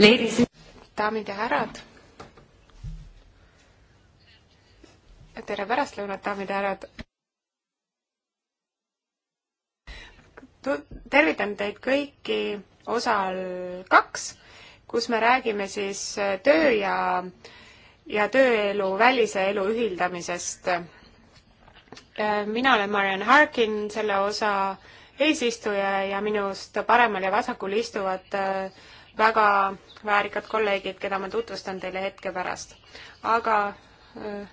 daamid ja härrad. tere pärastlõunat, daamid ja härrad. tervitan teid kõiki osal kaks, kus me räägime siis töö ja, ja tööelu välise elu ühildamisest. mina olen Mariann Harkin, selle osa eesistuja ja minust paremal ja vasakul istuvad äh, väga väärikad kolleegid, keda ma tutvustan teile hetke pärast. aga äh,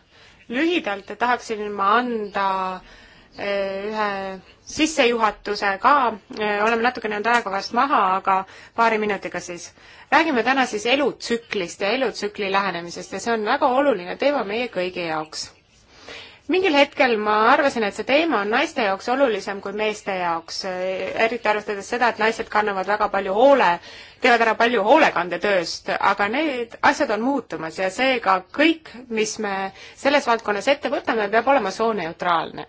lühidalt tahaksin ma anda äh, ühe sissejuhatuse ka, äh, oleme natukene jäänud aega vast maha, aga paari minutiga siis. räägime täna siis elutsüklist ja elutsükli lähenemisest ja see on väga oluline teema meie kõigi jaoks mingil hetkel ma arvasin, et see teema on naiste jaoks olulisem kui meeste jaoks, eriti arvestades seda, et naised kannavad väga palju hoole, teevad ära palju hoolekandetööst, aga need asjad on muutumas ja seega kõik, mis me selles valdkonnas ette võtame, peab olema sooneutraalne.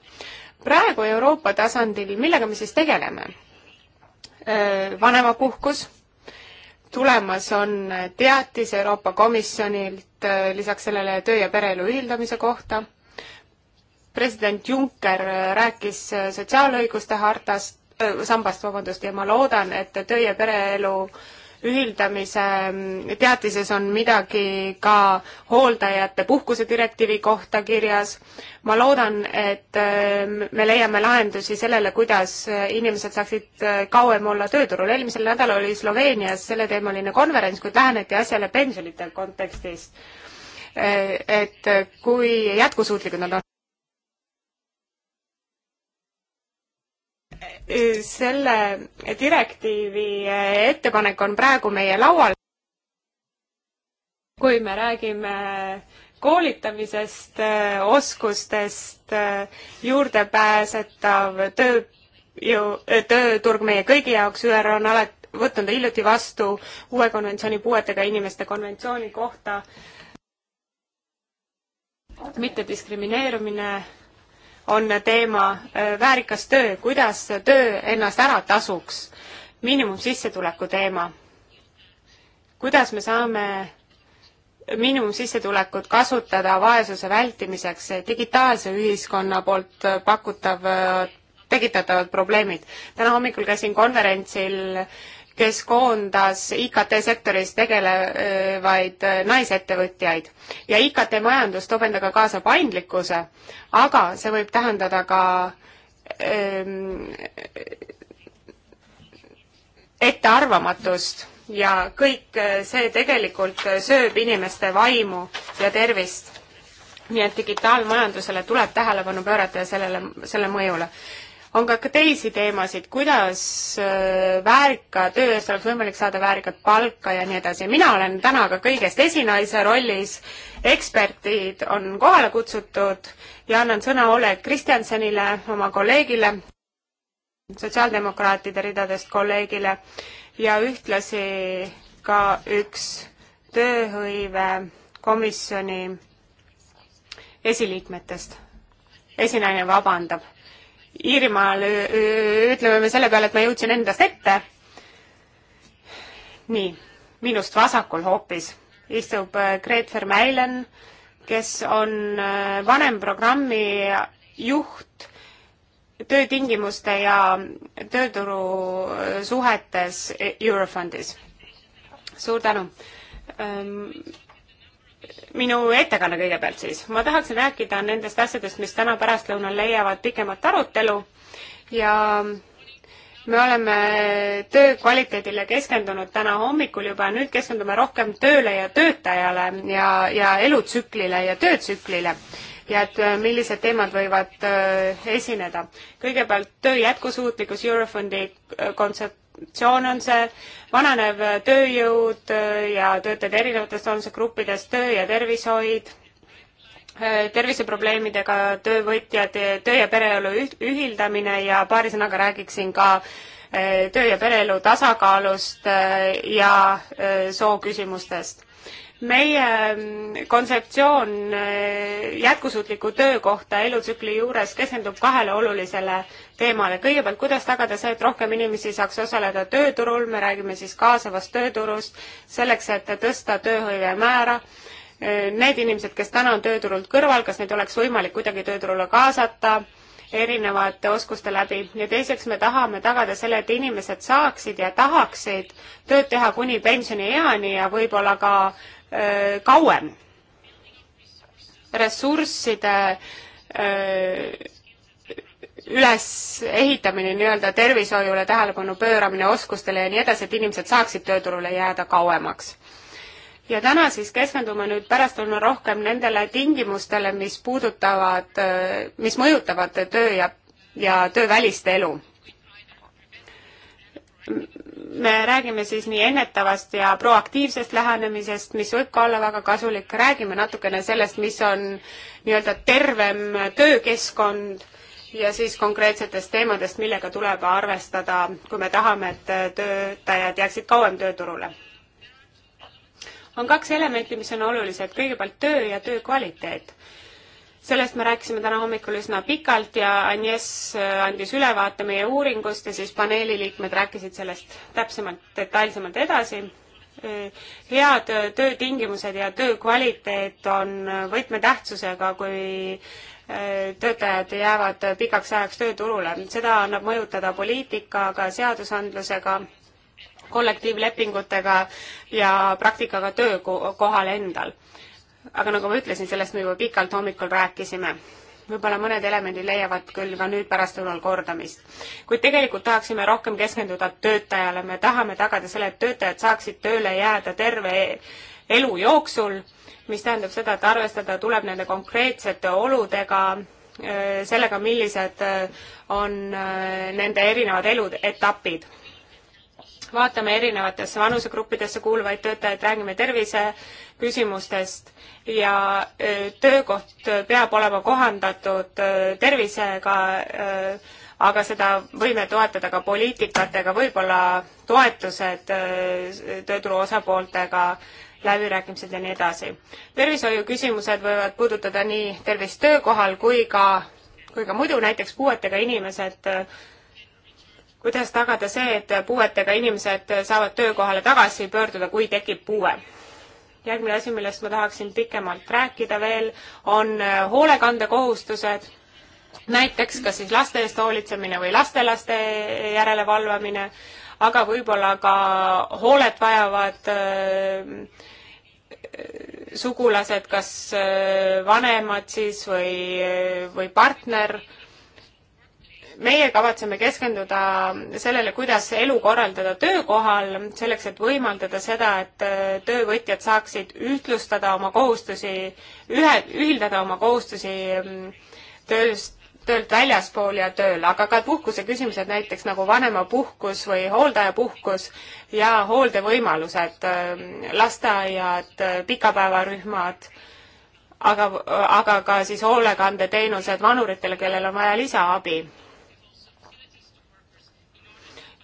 praegu Euroopa tasandil, millega me siis tegeleme? vanemapuhkus tulemas on teatis Euroopa Komisjonilt lisaks sellele töö ja pereelu ühildamise kohta president Juncker rääkis sotsiaalõiguste hartast, sambast, vabandust, ja ma loodan, et töö ja pereelu ühildamise mm, teatises on midagi ka hooldajate puhkuse direktiivi kohta kirjas. ma loodan, et mm, me leiame lahendusi sellele, kuidas inimesed saaksid kauem olla tööturul. eelmisel nädalal oli Sloveenias selleteemaline konverents, kuid läheneti asjale pensionite kontekstist. et kui jätkusuutlikud nad on. selle direktiivi ettepanek on praegu meie laual. kui me räägime koolitamisest, oskustest, juurdepääsetav tööjõu, tööturg meie kõigi jaoks, ÜRO on alati võtnud hiljuti vastu uue konventsiooni puuetega inimeste konventsiooni kohta mittediskrimineerumine on teema äh, väärikas töö, kuidas töö ennast ära tasuks, miinimumsissetuleku teema. kuidas me saame miinimumsissetulekut kasutada vaesuse vältimiseks, digitaalse ühiskonna poolt pakutav, tekitatavad probleemid. täna hommikul käisin konverentsil äh, kes koondas IKT sektoris tegelevaid naisettevõtjaid. ja IKT majandus toob endaga kaasa paindlikkuse, aga see võib tähendada ka ähm, ettearvamatust ja kõik see tegelikult sööb inimeste vaimu ja tervist nii et digitaalmajandusele tuleb tähelepanu pöörata ja sellele, selle mõjule on ka teisi teemasid, kuidas äh, väärika töö eest oleks võimalik saada väärikat palka ja nii edasi. mina olen täna ka kõigest esinaise rollis, eksperdid on kohale kutsutud ja annan sõna Oleg Kristjansonile, oma kolleegile, sotsiaaldemokraatide ridadest kolleegile ja ühtlasi ka üks tööhõive komisjoni esiliikmetest. esinaine vabandab Iirimaal ütleme me selle peale, et ma jõudsin endast ette. nii, minust vasakul hoopis istub Gret Vermeilen, kes on vanem programmi juht töötingimuste ja tööturusuhetes Eurofondis. suur tänu minu ettekanne kõigepealt siis. ma tahaksin rääkida nendest asjadest, mis täna pärastlõunal leiavad pikemat arutelu ja me oleme töö kvaliteedile keskendunud täna hommikul juba, nüüd keskendume rohkem tööle ja töötajale ja, ja elutsüklile ja töötsüklile ja et äh, millised teemad võivad äh, esineda. kõigepealt töö jätkusuutlikkus, Eurofondi äh, kontsept, korruptsioon on see, vananev tööjõud äh, ja töötajad erinevatest vanusegruppides, töö ja tervishoid, äh, terviseprobleemidega töövõtjad, töö ja pereelu ühildamine ja paari sõnaga räägiksin ka äh, töö ja pereelu tasakaalust ja sooküsimustest. meie mm, kontseptsioon jätkusuutliku töökohta elutsükli juures keskendub kahele olulisele teemale. kõigepealt, kuidas tagada see, et rohkem inimesi saaks osaleda tööturul, me räägime siis kaasavast tööturust, selleks, et tõsta tööhõive määra. Need inimesed, kes täna on tööturult kõrval, kas neid oleks võimalik kuidagi tööturule kaasata erinevate oskuste läbi ja teiseks me tahame tagada selle, et inimesed saaksid ja tahaksid tööd teha kuni pensionieani ja võib-olla ka öö, kauem. ressursside öö, ülesehitamine nii-öelda tervishoiule, tähelepanu pööramine oskustele ja nii edasi, et inimesed saaksid tööturule jääda kauemaks. ja täna siis keskendume nüüd pärastlõuna rohkem nendele tingimustele, mis puudutavad, mis mõjutavad töö ja, ja töövälist elu me räägime siis nii ennetavast ja proaktiivsest lähenemisest, mis võib ka olla väga kasulik, räägime natukene sellest, mis on nii-öelda tervem töökeskkond ja siis konkreetsetest teemadest, millega tuleb arvestada, kui me tahame, et töötajad jääksid kauem tööturule. on kaks elementi, mis on olulised, kõigepealt töö ja töö kvaliteet. sellest me rääkisime täna hommikul üsna pikalt ja Agnes andis ülevaate meie uuringust ja siis paneeli liikmed rääkisid sellest täpsemalt, detailsemalt edasi head töötingimused ja töö kvaliteet on võtmetähtsusega, kui töötajad jäävad pikaks ajaks tööturule. seda annab mõjutada poliitikaga, seadusandlusega, kollektiivlepingutega ja praktikaga töökohal endal. aga nagu ma ütlesin, sellest me juba pikalt hommikul rääkisime võib-olla mõned elemendid leiavad küll ka nüüd pärastlõunal kordamist. kuid tegelikult tahaksime rohkem keskenduda töötajale, me tahame tagada selle, et töötajad saaksid tööle jääda terve elu jooksul mis tähendab seda, et arvestada tuleb nende konkreetsete oludega, äh, sellega, millised äh, on äh, nende erinevad eluetapid. vaatame erinevatesse vanusegruppidesse kuuluvaid töötajaid, räägime tervise küsimustest ja töökoht peab olema kohandatud tervisega, aga seda võime toetada ka poliitikatega, võib-olla toetused tööturu osapooltega läbirääkimised ja nii edasi. tervishoiu küsimused võivad puudutada nii tervist töökohal kui ka, kui ka muidu näiteks puuetega inimesed, kuidas tagada see, et puuetega inimesed saavad töökohale tagasi pöörduda, kui tekib puue? järgmine asi, millest ma tahaksin pikemalt rääkida veel, on hoolekandekohustused, näiteks kas siis laste eest hoolitsemine või lastelaste järelevalvamine aga võib-olla ka hoolet vajavad äh, sugulased, kas äh, vanemad siis või, äh, või partner meie kavatseme keskenduda sellele, kuidas elu korraldada töökohal, selleks et võimaldada seda, et töövõtjad saaksid ühtlustada oma kohustusi, ühe, ühildada oma kohustusi mm, tööst töölt väljaspool ja tööl, aga ka puhkuse küsimused, näiteks nagu vanemapuhkus või hooldajapuhkus ja hooldevõimalused, ähm, lasteaiad, äh, pikapäevarühmad, aga, aga ka siis hoolekandeteenused vanuritele, kellel on vaja lisaabi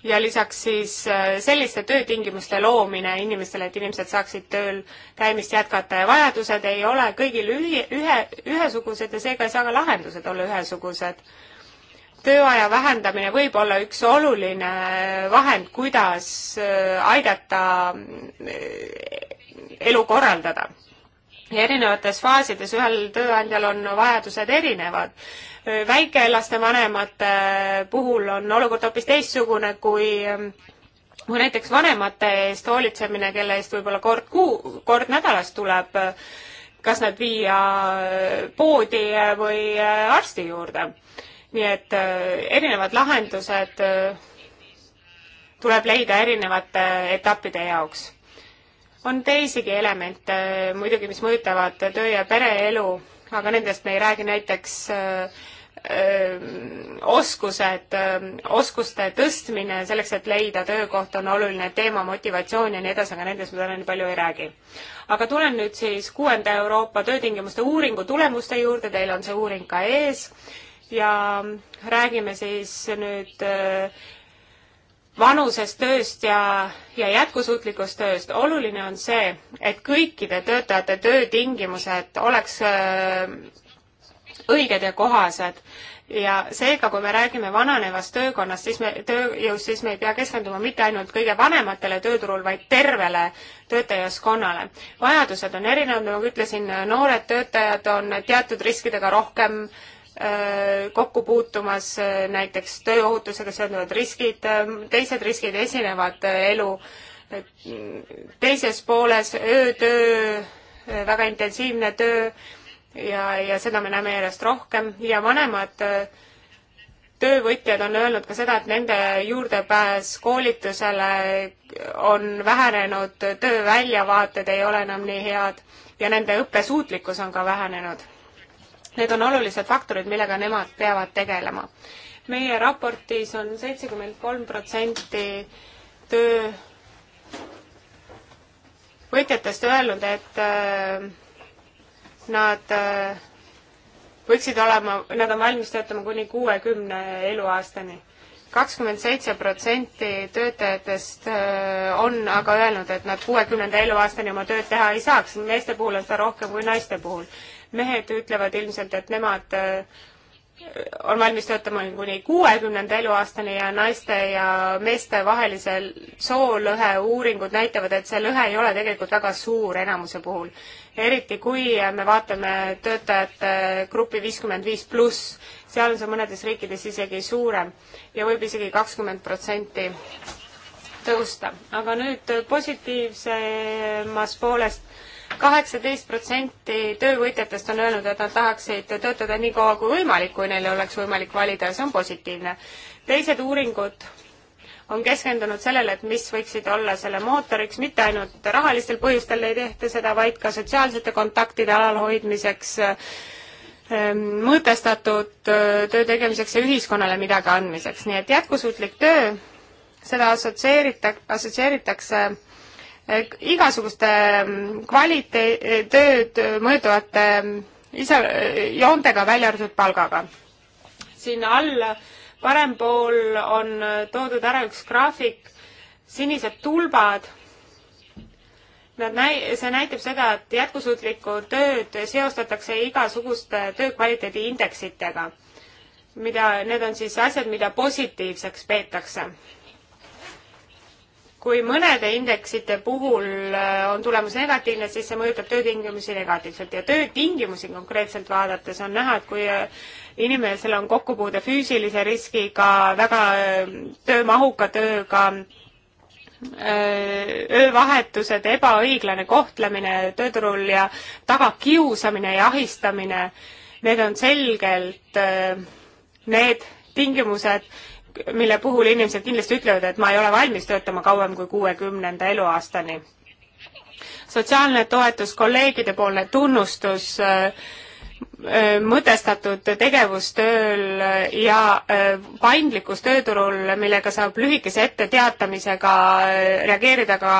ja lisaks siis äh, selliste töötingimuste loomine inimestele, et inimesed saaksid tööl käimist jätkata ja vajadused ei ole kõigil ühi, ühe, ühesugused ja seega ei saa ka lahendused olla ühesugused. tööaja vähendamine võib olla üks oluline äh, vahend, kuidas äh, aidata elu korraldada erinevates faasides, ühel tööandjal on vajadused erinevad. väikelaste vanemate puhul on olukord hoopis teistsugune kui ähm, kui näiteks vanemate eest hoolitsemine, kelle eest võib-olla kord kuu, kord nädalas tuleb kas nad viia äh, poodi äh, või äh, arsti juurde. nii et erinevad lahendused tuleb leida erinevate etappide jaoks on teisigi elemente äh, muidugi, mis mõjutavad töö- ja pereelu, aga nendest me ei räägi, näiteks öö, äh, äh, oskused, oskuste tõstmine selleks, et leida töökoht, on oluline teema, motivatsioon ja nii edasi, aga nendest ma täna nii palju ei räägi. aga tulen nüüd siis kuuenda Euroopa töötingimuste uuringu tulemuste juurde, teil on see uuring ka ees ja räägime siis nüüd vanusest tööst ja, ja jätkusuutlikust tööst. oluline on see, et kõikide töötajate töötingimused oleks äh, õiged ja kohased ja seega, kui me räägime vananevast töökonnast, siis me, tööjõust, siis me ei pea keskenduma mitte ainult kõige vanematele tööturul, vaid tervele töötajaskonnale. vajadused on erinevad, nagu ma ütlesin, noored töötajad on teatud riskidega rohkem äh, Äh, kokku puutumas, äh, näiteks tööohutusega seonduvad riskid, äh, teised riskid esinevad elu teises pooles, öötöö, väga intensiivne töö ja, ja seda me näeme järjest rohkem ja vanemad töövõtjad on öelnud ka seda, et nende juurdepääs koolitusele on vähenenud, töö väljavaated ei ole enam nii head ja nende õppesuutlikkus on ka vähenenud Need on olulised faktorid, millega nemad peavad tegelema. meie raportis on seitsekümmend kolm protsenti töö võitjatest öelnud, et äh, nad äh, võiksid olema, nad on valmis töötama kuni kuuekümne eluaastani. kakskümmend seitse protsenti töötajatest äh, on aga öelnud, et nad kuuekümnenda eluaastani oma tööd teha ei saaks, meeste puhul on seda rohkem kui naiste puhul mehed ütlevad ilmselt, et nemad äh, on valmis töötama kuni kuuekümnenda eluaastani ja naiste ja meeste vahelise soolõhe uuringud näitavad, et see lõhe ei ole tegelikult väga suur enamuse puhul. eriti, kui me vaatame töötajate gruppi viiskümmend viis pluss, seal on see mõnedes riikides isegi suurem ja võib isegi kakskümmend protsenti tõusta. aga nüüd positiivsemas poolest kaheksateist protsenti töövõtjatest on öelnud, et nad tahaksid töötada nii kaua kui võimalik, kui neil oleks võimalik valida ja see on positiivne. teised uuringud on keskendunud sellele, et mis võiksid olla selle mootoriks, mitte ainult rahalistel põhjustel ei tehta seda, vaid ka sotsiaalsete kontaktide alalhoidmiseks, ehm, mõtestatud töö tegemiseks ja ühiskonnale midagi andmiseks, nii et jätkusuutlik töö, seda assotsieerita-, assotsieeritakse igasuguste mm, kvaliteet, tööd mõõduvate mm, isa-, joontega, välja arvatud palgaga. siin all parem pool on toodud ära üks graafik, sinised tulbad, nad näi-, see näitab seda, et jätkusuutlikku tööd seostatakse igasuguste töökvaliteedi indeksitega, mida, need on siis asjad, mida positiivseks peetakse kui mõnede indeksite puhul äh, on tulemus negatiivne, siis see mõjutab töötingimusi negatiivselt ja töötingimusi konkreetselt vaadates on näha, et kui äh, inimesel on kokkupuude füüsilise riskiga, väga äh, töömahuka tööga, öövahetused, ebaõiglane kohtlemine tööturul ja tagakiusamine ja ahistamine, need on selgelt need tingimused, mille puhul inimesed kindlasti ütlevad, et ma ei ole valmis töötama kauem kui kuuekümnenda eluaastani. sotsiaalne toetus, kolleegidepoolne tunnustus, äh, äh, mõtestatud tegevus tööl ja äh, paindlikkus tööturul, millega saab lühikese etteteatamisega reageerida ka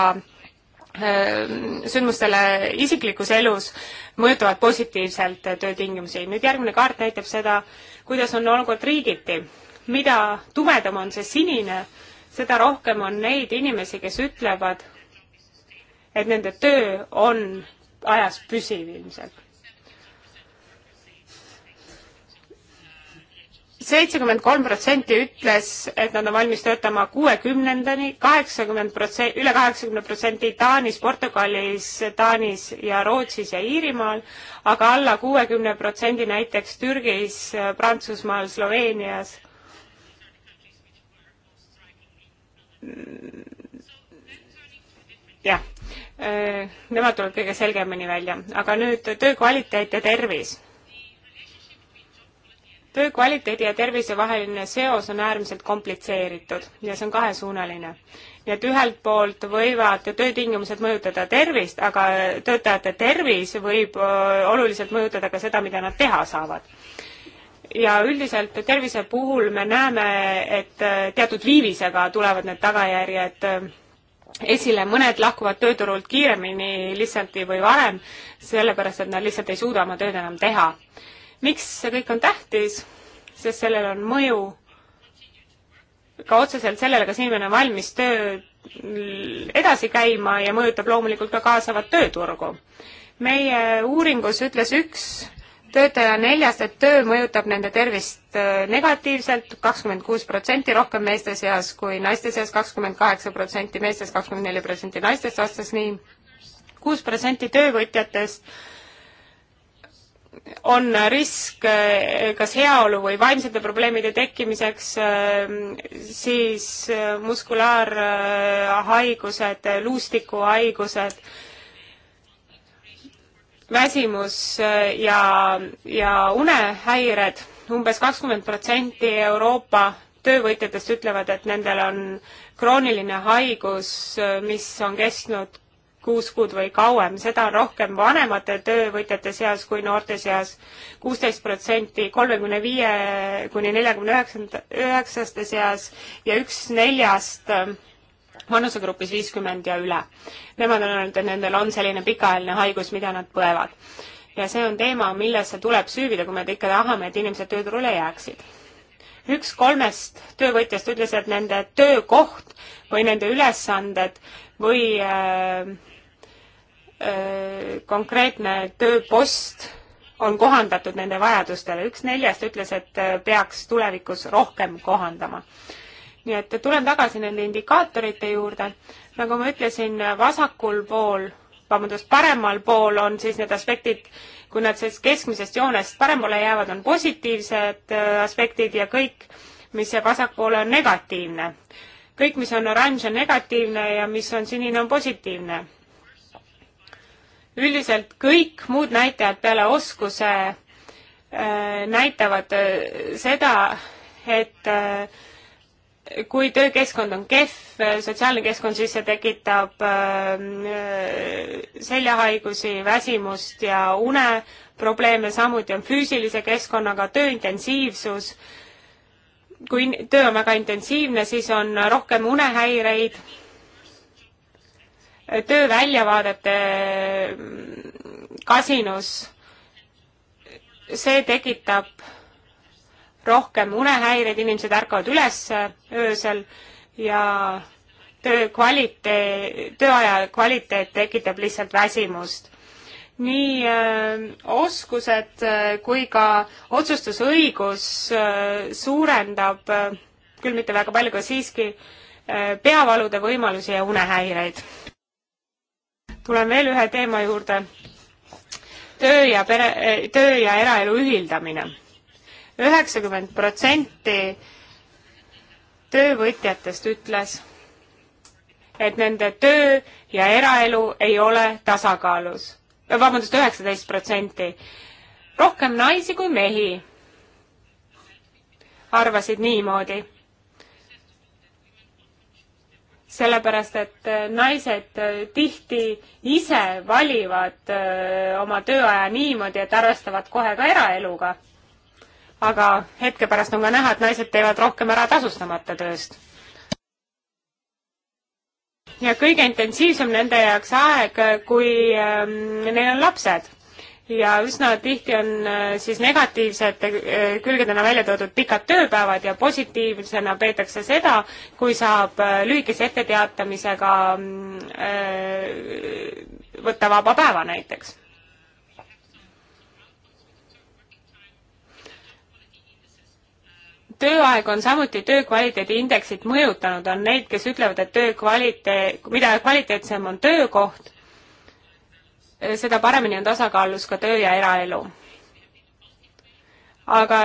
sündmustele isiklikus elus mõjutavad positiivselt töötingimusi. nüüd järgmine kaart näitab seda, kuidas on olukord riigiti mida tumedam on see sinine, seda rohkem on neid inimesi, kes ütlevad, et nende töö on ajas püsiv ilmselt. seitsekümmend kolm protsenti ütles, et nad on valmis töötama kuuekümnendani, kaheksakümmend protsenti, üle kaheksakümne protsendi Taanis, Portugalis, Taanis ja Rootsis ja Iirimaal, aga alla kuuekümne protsendi näiteks Türgis, Prantsusmaal, Sloveenias jah, nemad tulevad kõige selgemini välja, aga nüüd töö kvaliteet ja tervis. töö kvaliteedi ja tervise vaheline seos on äärmiselt komplitseeritud ja see on kahesuunaline. nii et ühelt poolt võivad töötingimused mõjutada tervist, aga töötajate tervis võib oluliselt mõjutada ka seda, mida nad teha saavad ja üldiselt tervise puhul me näeme, et äh, teatud viivisega tulevad need tagajärjed äh, esile, mõned lahkuvad tööturult kiiremini lihtsalt või varem, sellepärast et nad lihtsalt ei suuda oma tööd enam teha. miks see kõik on tähtis? sest sellel on mõju ka otseselt sellele, kas inimene on valmis töö edasi käima ja mõjutab loomulikult ka kaasavat tööturgu. meie uuringus ütles üks töötaja neljas, et töö mõjutab nende tervist äh, negatiivselt, kakskümmend kuus protsenti rohkem meeste seas kui naiste seas, kakskümmend kaheksa protsenti meestest, kakskümmend neli protsenti naistest vastas nii. kuus protsenti töövõtjatest on risk äh, kas heaolu või vaimsete probleemide tekkimiseks, äh, siis muskulaarhaigused, luustikuhaigused väsimus äh, ja, ja unehäired umbes. umbes kakskümmend protsenti Euroopa töövõtjatest ütlevad, et nendel on krooniline haigus, äh, mis on kestnud kuus kuud või kauem, seda on rohkem vanemate töövõtjate seas kui noorte seas. kuusteist protsenti kolmekümne viie kuni neljakümne üheksanda, üheksaste seas ja üks neljast äh, vanusegrupis viiskümmend ja üle. Nemad on öelnud, et nendel on selline pikaajaline haigus, mida nad põevad. ja see on teema, millesse tuleb süüvida, kui me ikka tahame, et inimesed tööturule jääksid. üks kolmest töövõtjast ütles, et nende töökoht või nende ülesanded või äh, äh, konkreetne tööpost on kohandatud nende vajadustele, üks neljast ütles, et äh, peaks tulevikus rohkem kohandama nii et tulen tagasi nende indikaatorite juurde. nagu ma ütlesin, vasakul pool, vabandust, paremal pool on siis need aspektid, kui nad siis keskmisest joonest paremale jäävad, on positiivsed äh, aspektid ja kõik, mis jääb vasakpoole, on negatiivne. kõik, mis on oranž, on negatiivne ja mis on sinine, on positiivne. üldiselt kõik muud näitajad peale oskuse äh, näitavad äh, seda, et äh, kui töökeskkond on kehv, sotsiaalne keskkond, siis see tekitab äh, seljahaigusi, väsimust ja uneprobleeme, samuti on füüsilise keskkonnaga töö intensiivsus. kui töö on väga intensiivne, siis on rohkem unehäireid, töö väljavaadete kasinus, see tekitab rohkem unehäireid, inimesed ärkavad üles äh, öösel ja töö kvaliteet, tööaja kvaliteet tekitab lihtsalt väsimust. nii öö, äh, oskused äh, kui ka otsustusõigus öö, suurendab öö, küll mitte väga palju, aga siiski öö, peavalude võimalusi ja unehäireid. tulen veel ühe teema juurde. töö ja pere, töö ja eraelu ühildamine üheksakümmend protsenti töövõtjatest ütles, et nende töö ja eraelu ei ole tasakaalus. vabandust, üheksateist protsenti. rohkem naisi kui mehi arvasid niimoodi. sellepärast, et äh, naised äh, tihti ise valivad äh, oma tööaja niimoodi, et arvestavad kohe ka eraeluga aga hetke pärast on ka näha, et naised teevad rohkem ära tasustamata tööst. ja kõige intensiivsem nende jaoks aeg, kui ähm, neil on lapsed ja üsna tihti on äh, siis negatiivsete äh, külgedena välja toodud pikad tööpäevad ja positiivsena peetakse seda, kui saab äh, lühikese etteteatamisega mm, võtta vaba päeva näiteks tööaeg on samuti töökvaliteedi indeksit mõjutanud, on neid, kes ütlevad, et töö kvaliteet, mida kvaliteetsem on töökoht, seda paremini on tasakaalus ka töö ja eraelu. aga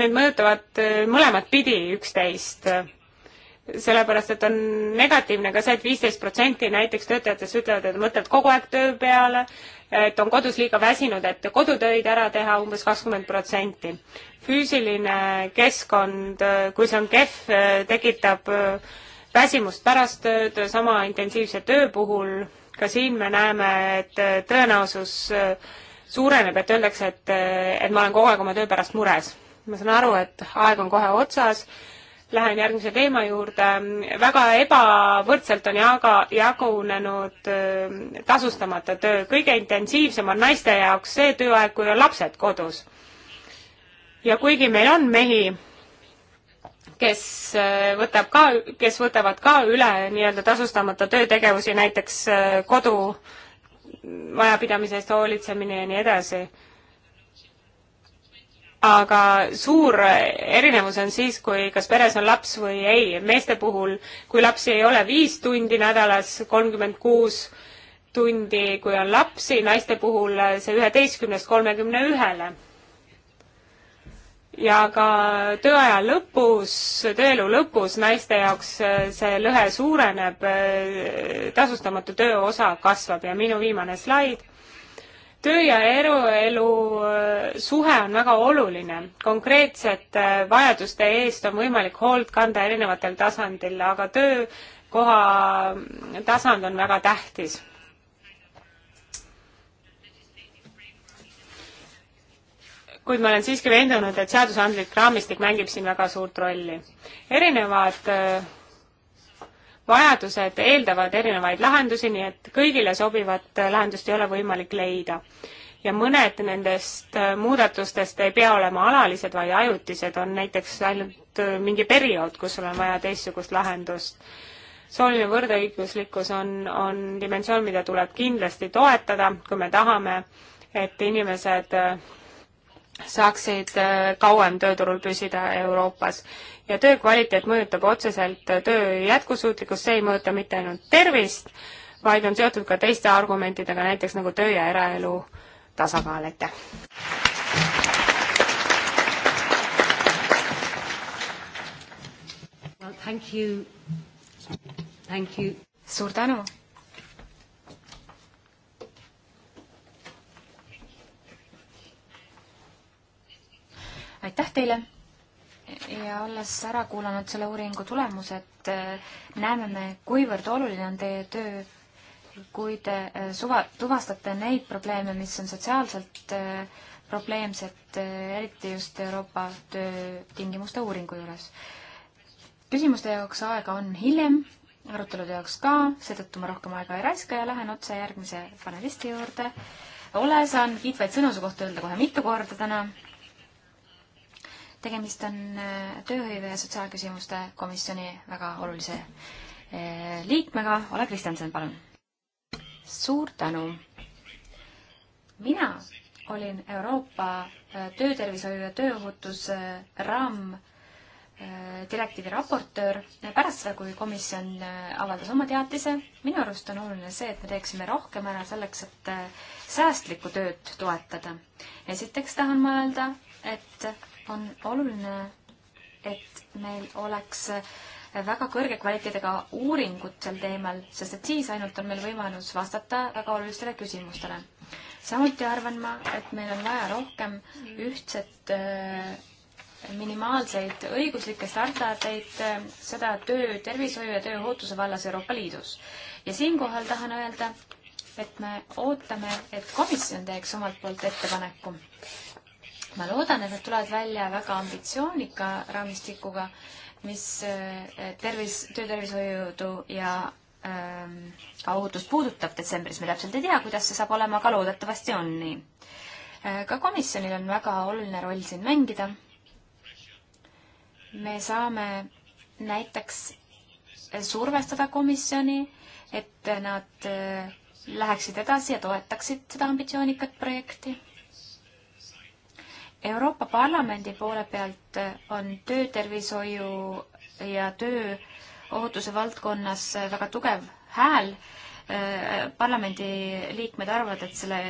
need mõjutavad mõlemat pidi üksteist sellepärast et on negatiivne ka see et, et viisteist protsenti näiteks töötajatest ütlevad, et mõtlevad kogu aeg töö peale, et on kodus liiga väsinud, et kodutöid ära teha umbes kakskümmend protsenti. füüsiline keskkond, kui see on kehv, tekitab äh, väsimust pärast tööd sama intensiivse töö puhul, ka siin me näeme, et äh, tõenäosus äh, suureneb, et öeldakse, et, et ma olen kogu aeg oma töö pärast mures. ma saan aru, et aeg on kohe otsas lähen järgmise teema juurde, väga ebavõrdselt on jaga, jagunenud äh, tasustamata töö. kõige intensiivsem on naiste jaoks see tööaeg, kui on lapsed kodus. ja kuigi meil on mehi, kes äh, võtab ka, kes võtavad ka üle nii-öelda tasustamata töötegevusi, näiteks äh, kodu majapidamise eest hoolitsemine ja nii edasi aga suur erinevus on siis, kui kas peres on laps või ei. meeste puhul, kui lapsi ei ole viis tundi nädalas, kolmkümmend kuus tundi, kui on lapsi, naiste puhul see üheteistkümnest kolmekümne ühele. ja ka tööaja lõpus, tööelu lõpus naiste jaoks see lõhe suureneb, tasustamatu töö osa kasvab ja minu viimane slaid töö ja eraelu äh, suhe on väga oluline. konkreetsete äh, vajaduste eest on võimalik hoolt kanda erinevatel tasandil, aga töökoha mm, tasand on väga tähtis. kuid ma olen siiski veendunud, et seadusandlik raamistik mängib siin väga suurt rolli. erinevad äh, vajadused eeldavad erinevaid lahendusi, nii et kõigile sobivat lahendust ei ole võimalik leida. ja mõned nendest muudatustest ei pea olema alalised, vaid ajutised, on näiteks ainult mingi periood, kus sul on vaja teistsugust lahendust. sooline võrdõiguslikkus on, on dimensioon, mida tuleb kindlasti toetada, kui me tahame, et inimesed saaksid äh, kauem tööturul püsida Euroopas ja töö kvaliteet mõjutab otseselt töö jätkusuutlikkust, see ei mõjuta mitte ainult tervist, vaid on seotud ka teiste argumentidega, näiteks nagu töö ja eraelu tasakaal, aitäh! Thank you. Thank you. suur tänu! aitäh teile! ja olles ära kuulanud selle uuringu tulemused, äh, näeme me, kuivõrd oluline on teie töö, kui te äh, suva, tuvastate neid probleeme, mis on sotsiaalselt äh, probleemsed, eriti just Euroopa töötingimuste uuringu juures. küsimuste jaoks aega on hiljem, arutelude jaoks ka, seetõttu ma rohkem aega ei raiska ja lähen otse järgmise panelisti juurde. ole, saan kiitvaid sõnu su kohta öelda kohe mitu korda täna tegemist on äh, tööhõive ja sotsiaalküsimuste komisjoni väga olulise äh, liikmega, Ole Kristjanson, palun. suur tänu. mina olin Euroopa äh, töötervishoiu ja tööohutuse raam direktiivi raportöör. pärast seda, kui komisjon avaldas oma teatise, minu arust on oluline see, et me teeksime rohkem ära selleks, et säästlikku tööd toetada. esiteks tahan ma öelda, et on oluline, et meil oleks väga kõrge kvaliteediga uuringut sel teemal, sest et siis ainult on meil võimalus vastata väga olulistele küsimustele. samuti arvan ma, et meil on vaja rohkem ühtset äh, minimaalseid õiguslikke standardeid, äh, seda töö, tervishoiu ja tööohutuse vallas Euroopa Liidus. ja siinkohal tahan öelda, et me ootame, et komisjon teeks omalt poolt ettepaneku ma loodan, et nad tulevad välja väga ambitsioonika raamistikuga, mis eh, tervis, töötervishoidu ja ähm, ka ohutust puudutab detsembris, me täpselt ei tea, kuidas see saab olema, aga loodetavasti on nii. Äh, ka komisjonil on väga oluline roll siin mängida. me saame näiteks äh, survestada komisjoni, et nad äh, läheksid edasi ja toetaksid seda ambitsioonikat projekti Euroopa Parlamendi poole pealt eh, on töötervishoiu ja tööohutuse valdkonnas eh, väga tugev hääl. Eh, parlamendi liikmed arvavad, et selle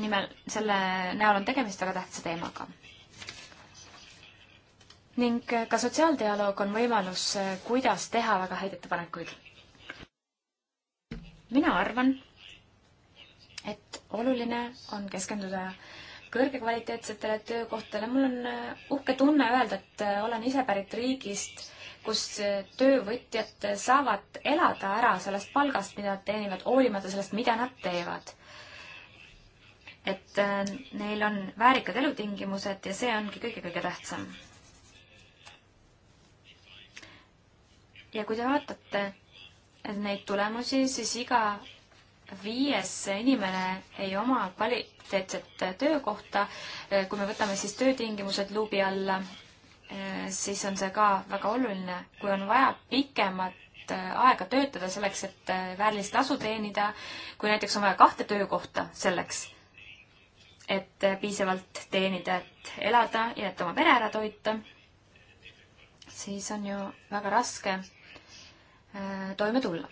nimel, selle näol on tegemist väga tähtsa teemaga. ning ka sotsiaaldialoog on võimalus, kuidas teha väga häid ettepanekuid. mina arvan, et oluline on keskenduda äh, kõrgekvaliteetsetele töökohtadele. mul on äh, uhke tunne öelda, et äh, olen ise pärit riigist, kus äh, töövõtjad saavad elada ära sellest palgast, mida nad teenivad, hoolimata sellest, mida nad teevad. et neil on väärikad elutingimused ja see ongi kõige-kõige tähtsam. ja kui te vaatate neid tulemusi, siis iga viies inimene ei oma kvaliteetset töökohta, kui me võtame siis töötingimused luubi alla, siis on see ka väga oluline, kui on vaja pikemat aega töötada selleks, et väärilist tasu teenida, kui näiteks on vaja kahte töökohta selleks, et piisavalt teenida, et elada ja et oma pere ära toita, siis on ju väga raske äh, toime tulla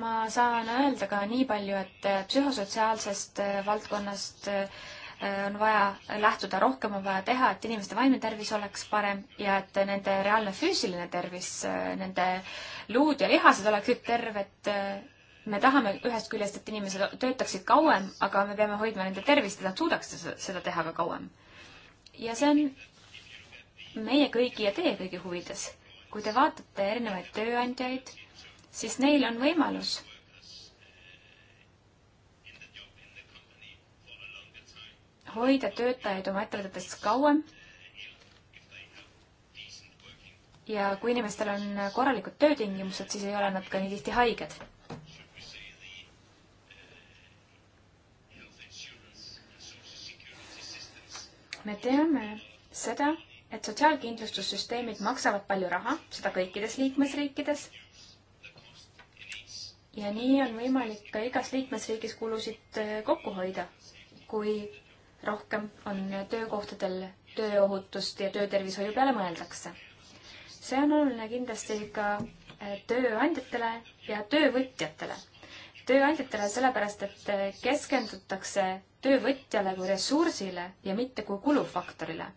ma saan öelda ka nii palju, et äh, psühhosotsiaalsest äh, valdkonnast äh, on vaja lähtuda, rohkem on vaja teha, et inimeste vaimne tervis oleks parem ja et nende reaalne füüsiline tervis, nende luud ja lihased oleksid terved. me tahame ühest küljest, et inimesed töötaksid kauem, aga me peame hoidma nende tervist, et nad suudaksid seda teha ka kauem. ja see on meie kõigi ja teie kõigi huvides. kui te vaatate erinevaid tööandjaid siis neil on võimalus hoida töötajaid oma ettevõtetes kauem. ja kui inimestel on korralikud töötingimused, siis ei ole nad ka nii tihti haiged. me teame seda, et sotsiaalkindlustussüsteemid maksavad palju raha, seda kõikides liikmesriikides ja nii on võimalik ka igas liikmesriigis kulusid äh, kokku hoida, kui rohkem on töökohtadel tööohutust ja töötervishoiu peale mõeldakse. see on oluline kindlasti ka äh, tööandjatele ja töövõtjatele. tööandjatele sellepärast, et äh, keskendutakse töövõtjale kui ressursile ja mitte kui kulufaktorile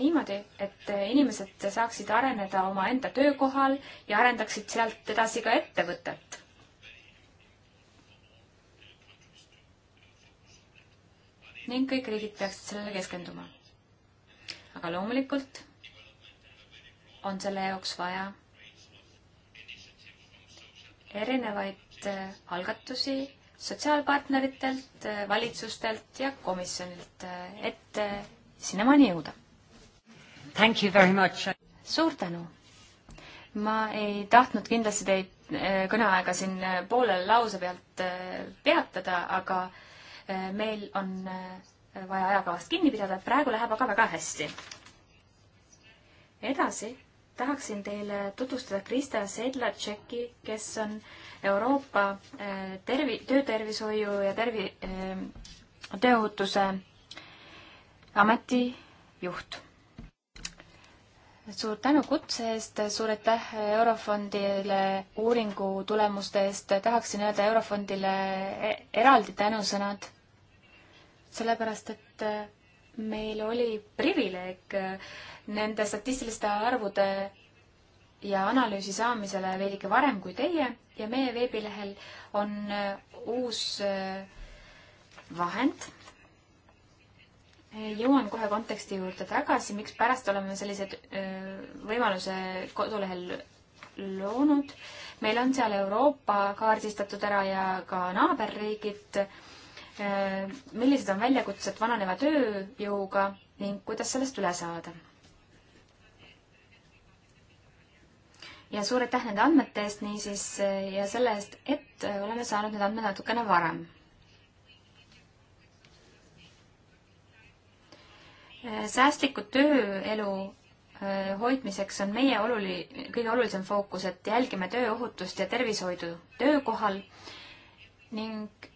niimoodi, et inimesed saaksid areneda omaenda töökohal ja arendaksid sealt edasi ka ettevõtet. ning kõik riigid peaksid sellele keskenduma. aga loomulikult on selle jaoks vaja erinevaid äh, algatusi sotsiaalpartneritelt, äh, valitsustelt ja komisjonilt, äh, et sinnamaani jõuda Thank you very much. suur tänu. ma ei tahtnud kindlasti teid eh, kõneaega siin eh, poolel lause pealt eh, peatada, aga meil on vaja ajakavast kinni pidada, et praegu läheb aga väga hästi. edasi tahaksin teile tutvustada Krista Sedlatšeki, kes on Euroopa tervi-, töötervishoiu ja tervi-, tööohutuse ameti juht suur tänu kutse eest, suur aitäh Eurofondile uuringu tulemuste eest, tahaksin öelda Eurofondile e-, eraldi tänusõnad, sellepärast et e, meil oli privileeg e, nende statistiliste arvude ja analüüsi saamisele veidike varem kui teie ja meie veebilehel on uus vahend Äh, jõuan kohe konteksti juurde tagasi, mikspärast oleme sellise äh, võimaluse kodulehel loonud. meil on seal Euroopa kaardistatud ära ja ka naaberriigid. Äh, millised on väljakutsed vananeva tööjõuga ning kuidas sellest üle saada? ja suur aitäh nende andmete eest niisiis ja selle eest, et oleme saanud need andmed natukene varem säästliku tööelu hoidmiseks on meie oluli-, kõige olulisem fookus, et jälgime tööohutust ja tervishoidu töökohal ning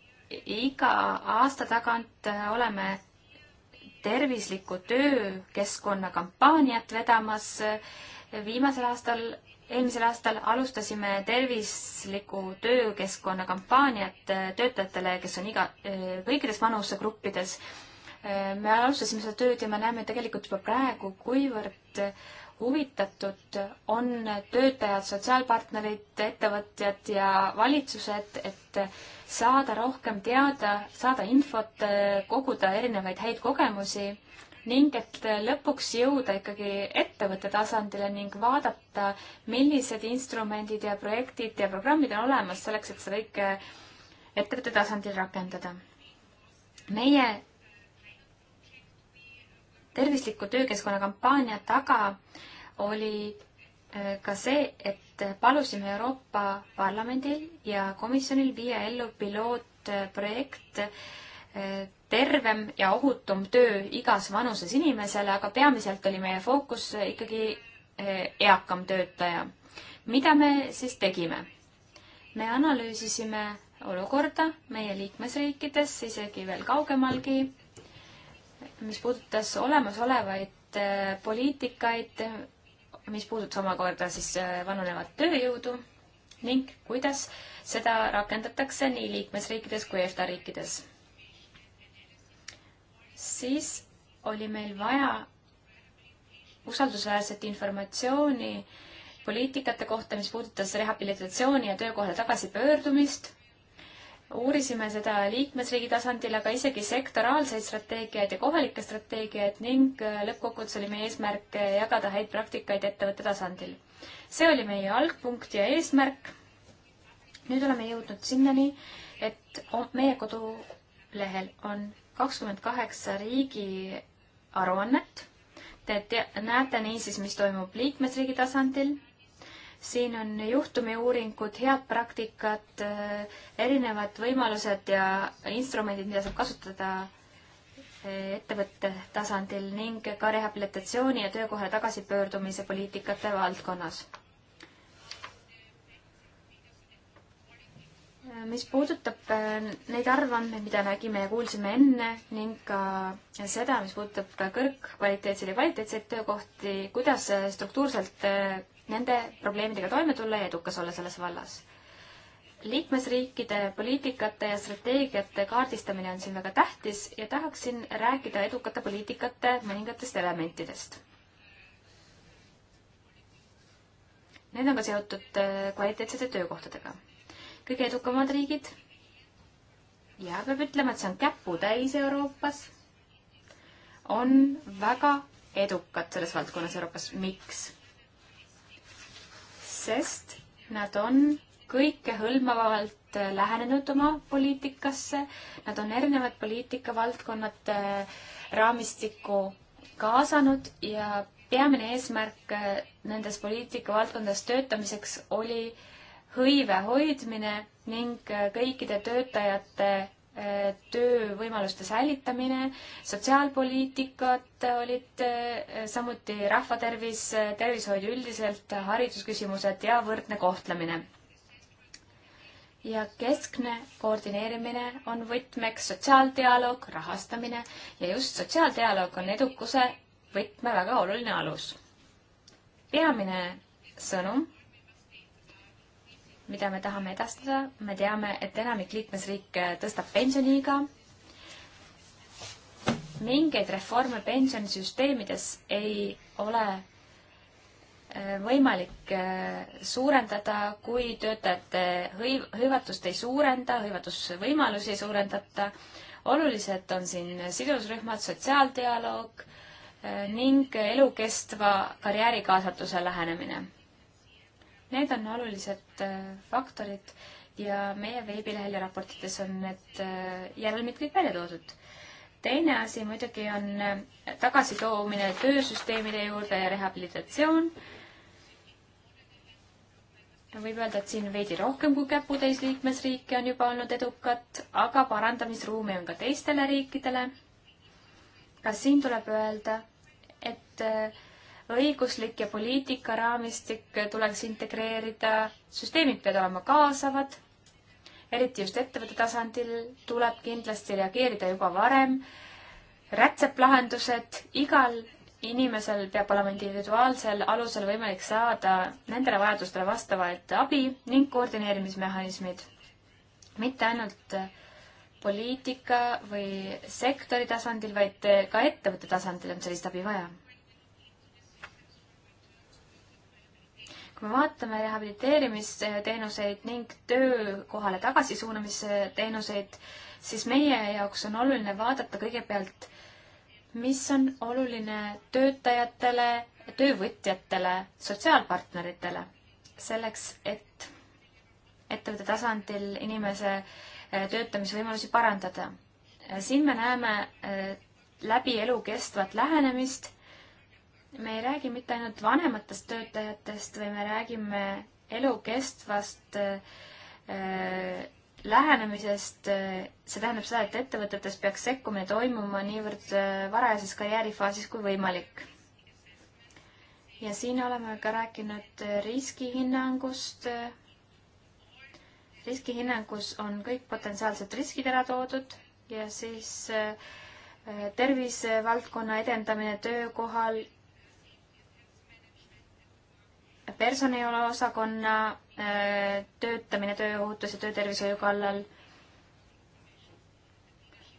iga aasta tagant oleme tervisliku töökeskkonna kampaaniat vedamas. viimasel aastal, eelmisel aastal alustasime tervisliku töökeskkonna kampaaniat töötajatele, kes on iga, kõikides vanusegruppides me alustasime seda tööd ja me näeme tegelikult juba praegu, kuivõrd huvitatud on töötajad, sotsiaalpartnerid, ettevõtjad ja valitsused, et saada rohkem teada, saada infot, koguda erinevaid häid kogemusi ning et lõpuks jõuda ikkagi ettevõtte tasandile ning vaadata, millised instrumendid ja projektid ja programmid on olemas selleks, et seda kõike ettevõtte tasandil rakendada. meie tervisliku töökeskkonna kampaania taga oli äh, ka see, et palusime Euroopa Parlamendil ja komisjonil viia ellu pilootprojekt äh, tervem ja ohutum töö igas vanuses inimesele, aga peamiselt oli meie fookus ikkagi äh, eakam töötaja. mida me siis tegime? me analüüsisime olukorda meie liikmesriikides, isegi veel kaugemalgi mis puudutas olemasolevaid äh, poliitikaid, mis puudutas omakorda siis äh, vanunevat tööjõudu ning kuidas seda rakendatakse nii liikmesriikides kui EFTA riikides. siis oli meil vaja usaldusväärset informatsiooni poliitikate kohta, mis puudutas rehabilitatsiooni ja töökohale tagasipöördumist uurisime seda liikmesriigi tasandil, aga isegi sektoraalseid strateegiaid ja kohalikke strateegiaid ning äh, lõppkokkuvõttes oli meie eesmärk äh, jagada häid praktikaid ettevõtte tasandil. see oli meie algpunkt ja eesmärk. nüüd oleme jõudnud sinnani, et meie kodulehel on kakskümmend kaheksa riigi aruannet. Te näete niisiis, mis toimub liikmesriigi tasandil siin on juhtumiuuringud, head praktikad, äh, erinevad võimalused ja instrumendid, mida saab kasutada äh, ettevõtte tasandil ning ka rehabilitatsiooni ja töökohale tagasipöördumise poliitikate valdkonnas. Äh, mis puudutab neid arvandmeid, mida nägime ja kuulsime enne ning ka seda, mis puudutab kõrgkvaliteetseid ja kvaliteetseid töökohti, kuidas struktuurselt nende probleemidega toime tulla ja edukas olla selles vallas. liikmesriikide poliitikate ja strateegiate kaardistamine on siin väga tähtis ja tahaksin rääkida edukate poliitikate mõningatest elementidest. Need on ka seotud äh, kvaliteetsete töökohtadega. kõige edukamad riigid ja peab ütlema, et see on käputäis Euroopas, on väga edukad selles valdkonnas Euroopas. miks? sest nad on kõikehõlmavalt äh, lähenenud oma poliitikasse, nad on erinevad poliitikavaldkonnad äh, raamistikku kaasanud ja peamine eesmärk äh, nendes poliitikavaldkondades töötamiseks oli hõive hoidmine ning kõikide töötajate Äh, töövõimaluste säilitamine, sotsiaalpoliitikat äh, olid äh, samuti rahvatervis, tervishoid üldiselt, haridusküsimused ja võrdne kohtlemine. ja keskne koordineerimine on võtmeks sotsiaaldialoog, rahastamine ja just sotsiaaldialoog on edukuse võtme väga oluline alus. peamine sõnum mida me tahame edastada, me teame, et enamik liikmesriike tõstab pensioniiga. mingeid reforme pensionisüsteemides ei ole äh, võimalik äh, suurendada, kui töötajate hõiv-, hõivatust ei suurenda, hõivatusvõimalusi ei suurendata. olulised on siin sidusrühmad, sotsiaaldialoog äh, ning elukestva karjäärikaasatuse lähenemine Need on olulised äh, faktorid ja meie veebilehel ja raportites on need äh, järelmid kõik välja toodud. teine asi muidugi on äh, tagasitoomine töösüsteemide juurde ja rehabilitatsioon. võib öelda, et siin veidi rohkem kui käputäis liikmesriike on juba olnud edukad, aga parandamisruumi on ka teistele riikidele. ka siin tuleb öelda, et äh, õiguslik ja poliitikaraamistik tuleks integreerida, süsteemid peavad olema kaasavad, eriti just ettevõtte tasandil tuleb kindlasti reageerida juba varem, rätseplahendused, igal inimesel peab olema individuaalsel alusel võimalik saada nendele vajadustele vastavat abi ning koordineerimismehhanismid. mitte ainult poliitika või sektori tasandil, vaid ka ettevõtte tasandil on sellist abi vaja me vaatame rehabiliteerimisteenuseid ning töökohale tagasisuunamise teenuseid, siis meie jaoks on oluline vaadata kõigepealt, mis on oluline töötajatele, töövõtjatele, sotsiaalpartneritele, selleks et ettevõtte tasandil inimese eh, töötamisvõimalusi parandada. siin me näeme eh, läbi elukestvat lähenemist me ei räägi mitte ainult vanematest töötajatest või me räägime elukestvast äh, lähenemisest, see tähendab seda, et ettevõtetes peaks sekkumine toimuma niivõrd äh, varajases karjäärifaasis kui võimalik. ja siin oleme ka rääkinud äh, riskihinnangust. riskihinnangus on kõik potentsiaalsed riskid ära toodud ja siis äh, tervisevaldkonna edendamine töökohal personaliosakonna äh, töötamine tööohutus- ja töötervishoiu kallal,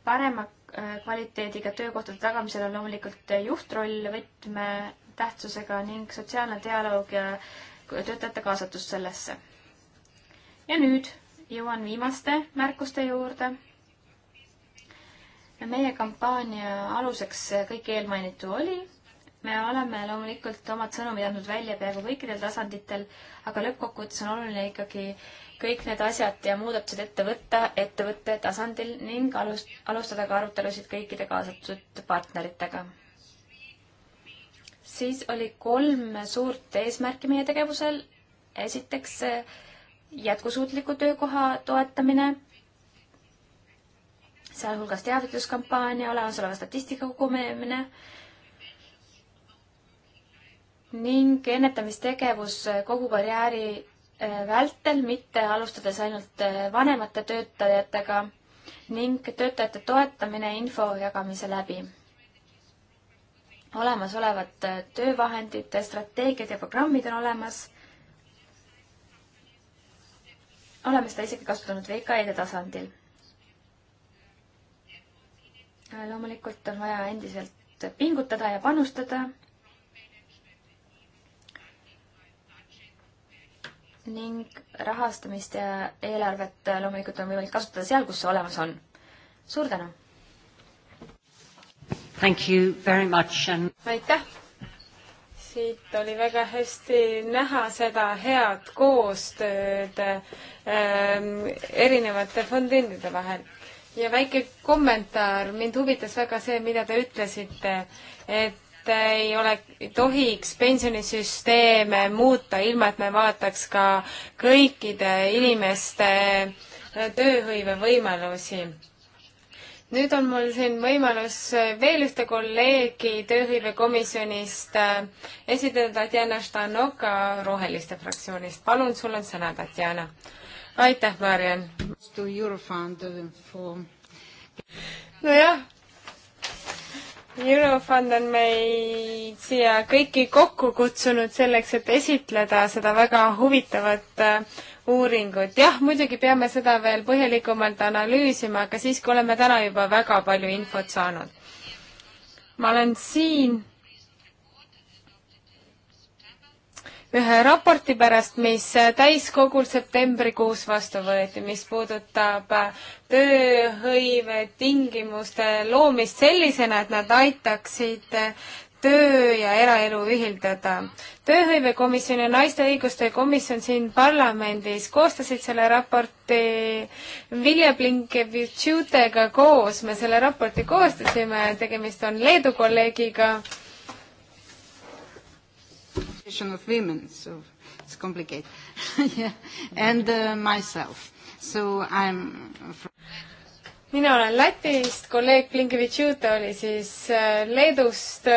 parema äh, kvaliteediga töökohtade tagamisel on loomulikult juhtroll võtmetähtsusega ning sotsiaalne dialoog ja töötajate kaasatus sellesse. ja nüüd jõuan viimaste märkuste juurde. meie kampaania aluseks kõik eelmainitu oli me oleme loomulikult omad sõnumid andnud välja peaaegu kõikidel tasanditel, aga lõppkokkuvõttes on oluline ikkagi kõik need asjad ja muudatused ette võtta ettevõtte tasandil ning alust, alustada ka arutelusid kõikide kaasatud partneritega. siis oli kolm suurt eesmärki meie tegevusel. esiteks jätkusuutliku töökoha toetamine, sealhulgas teavituskampaania, olemasoleva statistika kogumine ning ennetamistegevus kogu karjääri äh, vältel, mitte alustades ainult äh, vanemate töötajatega ning töötajate toetamine info jagamise läbi. olemasolevad äh, töövahendid, strateegiad ja programmid on olemas. oleme seda isegi kasutanud VKE-de tasandil. loomulikult on vaja endiselt pingutada ja panustada ning rahastamist ja eelarvet loomulikult on võimalik kasutada seal, kus see olemas on. suur tänu! And... aitäh! siit oli väga hästi näha seda head koostööd ähm, erinevate fondindide vahel. ja väike kommentaar, mind huvitas väga see, mida te ütlesite, et et ei ole, ei tohiks pensionisüsteeme muuta, ilma et me vaataks ka kõikide inimeste tööhõive võimalusi. nüüd on mul siin võimalus veel ühte kolleegi tööhõivekomisjonist äh, esitada, Tatjana Štanoka Roheliste fraktsioonist. palun, sul on sõna, Tatjana. aitäh, Mariann. Uh, nojah Eurofond on meid siia kõiki kokku kutsunud selleks, et esitleda seda väga huvitavat äh, uuringut. jah, muidugi peame seda veel põhjalikumalt analüüsima, aga siiski oleme täna juba väga palju infot saanud. ma olen siin ühe raporti pärast, mis täiskogul septembrikuus vastu võeti, mis puudutab tööhõive tingimuste loomist sellisena, et nad aitaksid töö ja eraelu ühildada. tööhõivekomisjon ja naiste õiguste komisjon siin parlamendis koostasid selle raporti Vilja Blinkevitšutega koos, me selle raporti koostasime, tegemist on Leedu kolleegiga Association of Women, so it's complicated. yeah. And uh, myself. So I'm from mina olen Lätist, kolleeg Blinkevitš-Juta oli siis äh, Leedust.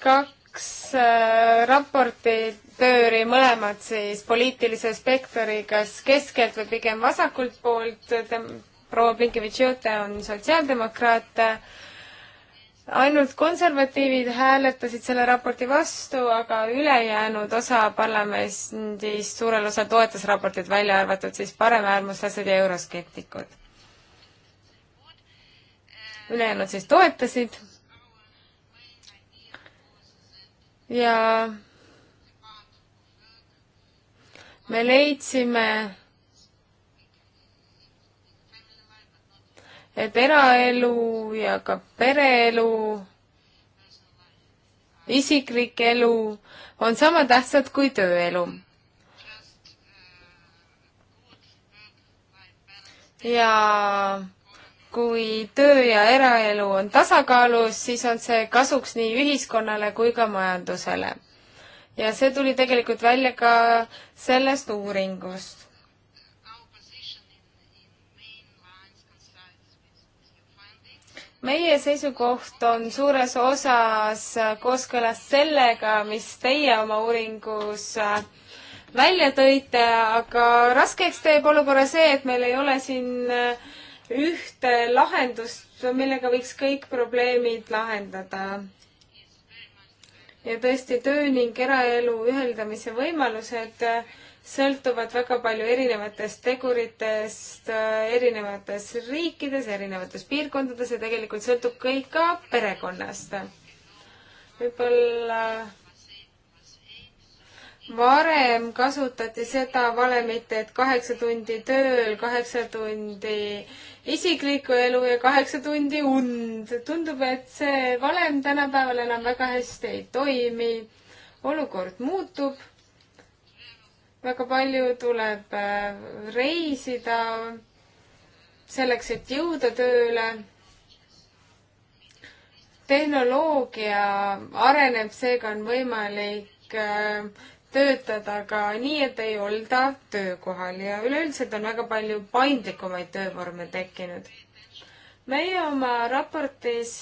kaks äh, raportitööri, mõlemad siis poliitilise spektori kas keskelt või pigem vasakult poolt. proua Blinkevitš-Juta on sotsiaaldemokraat ainult konservatiivid hääletasid selle raporti vastu, aga ülejäänud osa parlamendist suurel osal toetas raportit, välja arvatud siis paremäärmuslased ja euroskeptikud. ülejäänud siis toetasid ja me leidsime, et eraelu ja ka pereelu, isiklik elu on sama tähtsad kui tööelu. ja kui töö ja eraelu on tasakaalus, siis on see kasuks nii ühiskonnale kui ka majandusele. ja see tuli tegelikult välja ka sellest uuringust. meie seisukoht on suures osas kooskõlas sellega, mis teie oma uuringus äh, välja tõite, aga raskeks teeb olukorra see, et meil ei ole siin äh, ühte lahendust, millega võiks kõik probleemid lahendada. ja tõesti, töö ning eraelu ühendamise võimalused äh, sõltuvad väga palju erinevatest teguritest äh, erinevates riikides, erinevates piirkondades ja tegelikult sõltub kõik ka perekonnast. võib-olla varem kasutati seda valemit, et kaheksa tundi tööl, kaheksa tundi isiklikku elu ja kaheksa tundi und. tundub, et see valem tänapäeval enam väga hästi ei toimi. olukord muutub väga palju tuleb äh, reisida selleks, et jõuda tööle. tehnoloogia areneb, seega on võimalik äh, töötada ka nii, et ei olda töökohal ja üleüldiselt on väga palju paindlikumaid töövorme tekkinud. meie oma raportis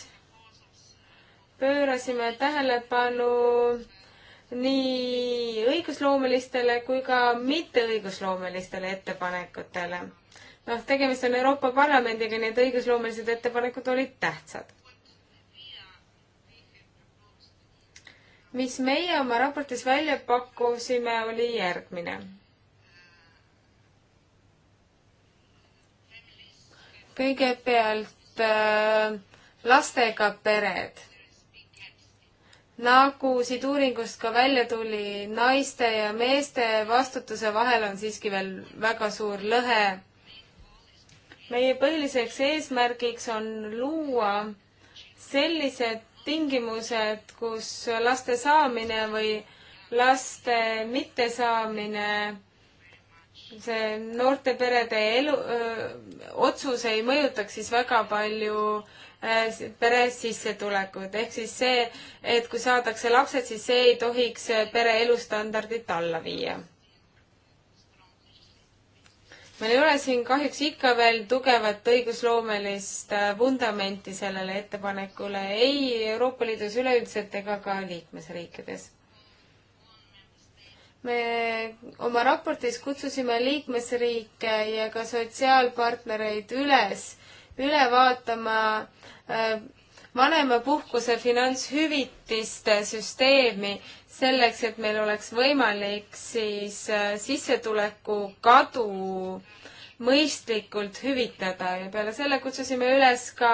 pöörasime tähelepanu nii õigusloomelistele kui ka mitteõigusloomelistele ettepanekutele. noh, tegemist on Euroopa Parlamendiga, nii et õigusloomelised ettepanekud olid tähtsad. mis meie oma raportis välja pakkusime, oli järgmine. kõigepealt äh, lastega pered nagu siit uuringust ka välja tuli, naiste ja meeste vastutuse vahel on siiski veel väga suur lõhe. meie põhiliseks eesmärgiks on luua sellised tingimused, kus laste saamine või laste mittesaamine, see noorte perede elu, otsus ei mõjutaks siis väga palju Äh, pere sissetulekud, ehk siis see, et kui saadakse lapsed, siis see ei tohiks äh, pere elustandardit alla viia. meil ei ole siin kahjuks ikka veel tugevat õigusloomelist äh, vundamenti sellele ettepanekule ei Euroopa Liidus üleüldiselt ega ka liikmesriikides me oma raportis kutsusime liikmesriike ja ka sotsiaalpartnereid üles üle vaatama äh, vanemapuhkuse finantshüvitiste süsteemi selleks, et meil oleks võimalik siis äh, sissetuleku kadu mõistlikult hüvitada ja peale selle kutsusime üles ka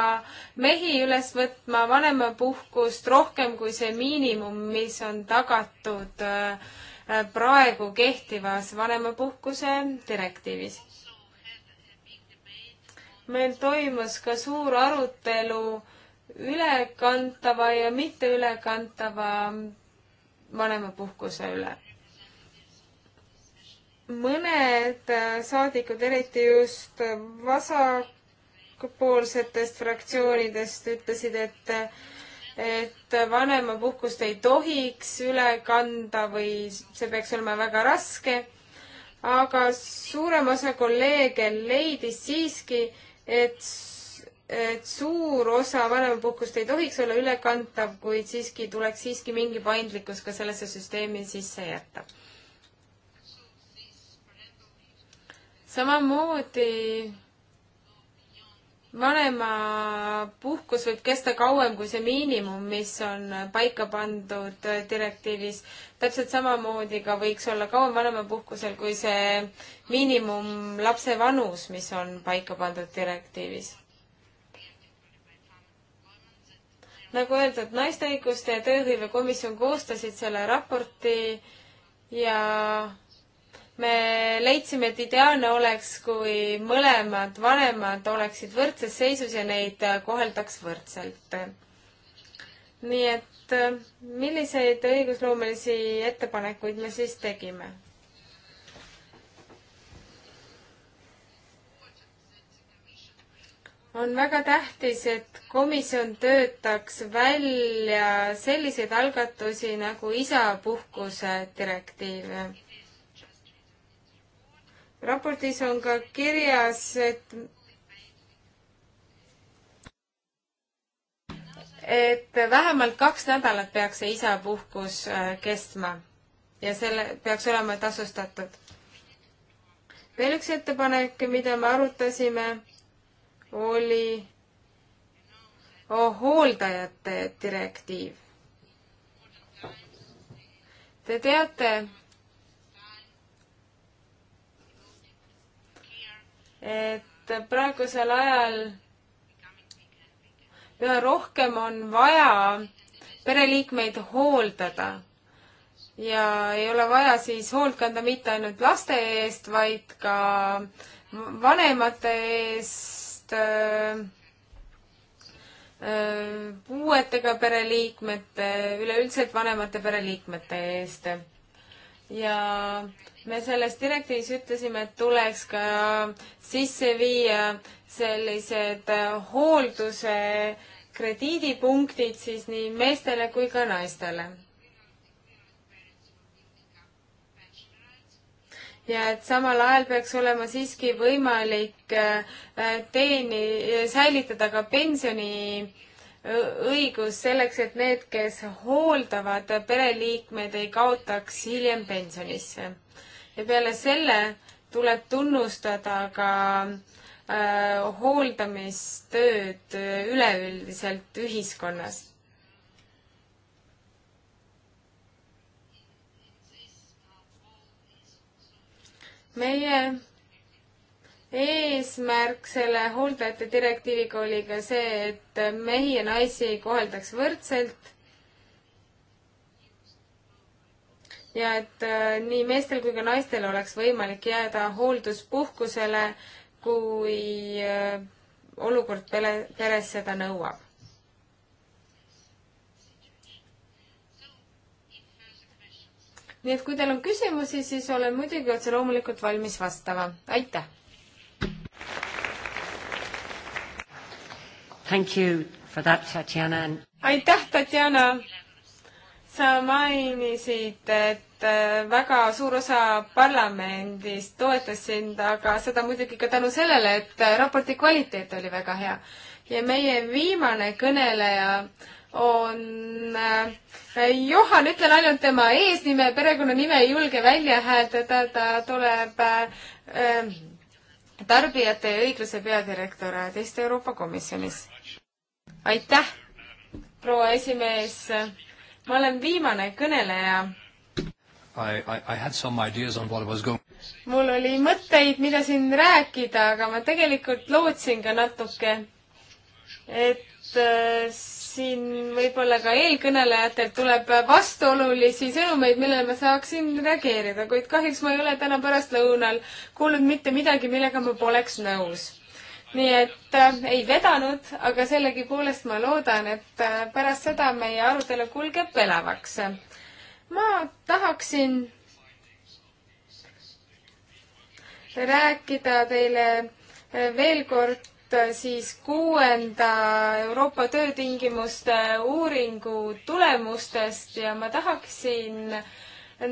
mehi üles võtma vanemapuhkust rohkem kui see miinimum, mis on tagatud äh, praegu kehtivas vanemapuhkuse direktiivis meil toimus ka suur arutelu ülekantava ja mitte ülekantava vanemapuhkuse üle. mõned saadikud, eriti just vasakpoolsetest fraktsioonidest, ütlesid, et et vanemapuhkust ei tohiks üle kanda või see peaks olema väga raske aga suurem osa kolleege leidis siiski, et, et suur osa vanemapuhkust ei tohiks olla ülekantav, kuid siiski tuleks siiski mingi paindlikkus ka sellesse süsteemi sisse jätta. samamoodi vanemapuhkus võib kesta kauem kui see miinimum, mis on paika pandud direktiivis. täpselt samamoodi ka võiks olla kauem vanemapuhkusel kui see miinimum lapse vanus, mis on paika pandud direktiivis. nagu öeldud, naiste õiguste ja tööhõivekomisjon koostasid selle raporti ja me leidsime, et ideaalne oleks, kui mõlemad vanemad oleksid võrdses seisus ja neid äh, koheldaks võrdselt. nii et äh, milliseid õigusloomelisi ettepanekuid me siis tegime? on väga tähtis, et komisjon töötaks välja selliseid algatusi nagu isapuhkuse direktiiv raportis on ka kirjas, et et vähemalt kaks nädalat peaks see isapuhkus äh, kestma ja selle peaks olema tasustatud. veel üks ettepanek, mida me arutasime, oli oh, hooldajate direktiiv. Te teate, et praegusel ajal üha rohkem on vaja pereliikmeid hooldada ja ei ole vaja siis hoolt kanda mitte ainult laste eest, vaid ka vanemate eest, äh, äh, puuetega pereliikmete, üleüldiselt vanemate pereliikmete eest ja me selles direktiivis ütlesime, et tuleks ka sisse viia sellised hoolduse krediidipunktid siis nii meestele kui ka naistele. ja et samal ajal peaks olema siiski võimalik äh, teeni, säilitada ka pensioni äh, õigus selleks, et need, kes hooldavad pereliikmed, ei kaotaks hiljem pensionisse. ja peale selle tuleb tunnustada ka äh, hooldamistööd üleüldiselt ühiskonnas. meie eesmärk selle hooldajate direktiiviga oli ka see, et mehi ja naisi koheldaks võrdselt. ja et äh, nii meestel kui ka naistel oleks võimalik jääda hoolduspuhkusele, kui äh, olukord pere, peres seda nõuab. nii et kui teil on küsimusi, siis olen muidugi otse loomulikult valmis vastama. aitäh! Thank you for that, Tatjana. aitäh, Tatjana! sa mainisid, et äh, väga suur osa parlamendist toetas sind, aga seda muidugi ka tänu sellele, et äh, raporti kvaliteet oli väga hea. ja meie viimane kõneleja on äh, Johan, ütlen ainult tema eesnime, perekonnanime ei julge välja hääldada, ta tuleb äh, tarbijate ja õigluse peadirektor teiste Euroopa Komisjonis aitäh, proua esimees. ma olen viimane kõneleja. I, I, I had some ideas on what I was going mul oli mõtteid, mida siin rääkida, aga ma tegelikult lootsin ka natuke, et äh, siin võib-olla ka eelkõnelejatelt tuleb vastuolulisi sõnumeid, millele ma saaksin reageerida, kuid kahjuks ma ei ole täna pärastlõunal kuulnud mitte midagi, millega ma poleks nõus nii et äh, ei vedanud, aga sellegipoolest ma loodan, et äh, pärast seda meie arutelu kulgeb elavaks. ma tahaksin rääkida teile äh, veel kord äh, siis kuuenda Euroopa töötingimuste uuringu tulemustest ja ma tahaksin äh,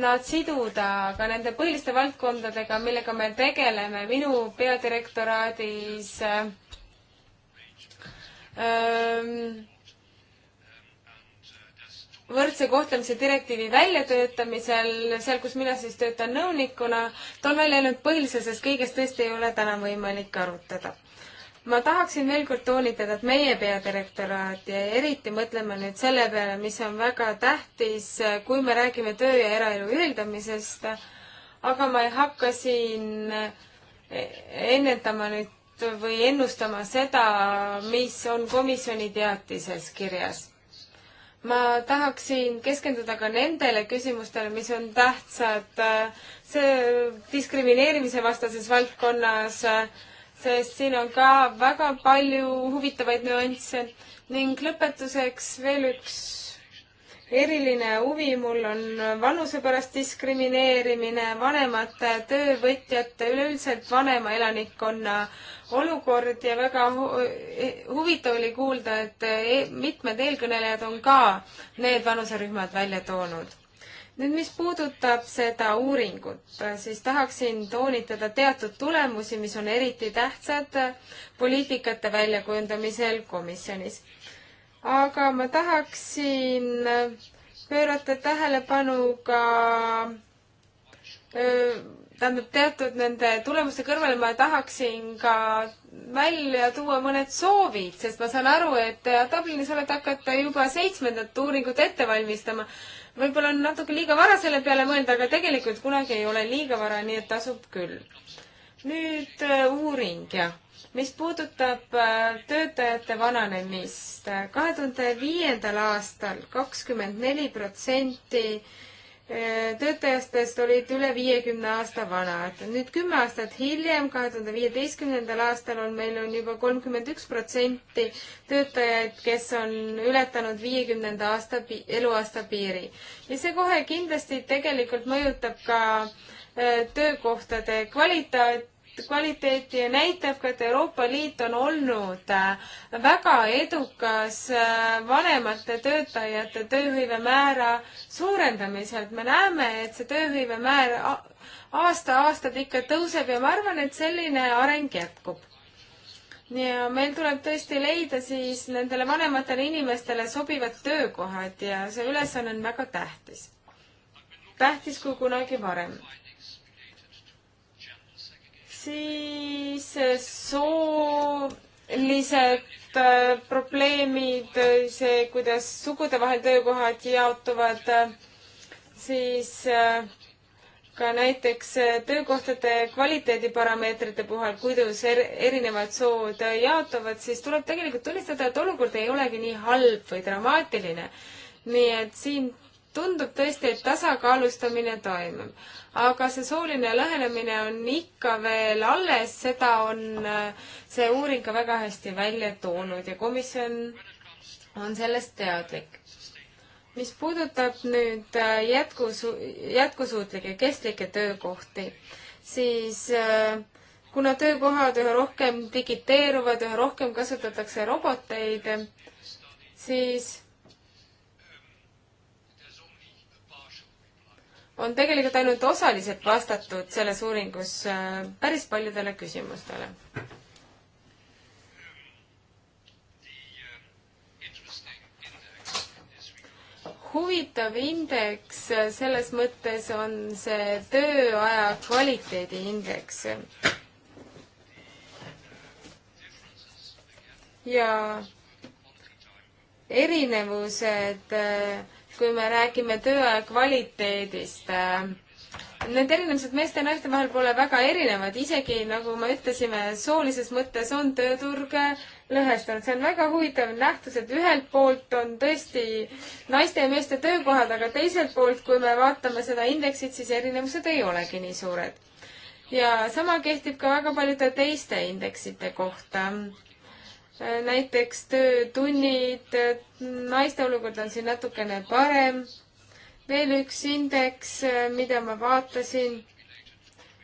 nad siduda ka nende põhiliste valdkondadega, millega me tegeleme minu peadirektoraadis ähm, võrdse kohtlemise direktiivi väljatöötamisel, seal, kus mina siis töötan nõunikuna, toon välja ainult põhilise, sest kõigest tõesti ei ole täna võimalik arutada ma tahaksin veel kord toonitada, et meie peadirektoraat ja eriti mõtleme nüüd selle peale, mis on väga tähtis, kui me räägime töö ja eraelu ühildamisest, aga ma ei hakka siin ennetama nüüd või ennustama seda, mis on komisjoni teatises kirjas. ma tahaksin keskenduda ka nendele küsimustele, mis on tähtsad see diskrimineerimise vastases valdkonnas äh, sest siin on ka väga palju huvitavaid nüansse ning lõpetuseks veel üks eriline huvi mul on vanuse pärast diskrimineerimine, vanemate töövõtjate, üleüldiselt vanema elanikkonna olukord ja väga hu huvitav oli kuulda, et e-, mitmed eelkõnelejad on ka need vanuserühmad välja toonud nüüd, mis puudutab seda uuringut, siis tahaksin toonitada teatud tulemusi, mis on eriti tähtsad poliitikate väljakujundamisel komisjonis. aga ma tahaksin pöörata tähelepanu ka tähendab, teatud nende tulemuste kõrvale ma tahaksin ka välja tuua mõned soovid, sest ma saan aru, et Dublinis olete hakata juba seitsmendat uuringut ette valmistama võib-olla on natuke liiga vara selle peale mõelda, aga tegelikult kunagi ei ole liiga vara, nii et tasub küll. nüüd äh, uuring, jah mis puudutab äh, töötajate vananemist, äh, kahe tuhande viiendal aastal kakskümmend neli protsenti töötajatest olid üle viiekümne aasta vanad. nüüd kümme aastat hiljem, kahe tuhande viieteistkümnendal aastal on meil on juba kolmkümmend üks protsenti töötajaid, kes on ületanud viiekümnenda aasta pi-, eluaasta piiri. ja see kohe kindlasti tegelikult mõjutab ka äh, töökohtade kvaliteet, kvaliteeti ja näitab ka, et Euroopa Liit on olnud äh, väga edukas äh, vanemate töötajate tööhõive määra suurendamisel. me näeme, et see tööhõive määr aasta-aastalt ikka tõuseb ja ma arvan, et selline areng jätkub. ja meil tuleb tõesti leida siis nendele vanematele inimestele sobivad töökohad ja see ülesanne on väga tähtis. tähtis kui kunagi varem siis eh, soolised eh, probleemid, eh, see, kuidas sugude vahel töökohad jaotuvad, siis ka näiteks töökohtade kvaliteediparameetrite puhul, kuidas er-, erinevad sood jaotuvad, siis tuleb tegelikult tunnistada, et olukord ei olegi nii halb või dramaatiline. nii et siin tundub tõesti, et tasakaalustamine toimub, aga see sooline lähenemine on ikka veel alles, seda on äh, see uuring ka väga hästi välja toonud ja komisjon on sellest teadlik. mis puudutab nüüd äh, jätkusu-, jätkusuutlikke kestlikke töökohti, siis äh, kuna töökohad üha rohkem digiteeruvad, üha rohkem kasutatakse roboteid, siis on tegelikult ainult osaliselt vastatud selles uuringus äh, päris paljudele küsimustele. huvitav indeks äh, selles mõttes on see tööaja kvaliteedi indeks. ja erinevused äh, kui me räägime tööaja kvaliteedist. Äh, need erinevused meeste ja naiste vahel pole väga erinevad, isegi nagu me ütlesime, soolises mõttes on tööturg äh, lõhestunud, see on väga huvitav nähtus, et ühelt poolt on tõesti naiste ja meeste töökohad, aga teiselt poolt, kui me vaatame seda indeksit, siis erinevused ei olegi nii suured. ja sama kehtib ka väga paljude teiste indeksite kohta näiteks töötunnid, naiste olukord on siin natukene parem. veel üks indeks, mida ma vaatasin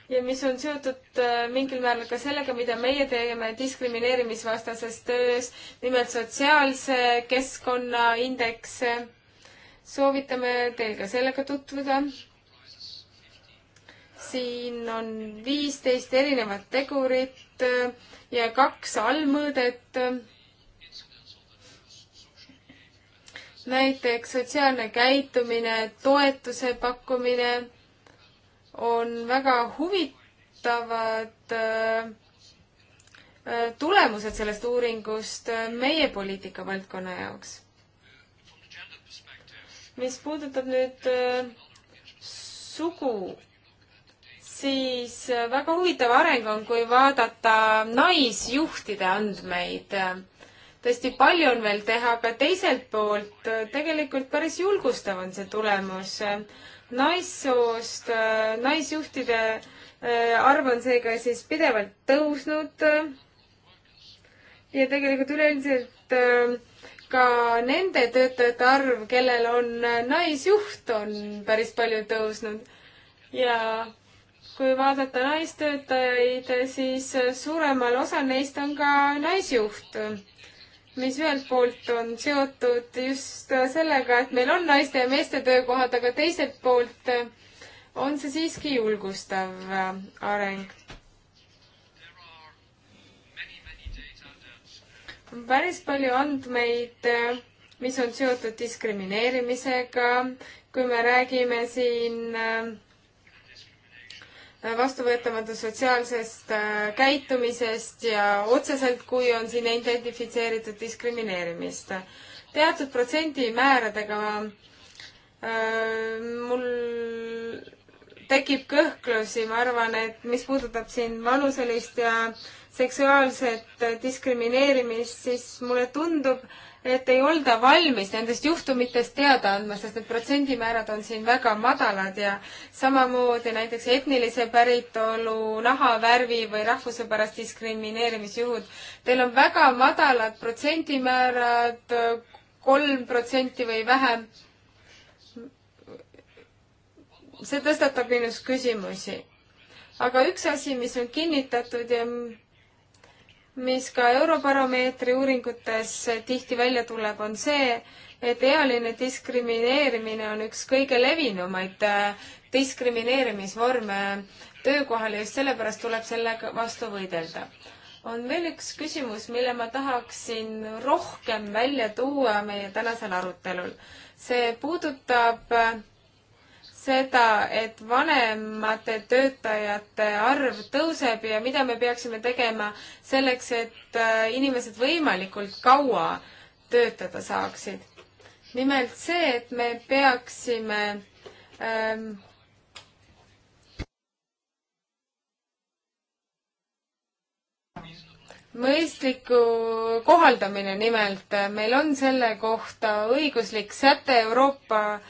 ja mis on seotud äh, mingil määral ka sellega, mida meie teeme diskrimineerimisvastases töös, nimelt sotsiaalse keskkonna indeks. soovitame teil ka sellega tutvuda siin on viisteist erinevat tegurit äh, ja kaks allmõõdet. näiteks sotsiaalne käitumine, toetuse pakkumine on väga huvitavad äh, tulemused sellest uuringust äh, meie poliitikavaldkonna jaoks. mis puudutab nüüd sugu siis äh, väga huvitav areng on, kui vaadata naisjuhtide andmeid. tõesti, palju on veel teha, aga teiselt poolt äh, tegelikult päris julgustav on see tulemus. naissoost äh, naisjuhtide arv on seega siis pidevalt tõusnud. ja tegelikult üleüldiselt ka nende töötajate arv, kellel on naisjuht, on päris palju tõusnud ja kui vaadata naistöötajaid, siis suuremal osal neist on ka naisjuht, mis ühelt poolt on seotud just sellega, et meil on naiste ja meeste töökohad, aga teiselt poolt on see siiski julgustav areng. on päris palju andmeid, mis on seotud diskrimineerimisega, kui me räägime siin äh, vastuvõetamatu sotsiaalsest äh, käitumisest ja otseselt, kui on siin identifitseeritud diskrimineerimist. teatud protsendimääradega äh, mul tekib kõhklusi, ma arvan, et mis puudutab siin vanuselist ja seksuaalset diskrimineerimist, siis mulle tundub, et ei olda valmis nendest juhtumitest teada andma, sest need protsendimäärad on siin väga madalad ja samamoodi näiteks etnilise päritolu, nahavärvi või rahvuse pärast diskrimineerimisjuhud. Teil on väga madalad protsendimäärad, kolm protsenti või vähem. see tõstatab minus küsimusi. aga üks asi, mis on kinnitatud ja mis ka Eurobaromeetri uuringutes tihti välja tuleb, on see, et ealine diskrimineerimine on üks kõige levinumaid äh, diskrimineerimisvorme töökohal ja just sellepärast tuleb selle vastu võidelda. on veel üks küsimus, mille ma tahaksin rohkem välja tuua meie tänasel arutelul. see puudutab äh, seda, et vanemate töötajate arv tõuseb ja mida me peaksime tegema selleks, et äh, inimesed võimalikult kaua töötada saaksid. nimelt see, et me peaksime ähm, mõistliku kohaldamine nimelt, meil on selle kohta õiguslik säte Euroopa äh,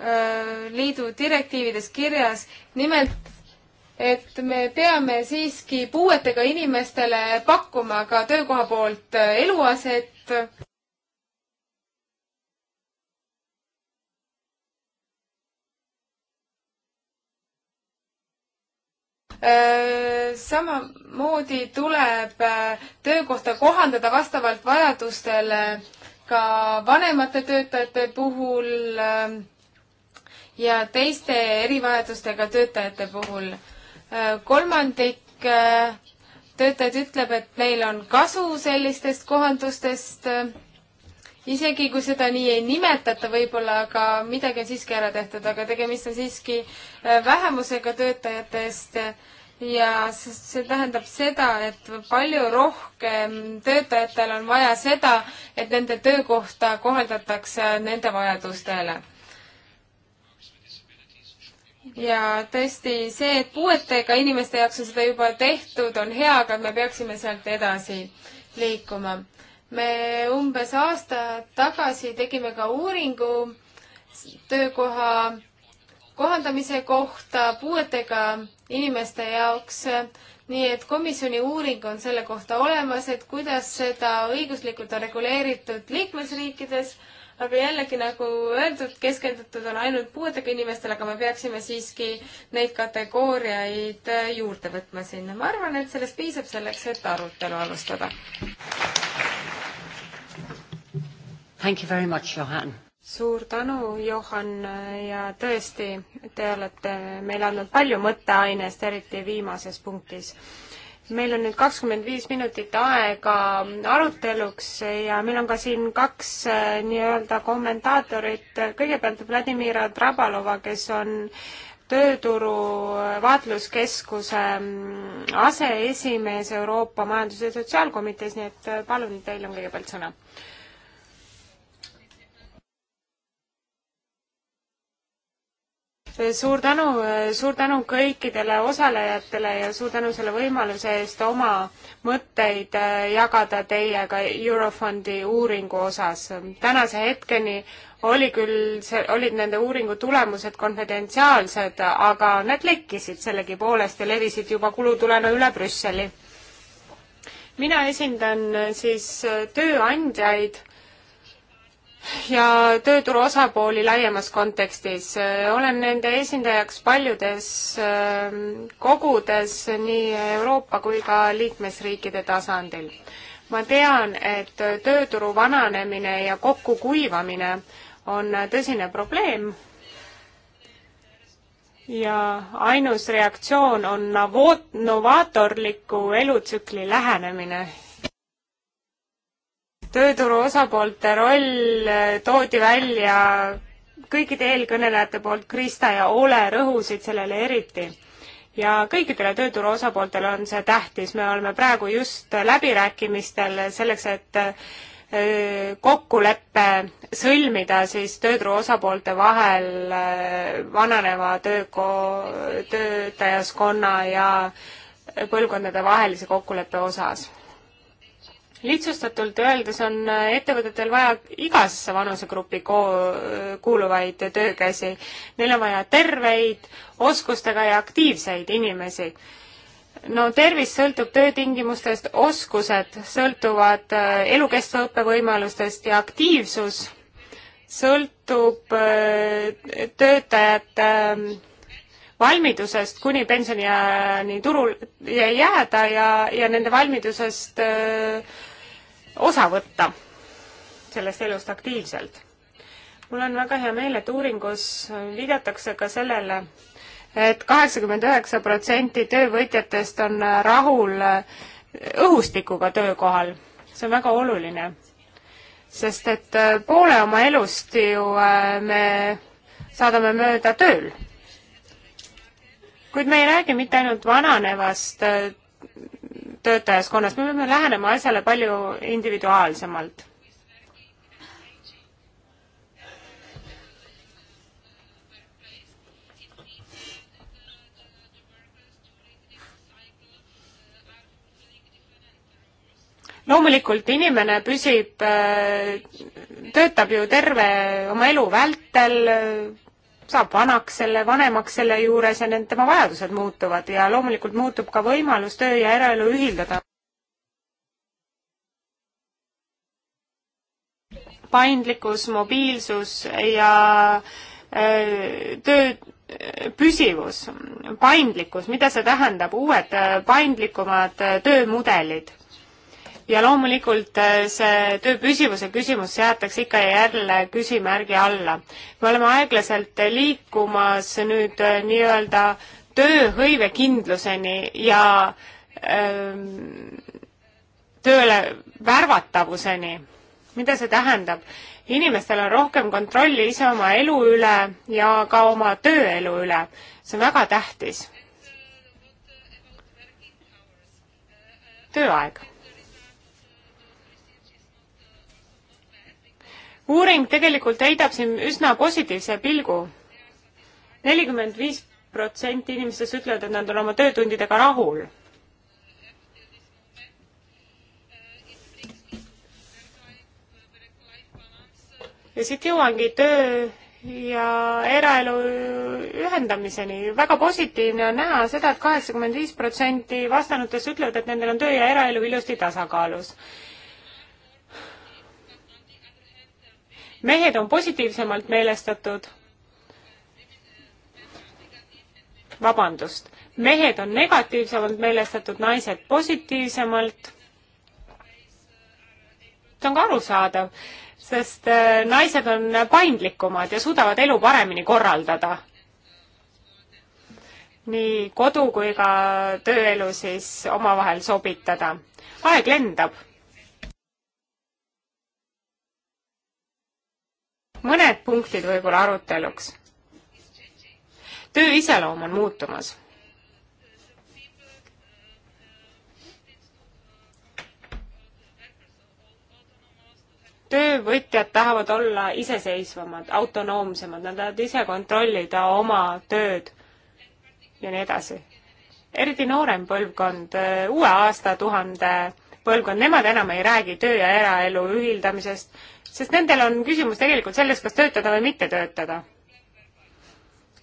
Äh, liidu direktiivides kirjas, nimelt et me peame siiski puuetega inimestele pakkuma ka töökoha poolt äh, eluaset. Äh, samamoodi tuleb töökohta kohandada vastavalt vajadustele ka vanemate töötajate puhul ja teiste erivajadustega töötajate puhul. Äh, kolmandik äh, töötajaid ütleb, et neil on kasu sellistest kohandustest, isegi kui seda nii ei nimetata võib-olla, aga midagi on siiski ära tehtud, aga tegemist on siiski äh, vähemusega töötajatest ja see tähendab seda, et palju rohkem töötajatel on vaja seda, et nende töökohta kohaldatakse nende vajadustele ja tõesti see, et puuetega inimeste jaoks on seda juba tehtud, on hea, aga me peaksime sealt edasi liikuma. me umbes aasta tagasi tegime ka uuringu töökoha kohandamise kohta puuetega inimeste jaoks, nii et komisjoni uuring on selle kohta olemas, et kuidas seda õiguslikult on reguleeritud liikmesriikides aga jällegi, nagu öeldud, keskendutud on ainult puuetega inimestele, aga me peaksime siiski neid kategooriaid äh, juurde võtma sinna. ma arvan, et sellest piisab selleks, et arutelu alustada. Thank you very much, Johan. suur tänu, Johan, ja tõesti, te olete meile andnud palju mõtteainest, eriti viimases punktis meil on nüüd kakskümmend viis minutit aega aruteluks ja meil on ka siin kaks äh, nii-öelda kommentaatorit. kõigepealt Vladimir Trabalova, kes on tööturu äh, vaatluskeskuse mm, aseesimees Euroopa Majandus- ja Sotsiaalkomitees, nii et äh, palun, teil on kõigepealt sõna. suur tänu, suur tänu kõikidele osalejatele ja suur tänu selle võimaluse eest oma mõtteid äh, jagada teiega Eurofondi uuringu osas. tänase hetkeni oli küll, see, olid nende uuringu tulemused konfidentsiaalsed, aga need lekkisid sellegipoolest ja levisid juba kulutulena üle Brüsseli. mina esindan äh, siis äh, tööandjaid ja tööturu osapooli laiemas kontekstis. olen nende esindajaks paljudes ähm, kogudes nii Euroopa kui ka liikmesriikide tasandil. ma tean, et tööturu vananemine ja kokkukuivamine on tõsine probleem ja ainus reaktsioon on novaatorliku elutsükli lähenemine tööturu osapoolte roll toodi välja kõikide eelkõnelejate poolt, Krista ja Ole rõhusid sellele eriti. ja kõikidele tööturu osapooltele on see tähtis, me oleme praegu just läbirääkimistel selleks, et äh, kokkulepe sõlmida siis tööturu osapoolte vahel äh, vananeva tööko-, töötajaskonna ja põlvkondade vahelise kokkuleppe osas lihtsustatult öeldes on ettevõtetel vaja igasse vanusegrupi kuuluvaid töökäsi. Neil on vaja terveid, oskustega ja aktiivseid inimesi. no tervis sõltub töötingimustest, oskused sõltuvad äh, elukestva õppe võimalustest ja aktiivsus sõltub äh, töötajate ähm, valmidusest kuni pensionieani turul jääda ja, ja nende valmidusest öö, äh, osa võtta sellest elust aktiivselt. mul on väga hea meel, et uuringus viidatakse ka sellele, et kaheksakümmend üheksa protsenti töövõtjatest on rahul õhustikuga töökohal. see on väga oluline, sest et poole oma elust ju äh, me saadame mööda tööl. kuid me ei räägi mitte ainult vananevast äh, töötajaskonnast, me peame lähenema asjale palju individuaalsemalt. loomulikult inimene püsib, äh, töötab ju terve oma elu vältel, saab vanaks selle, vanemaks selle juures ja need tema vajadused muutuvad ja loomulikult muutub ka võimalus töö ja eraelu ühildada. paindlikkus, mobiilsus ja öö, äh, töö äh, püsivus, paindlikkus, mida see tähendab, uued äh, paindlikumad töömudelid ja loomulikult äh, see töö püsivuse küsimus seatakse ikka ja jälle küsimärgi alla. me oleme aeglaselt liikumas nüüd äh, nii-öelda tööhõivekindluseni ja öö, ähm, tööle värvatavuseni. mida see tähendab? inimestel on rohkem kontrolli ise oma elu üle ja ka oma tööelu üle. see on väga tähtis. tööaeg uuring tegelikult heidab siin üsna positiivse pilgu. nelikümmend viis protsenti inimestest ütlevad, et nad on oma töötundidega rahul. ja siit jõuangi töö ja eraelu ühendamiseni. väga positiivne on näha seda et, et kaheksakümmend viis protsenti vastanutest ütlevad, et nendel on töö ja eraelu ilusti tasakaalus mehed on positiivsemalt meelestatud. vabandust, mehed on negatiivsemalt meelestatud, naised positiivsemalt. see on ka arusaadav, sest äh, naised on paindlikumad ja suudavad elu paremini korraldada nii kodu kui ka tööelu siis omavahel sobitada. aeg lendab mõned punktid võib-olla aruteluks. töö iseloom on muutumas. töövõtjad tahavad olla iseseisvamad, autonoomsemad, nad tahavad ise kontrollida oma tööd ja nii edasi. eriti noorem põlvkond, uue aastatuhande põlvkond, nemad enam ei räägi töö ja eraelu ühildamisest, sest nendel on küsimus tegelikult selles, kas töötada või mitte töötada.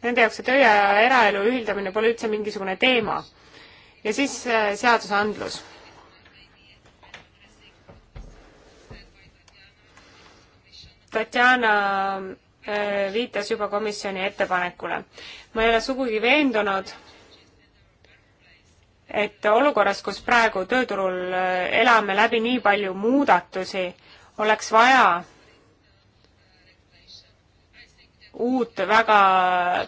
Nende jaoks see töö ja eraelu ühildamine pole üldse mingisugune teema. ja siis äh, seadusandlus Tatjana äh, viitas juba komisjoni ettepanekule. ma ei ole sugugi veendunud, et olukorras, kus praegu tööturul äh, elame läbi nii palju muudatusi, oleks vaja uut väga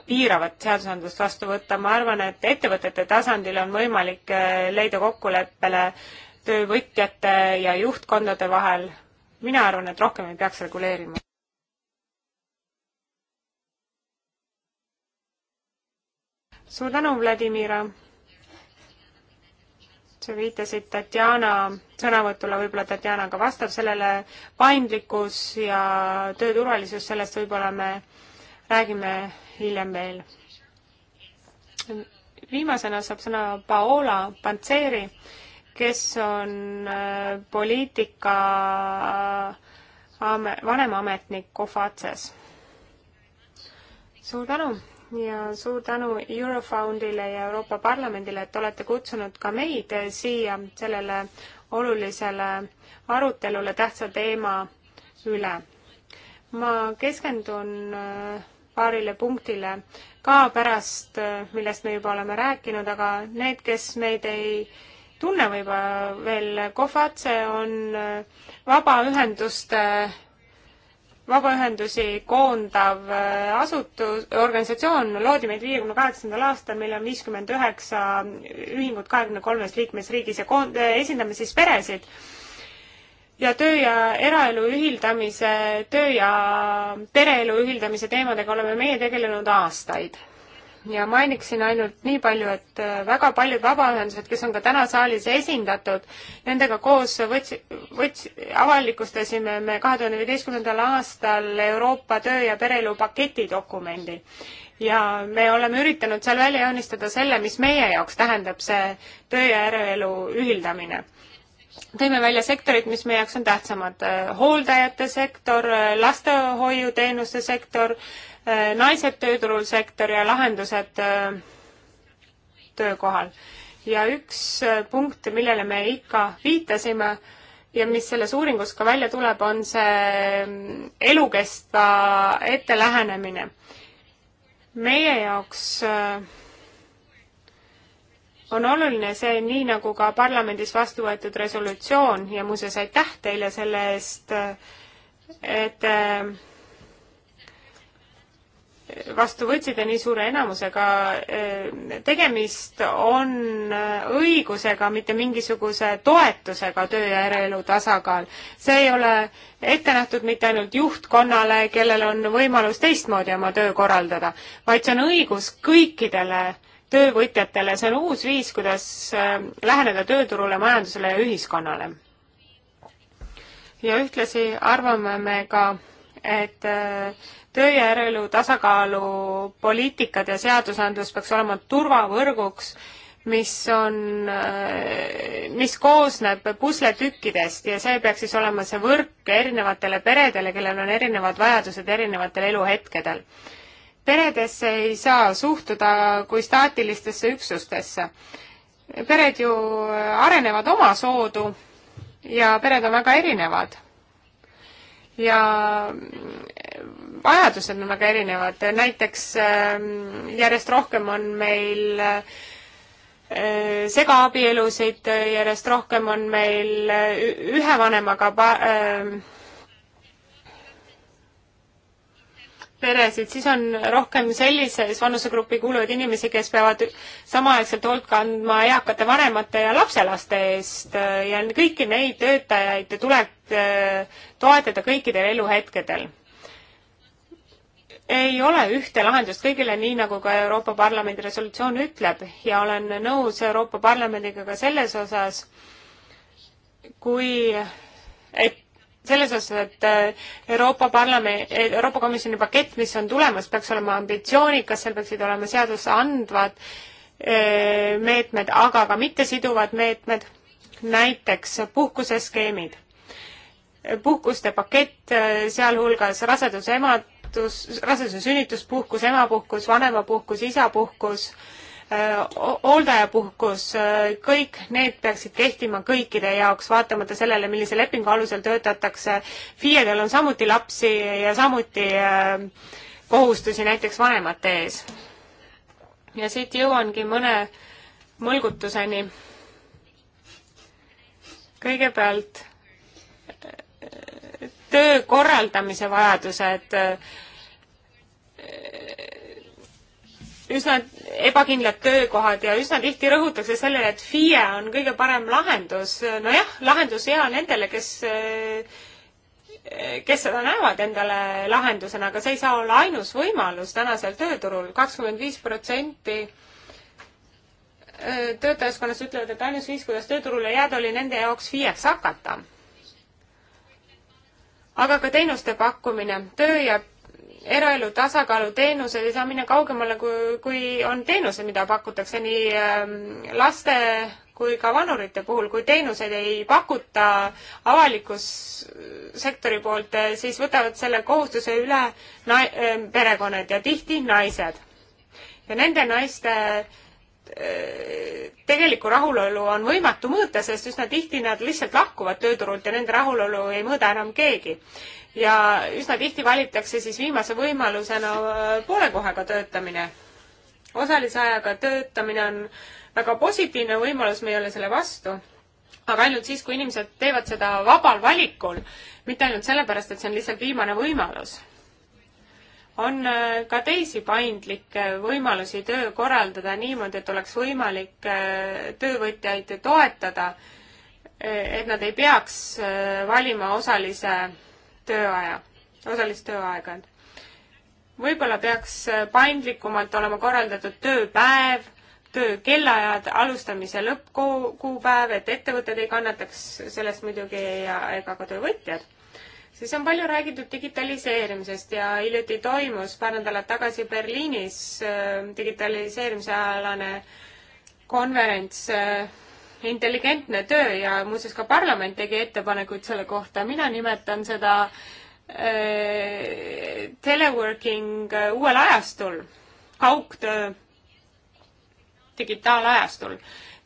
piiravat seadusandlust vastu võtta, ma arvan, et ettevõtete tasandil on võimalik äh, leida kokkuleppele töövõtjate ja juhtkondade vahel. mina arvan, et rohkem ei peaks reguleerima. suur tänu, Vladimira! sa viitasid Tatjana sõnavõtule, võib-olla Tatjana ka vastab sellele, paindlikkus ja tööturvalisus, sellest võib-olla me räägime hiljem veel. viimasena saab sõna Paola Pantseri, kes on äh, poliitika äh, vanemametnik Kofatses. suur tänu! ja suur tänu Eurofoundile ja Euroopa Parlamendile, et olete kutsunud ka meid siia sellele olulisele arutelule tähtsa teema üle. ma keskendun äh, paarile punktile ka pärast, äh, millest me juba oleme rääkinud, aga need, kes meid ei tunne võib-olla veel, Kofatse on äh, vabaühenduste vabaühendusi koondav äh, asutus, organisatsioon loodi meid viiekümne kaheksandal aastal, meil on viiskümmend üheksa ühingut kahekümne kolmes liikmesriigis ja koond-, äh, esindame siis peresid. ja töö ja eraelu ühildamise, töö ja pereelu ühildamise teemadega oleme meie tegelenud aastaid ja mainiksin ainult nii palju, et äh, väga paljud vabaühendused, kes on ka täna saalis esindatud, nendega koos võts-, võts-, avalikustasime me kahe tuhande viieteistkümnendal aastal Euroopa töö- ja pereelu paketidokumendi. ja me oleme üritanud seal välja joonistada selle, mis meie jaoks tähendab see töö- ja eraelu ühildamine tõime välja sektorid, mis meie jaoks on tähtsamad. Äh, hooldajate sektor, äh, lastehoiuteenuste sektor, Äh, naised tööturul sektor ja lahendused äh, töökohal. ja üks äh, punkt, millele me ikka viitasime ja mis selles uuringus ka välja tuleb, on see mm, elukestva ettelähenemine. meie jaoks on oluline see, nii nagu ka parlamendis vastu võetud resolutsioon ja muuseas aitäh teile selle eest, et äh, vastu võtsid ja nii suure enamusega. tegemist on õigusega, mitte mingisuguse toetusega töö ja eraelu tasakaal. see ei ole ette nähtud mitte ainult juhtkonnale, kellel on võimalus teistmoodi oma töö korraldada, vaid see on õigus kõikidele töövõtjatele, see on uus viis, kuidas äh, läheneda tööturule, majandusele ja ühiskonnale. ja ühtlasi arvame me ka, et äh, töö ja eraelu tasakaalu poliitikad ja seadusandlus peaks olema turvavõrguks, mis on, mis koosneb pusletükkidest ja see peaks siis olema see võrk erinevatele peredele, kellel on erinevad vajadused erinevatel eluhetkedel. peredesse ei saa suhtuda kui staatilistesse üksustesse. pered ju arenevad omasoodu ja pered on väga erinevad ja vajadused on väga erinevad, näiteks ähm, järjest rohkem on meil äh, segaabielusid, järjest rohkem on meil äh, ühe vanemaga pa-, ähm, peresid, siis on rohkem sellises vanusegrupi kuuluvaid inimesi, kes peavad samaaegselt hoolt kandma eakate vanemate ja lapselaste eest äh, ja kõiki neid töötajaid tuleb äh, toetada kõikidel eluhetkedel. ei ole ühte lahendust kõigile, nii nagu ka Euroopa Parlamendi resolutsioon ütleb ja olen nõus Euroopa Parlamendiga ka selles osas, kui et selles osas, et äh, Euroopa Parlamendi, Euroopa Komisjoni pakett, mis on tulemas, peaks olema ambitsioonikas, seal peaksid olema seadusandvad äh, meetmed, aga ka mittesiduvad meetmed, näiteks puhkuseskeemid, puhkuste pakett, äh, sealhulgas raseduse emadus, raseduse sünnituspuhkus, emapuhkus, vanemapuhkus, isapuhkus, Äh, hooldajapuhkus, äh, kõik need peaksid kehtima kõikide jaoks, vaatamata sellele, millise lepingu alusel töötatakse. FIE-del on samuti lapsi ja samuti äh, kohustusi näiteks vanemate ees. ja siit jõuangi mõne mõlgutuseni. kõigepealt töö korraldamise vajadused üsna ebakindlad töökohad ja üsna tihti rõhutakse sellele, et FIE on kõige parem lahendus. nojah, lahendus hea nendele, kes, kes seda näevad endale lahendusena, aga see ei saa olla ainus võimalus tänasel tööturul. kakskümmend viis protsenti töötajaskonnas ütlevad, et ainus viis, kuidas tööturule jääda, oli nende jaoks FIE-ks hakata. aga ka teenuste pakkumine, töö ja eraelu tasakaalu teenused ei saa minna kaugemale, kui, kui on teenused, mida pakutakse nii ähm, laste kui ka vanurite puhul, kui teenuseid ei pakuta avalikus sektori poolt, äh, siis võtavad selle kohustuse üle na-, äh, perekonnad ja tihti naised. ja nende naiste äh, Eh, tegelikku rahulolu on võimatu mõõta, sest üsna tihti nad lihtsalt lahkuvad tööturult ja nende rahulolu ei mõõda enam keegi. ja üsna tihti valitakse siis viimase võimalusena eh, poole kohaga töötamine. osalise ajaga töötamine on väga positiivne võimalus, me ei ole selle vastu, aga ainult siis, kui inimesed teevad seda vabal valikul, mitte ainult sellepärast, et see on lihtsalt viimane võimalus on äh, ka teisi paindlikke võimalusi töö korraldada niimoodi, et oleks võimalik äh, töövõtjaid toetada, e, et nad ei peaks äh, valima osalise tööaja, osalist tööaega. võib-olla peaks paindlikumalt olema korraldatud tööpäev, töö kellaajad, alustamise lõppkuupäev, et ettevõtted ei kannataks sellest muidugi ja ega ka töövõtjad siis on palju räägitud digitaliseerimisest ja hiljuti toimus paar nädalat tagasi Berliinis äh, digitaliseerimise alane konverents äh, intelligentne töö ja muuseas ka parlament tegi ettepanekuid selle kohta, mina nimetan seda äh, teleworking äh, uuel ajastul, kaugtöö digitaalajastul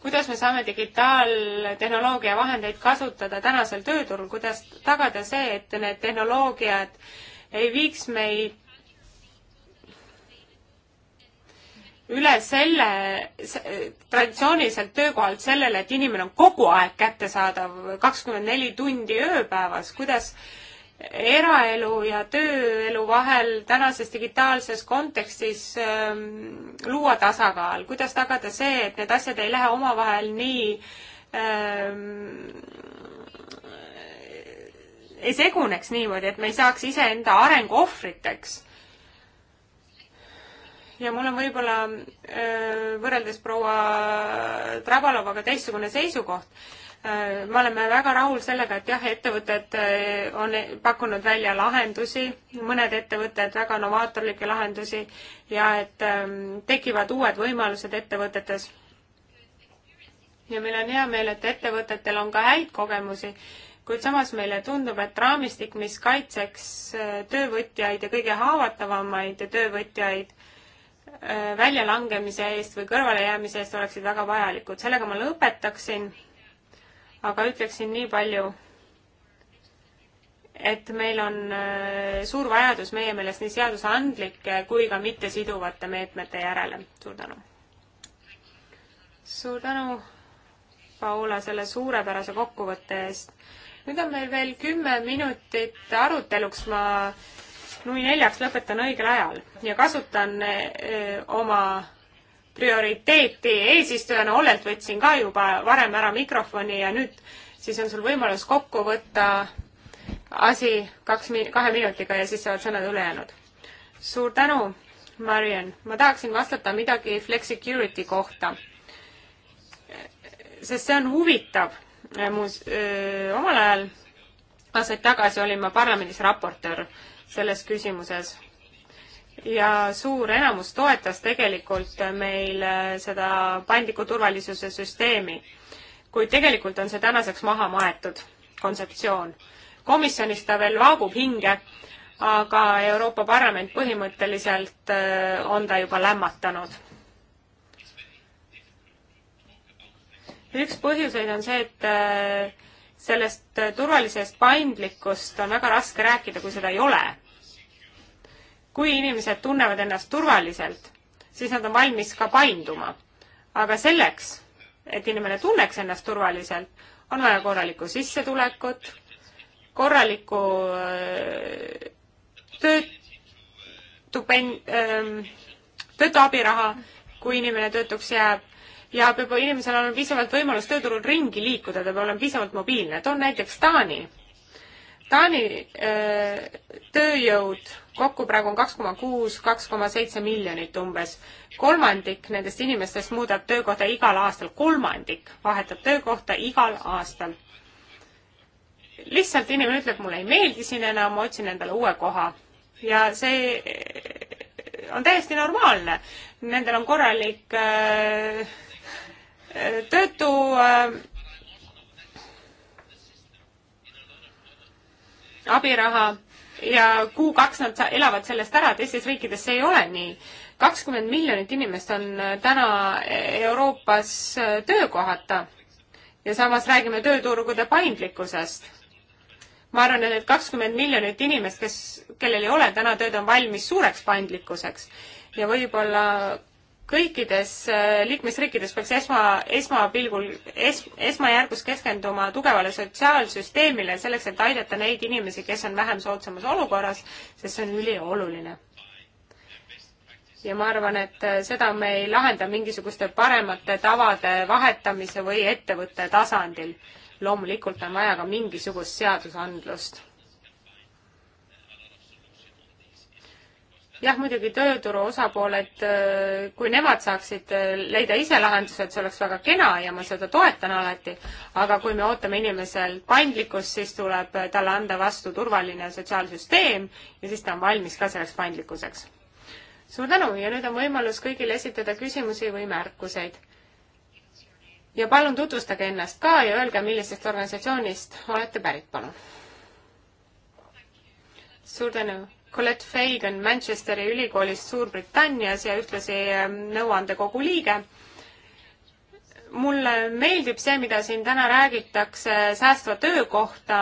kuidas me saame digitaaltehnoloogia vahendeid kasutada tänasel tööturul, kuidas tagada see, et need tehnoloogiad ei viiks meid üle selle traditsiooniliselt töökohalt sellele, et inimene on kogu aeg kättesaadav kakskümmend neli tundi ööpäevas, kuidas äh, eraelu ja tööelu vahel tänases digitaalses kontekstis ähm, luua tasakaal, kuidas tagada see, et need asjad ei lähe omavahel nii ähm, ei seguneks niimoodi, et me ei saaks iseenda arengu ohvriteks. ja mul on võib-olla äh, võrreldes proua Trabalovaga teistsugune seisukoht, Äh, me oleme väga rahul sellega, et jah, ettevõtted äh, on pakkunud välja lahendusi, mõned ettevõtted väga novaatorlikke lahendusi ja et ähm, tekivad uued võimalused ettevõtetes. ja meil on hea meel, et ettevõtetel on ka häid kogemusi, kuid samas meile tundub, et raamistik, mis kaitseks äh, töövõtjaid ja kõige haavatavamaid töövõtjaid, väljalangemise eest või kõrvalejäämise eest oleksid väga vajalikud. sellega ma lõpetaksin aga ütleksin nii palju, et meil on äh, suur vajadus meie meelest nii seadusandlike kui ka mittesiduvate meetmete järele. suur tänu! suur tänu, Paula, selle suurepärase kokkuvõtte eest. nüüd on meil veel kümme minutit aruteluks, ma nui neljaks lõpetan õigel ajal ja kasutan öö, äh, oma prioriteeti eesistujana, Ollelt võtsin ka juba varem ära mikrofoni ja nüüd siis on sul võimalus kokku võtta asi kaks, kahe minutiga ja siis saavad sõnad ülejäänud. suur tänu, Mariann. ma tahaksin vastata midagi Flexicurity kohta. sest see on huvitav. mu omal ajal aastaid tagasi olin ma parlamendis raportöör selles küsimuses ja suur enamus toetas tegelikult meil äh, seda paindliku turvalisuse süsteemi. kuid tegelikult on see tänaseks maha maetud kontseptsioon. komisjonis ta veel vaagub hinge, aga Euroopa Parlament põhimõtteliselt äh, on ta juba lämmatanud. üks põhjuseid on see, et äh, sellest turvalisest paindlikkust on väga raske rääkida, kui seda ei ole kui inimesed tunnevad ennast turvaliselt, siis nad on valmis ka painduma. aga selleks, et inimene tunneks ennast turvaliselt, on vaja korralikku sissetulekut, korralikku äh, tööd, ähm, töötu abiraha, kui inimene töötuks jääb ja peab inimesel olema piisavalt võimalus tööturul ringi liikuda, ta peab olema piisavalt mobiilne. toon näiteks Taani Taani öö, äh, tööjõud kokku praegu on kaks koma kuus, kaks koma seitse miljonit umbes. kolmandik nendest inimestest muudab töökohta igal aastal, kolmandik vahetab töökohta igal aastal. lihtsalt inimene ütleb, mulle ei meeldi siin enam, ma otsin endale uue koha. ja see äh, on täiesti normaalne. Nendel on korralik öö, äh, töötu öö, abiraha ja kuu-kaks nad elavad sellest ära, teistes riikides see ei ole nii. kakskümmend miljonit inimest on äh, täna äh, Euroopas äh, töökohata ja samas räägime tööturgude paindlikkusest. ma arvan, et need kakskümmend miljonit inimest, kes, kellel ei ole täna tööd, on valmis suureks paindlikkuseks ja võib-olla kõikides äh, liikmesriikides peaks esma, esmapilgul, es-, esmajärgus keskenduma tugevale sotsiaalsüsteemile, selleks et aidata neid inimesi, kes on vähem soodsamas olukorras, sest see on ülioluline. ja ma arvan, et äh, seda me ei lahenda mingisuguste paremate tavade vahetamise või ettevõtte tasandil. loomulikult on vaja ka mingisugust seadusandlust jah, muidugi tööturu osapooled, äh, kui nemad saaksid äh, leida ise lahendused, see oleks väga kena ja ma seda toetan alati, aga kui me ootame inimeselt paindlikkust, siis tuleb äh, talle anda vastu turvaline sotsiaalsüsteem ja siis ta on valmis ka selleks paindlikkuseks. suur tänu ja nüüd on võimalus kõigil esitada küsimusi või märkuseid. ja palun tutvustage ennast ka ja öelge, millisest organisatsioonist olete pärit, palun. suur tänu Colette Fagan Manchesteri ülikoolist Suurbritannias ja ühtlasi ehm, nõuandekogu liige. mulle meeldib see, mida siin täna räägitakse säästva töö kohta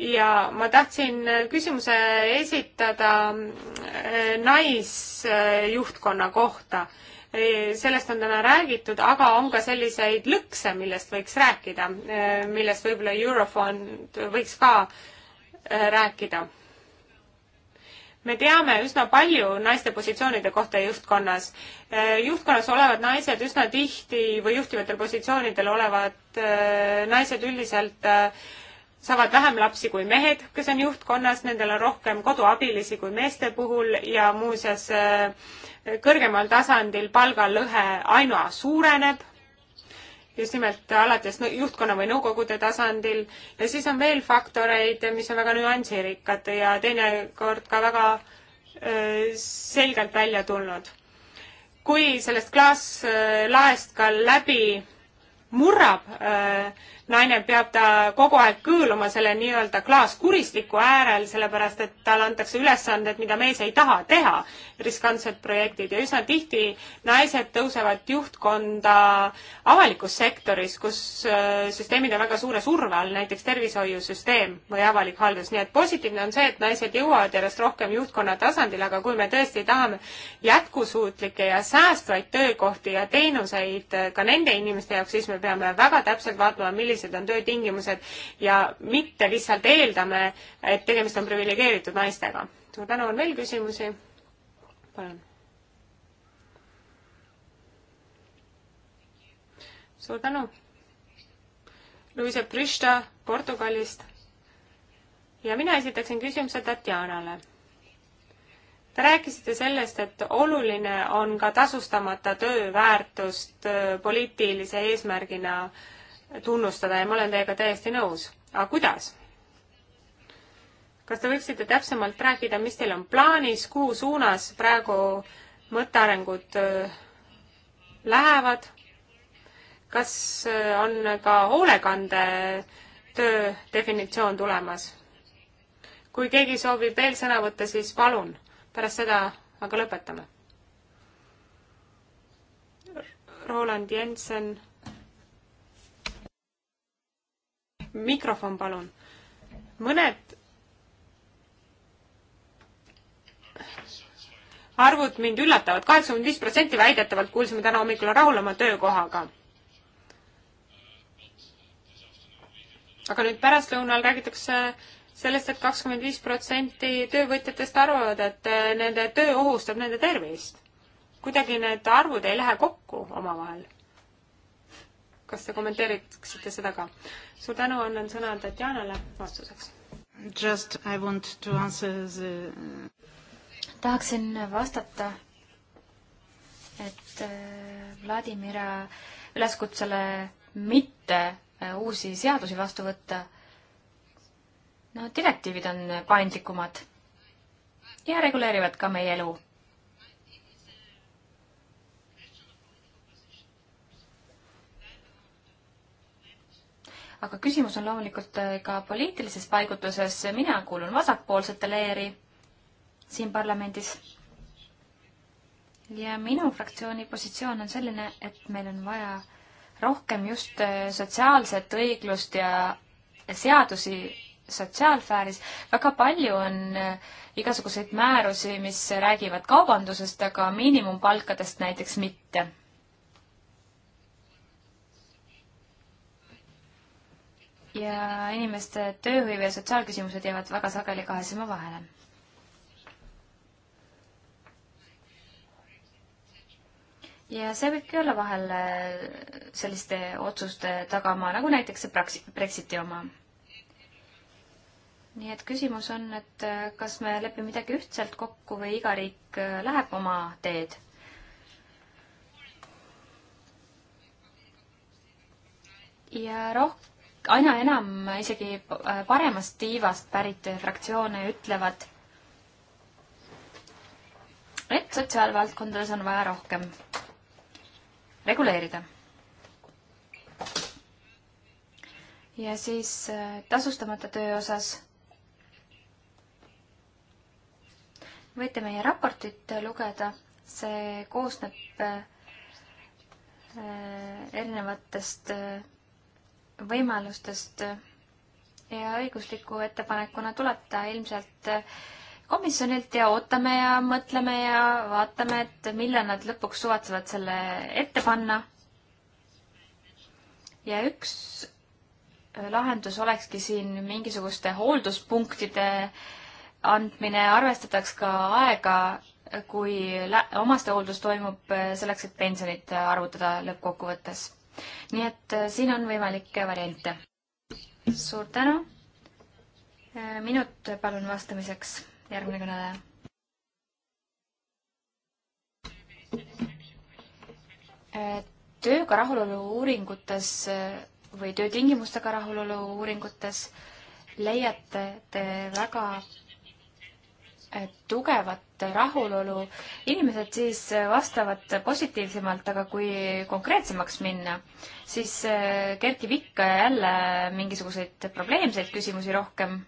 ja ma tahtsin äh, küsimuse esitada äh, naisjuhtkonna kohta. E, sellest on täna räägitud, aga on ka selliseid lõkse, millest võiks rääkida, äh, millest võib-olla Eurofond võiks ka rääkida me teame üsna palju naiste positsioonide kohta juhtkonnas. Äh, juhtkonnas olevad naised üsna tihti või juhtivatel positsioonidel olevad äh, naised üldiselt äh, saavad vähem lapsi kui mehed, kes on juhtkonnas, nendel on rohkem koduabilisi kui meeste puhul ja muuseas kõrgemal tasandil palgalõhe aina suureneb just nimelt alates juhtkonna või nõukogude tasandil ja siis on veel faktoreid, mis on väga nüansirikkad ja teinekord ka väga öö, selgelt välja tulnud. kui sellest klaaslaest ka läbi murrab öö, naine peab ta kogu aeg kõõluma selle nii-öelda klaaskuristiku äärel, sellepärast et talle antakse ülesanded, mida mees ei taha teha, riskantsed projektid ja üsna tihti naised tõusevad juhtkonda avalikus sektoris, kus äh, süsteemid on väga suure surve all, näiteks tervishoiusüsteem või avalik haldus, nii et positiivne on see, et naised jõuavad järjest rohkem juhtkonna tasandile, aga kui me tõesti tahame jätkusuutlikke ja säästvaid töökohti ja teenuseid äh, ka nende inimeste jaoks, siis me peame väga täpselt vaatama, millised millised on töötingimused ja mitte lihtsalt eeldame, et tegemist on priviligeeritud naistega. suur tänu, on veel küsimusi? palun. suur tänu. Luise Prista Portugalist. ja mina esitaksin küsimuse Tatjanale Te rääkisite sellest, et oluline on ka tasustamata töö väärtust äh, poliitilise eesmärgina tunnustada ja ma olen teiega täiesti nõus. aga kuidas? kas te võiksite täpsemalt rääkida, mis teil on plaanis, kuhu suunas praegu mõttearengud äh, lähevad? kas äh, on ka hoolekandetöö definitsioon tulemas? kui keegi soovib veel sõna võtta, siis palun, pärast seda aga lõpetame. Roland Jensen mikrofon, palun. mõned arvud mind üllatavad, kaheksakümmend viis protsenti väidetavalt kuulsime täna hommikul rahul oma töökohaga. aga nüüd pärastlõunal räägitakse sellest et, et kakskümmend viis protsenti töövõtjatest arvavad, et nende töö ohustab nende tervist. kuidagi need arvud ei lähe kokku omavahel kas te kommenteeriksite seda ka? suur tänu, annan sõna Tatjanale vastuseks. Just I want to answer the tahaksin vastata, et äh, Vladimira üleskutsele mitte äh, uusi seadusi vastu võtta, no direktiivid on paindlikumad ja reguleerivad ka meie elu aga küsimus on loomulikult äh, ka poliitilises paigutuses. mina kuulun vasakpoolsete leeri siin parlamendis. ja minu fraktsiooni positsioon on selline, et meil on vaja rohkem just äh, sotsiaalset õiglust ja seadusi sotsiaalsfääris. väga palju on äh, igasuguseid määrusi, mis räägivad kaubandusest, aga miinimumpalkadest näiteks mitte ja inimeste tööhõive ja sotsiaalküsimused jäävad väga sageli kahe silma vahele. ja see võibki olla vahel äh, selliste otsuste tagamaa, nagu näiteks see Braxi-, Brexiti oma. nii et küsimus on, et äh, kas me lepime midagi ühtselt kokku või iga riik äh, läheb oma teed ja rohkem aina enam isegi äh, paremast tiivast pärit fraktsioone ütlevad, et sotsiaalvaldkondades on vaja rohkem reguleerida. ja siis äh, tasustamata töö osas võite meie raportit lugeda, see koosneb äh, erinevatest võimalustest ja õigusliku ettepanekuna tuleb ta ilmselt komisjonilt ja ootame ja mõtleme ja vaatame, et millal nad lõpuks suvatsevad selle ette panna. ja üks lahendus olekski siin mingisuguste hoolduspunktide andmine, arvestataks ka aega, kui omastehooldus toimub selleks, et pensionit arvutada lõppkokkuvõttes nii et äh, siin on võimalikke variante. suur tänu. Äh, minut palun vastamiseks, järgmine kõneleja. Äh, tööga rahulolu uuringutes või töötingimustega rahulolu uuringutes leiate te väga tugevat rahulolu, inimesed siis vastavad positiivsemalt, aga kui konkreetsemaks minna, siis eh, kerkib ikka ja jälle mingisuguseid probleemseid küsimusi rohkem.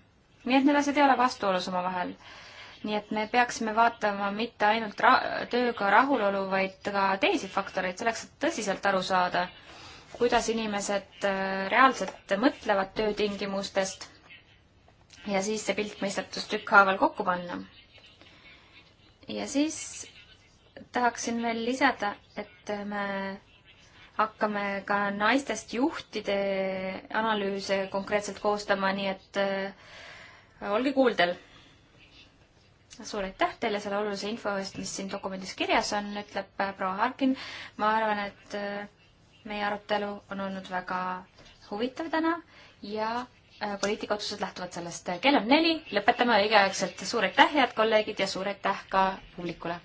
nii et need asjad ei ole vastuolus omavahel. nii et me peaksime vaatama mitte ainult ra-, tööga rahulolu, vaid ka teisi faktoreid, selleks et tõsiselt aru saada, kuidas inimesed eh, reaalselt mõtlevad töötingimustest ja siis see pilt mõistetus tükkhaaval kokku panna. ja siis tahaksin veel lisada, et me hakkame ka naistest juhtide analüüse konkreetselt koostama, nii et äh, olge kuuldel. suur aitäh teile selle olulise info eest, mis siin dokumendis kirjas on, ütleb äh, proua Harkin. ma arvan, et äh, meie arutelu on olnud väga huvitav täna ja Äh, poliitikaotsused lähtuvad sellest. kell on neli, lõpetame õigeaegselt. suur aitäh, head kolleegid ja suur aitäh ka publikule!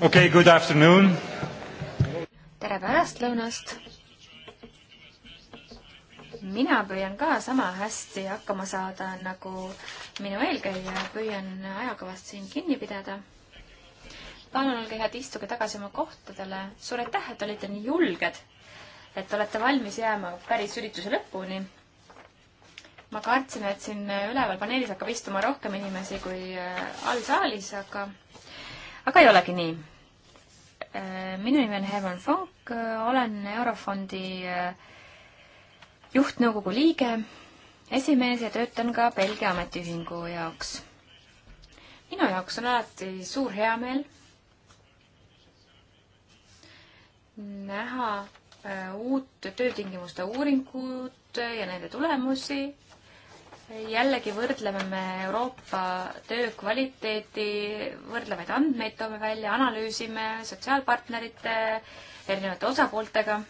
okay, good afternoon. tere pärastlõunast. mina püüan ka sama hästi hakkama saada nagu minu eelkäija, püüan ajakavast siin kinni pidada. palun olge head, istuge tagasi oma kohtadele. suur aitäh, et olite nii julged, et olete valmis jääma päris ürituse lõpuni ma kartsin, et siin üleval paneelis hakkab istuma rohkem inimesi kui äh, all saalis, aga aga ei olegi nii. Äh, minu nimi on Herman Funk, äh, olen Eurofondi äh, juhtnõukogu liige, esimees ja töötan ka Belgia ametiühingu jaoks. minu jaoks on alati suur heameel näha uut töötingimuste uuringut ja nende tulemusi jällegi võrdleme me Euroopa töö kvaliteeti, võrdlevaid andmeid toome välja, analüüsime sotsiaalpartnerite, erinevate osapooltega.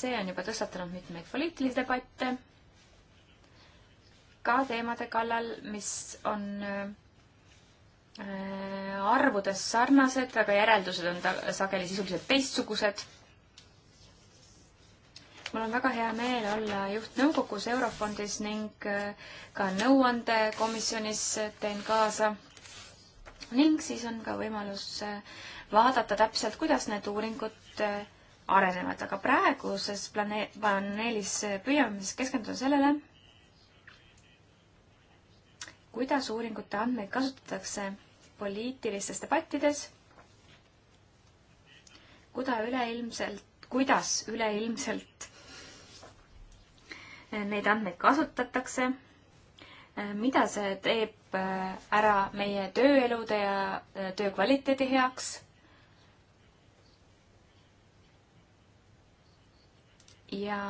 see on juba tõstatanud mitmeid poliitilisi debatte ka teemade kallal, mis on äh, arvudes sarnased, aga järeldused on ta sageli sisuliselt teistsugused mul on väga hea meel olla juht nõukogus Eurofondis ning äh, ka nõuandekomisjonis teen kaasa. ning siis on ka võimalus äh, vaadata täpselt, kuidas need uuringud äh, arenevad, aga praeguses planee-, paneelis püüame siis keskenduda sellele, kuidas uuringute andmeid kasutatakse poliitilistes debattides, kuda üleilmselt, kuidas üleilmselt neid andmeid kasutatakse. mida see teeb äh, ära meie tööelude ja äh, töö kvaliteedi heaks? ja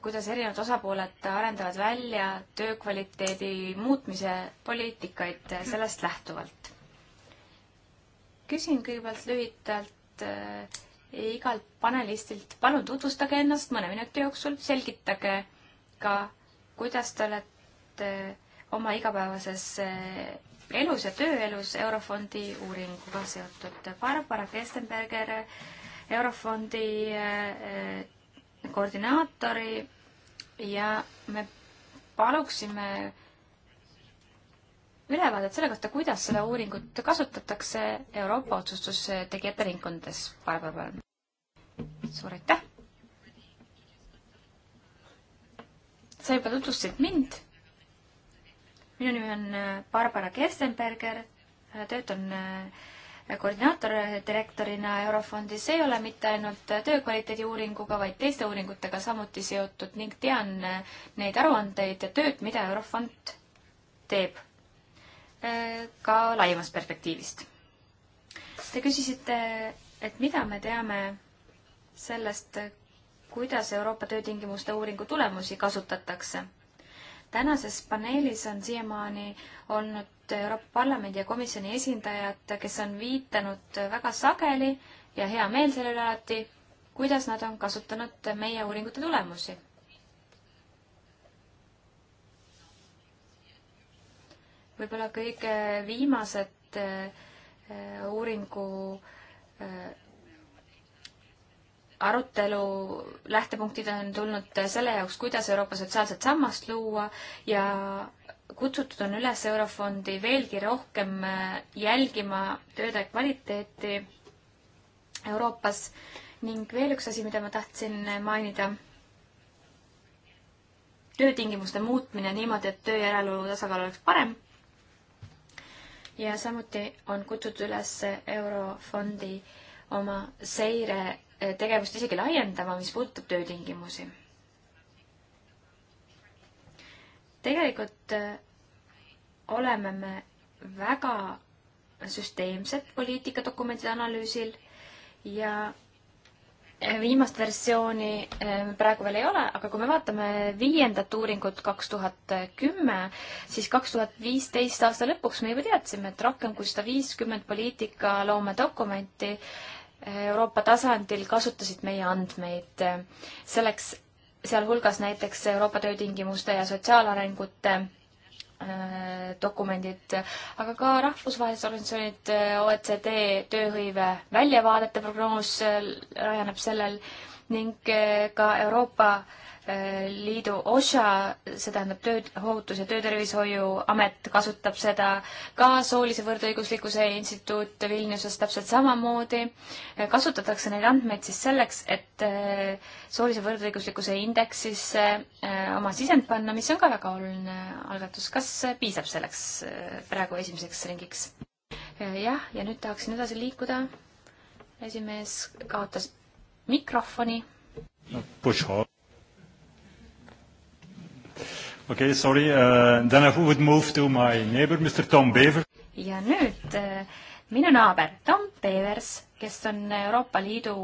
kuidas erinevad osapooled arendavad välja töökvaliteedi muutmise poliitikaid sellest lähtuvalt. küsin kõigepealt lühidalt äh, igalt panelistilt, palun tutvustage ennast mõne minuti jooksul, selgitage äh, ka, kuidas te olete oma igapäevases eh, elus ja tööelus Eurofondi uuringuga seotud. Barbara Kestenberger, Eurofondi eh, eh, koordinaatori ja me paluksime ülevaadet selle kohta, kuidas seda uuringut kasutatakse Euroopa otsustustegijate ringkondades. Barbara, palun. suur aitäh! sa juba tutvustasid mind. minu nimi on äh, Barbara Kerstenberger, äh, töötan äh, koordinaator direktorina Eurofondis ei ole mitte ainult töökvaliteedi uuringuga, vaid teiste uuringutega samuti seotud ning tean neid aruandeid ja tööd, mida Eurofond teeb ka laiemast perspektiivist. Te küsisite, et mida me teame sellest, kuidas Euroopa töötingimuste uuringu tulemusi kasutatakse. tänases paneelis on siiamaani olnud Euroopa Parlamendi ja komisjoni esindajad, kes on viitanud väga sageli ja hea meel selle üle alati, kuidas nad on kasutanud meie uuringute tulemusi. võib-olla kõige viimased äh, äh, uuringu äh, arutelu lähtepunktid on tulnud selle jaoks, kuidas Euroopa sotsiaalset sammast luua ja kutsutud on üles Eurofondi veelgi rohkem jälgima tööde kvaliteeti Euroopas ning veel üks asi, mida ma tahtsin mainida. töötingimuste muutmine niimoodi, et töö ja eraelu tasakaal oleks parem. ja samuti on kutsutud üles Eurofondi oma seire tegevust isegi laiendama, mis puudutab töötingimusi. tegelikult äh, oleme me väga süsteemsed poliitikadokumentide analüüsil ja äh, viimast versiooni äh, praegu veel ei ole, aga kui me vaatame viiendat uuringut kaks tuhat kümme, siis kaks tuhat viisteist aasta lõpuks me juba teadsime, et rohkem kui sada viiskümmend poliitikaloomedokumenti Euroopa tasandil kasutasid meie andmeid selleks, sealhulgas näiteks Euroopa töötingimuste ja sotsiaalarengute äh, dokumendid, aga ka rahvusvahelised organisatsioonid, äh, OECD tööhõive väljavaadete prognoos äh, rajaneb sellel ning ka Euroopa äh, liidu OSHA, see tähendab Tööohutus- ja Töötervishoiuamet kasutab seda, ka Soolise Võrdõiguslikkuse Instituut Vilniuses täpselt samamoodi. kasutatakse neid andmeid siis selleks, et eh, soolise võrdõiguslikkuse indeksisse eh, oma sisend panna, mis on ka väga oluline algatus. kas piisab selleks eh, praegu esimeseks ringiks? jah, ja nüüd tahaksin edasi liikuda. esimees kaotas mikrofoni no,. push off okei okay,, sorry uh,, then I would move to my neighbor, Mr Tom Beaver. ja nüüd äh, minu naaber Tom Beavers, kes on Euroopa Liidu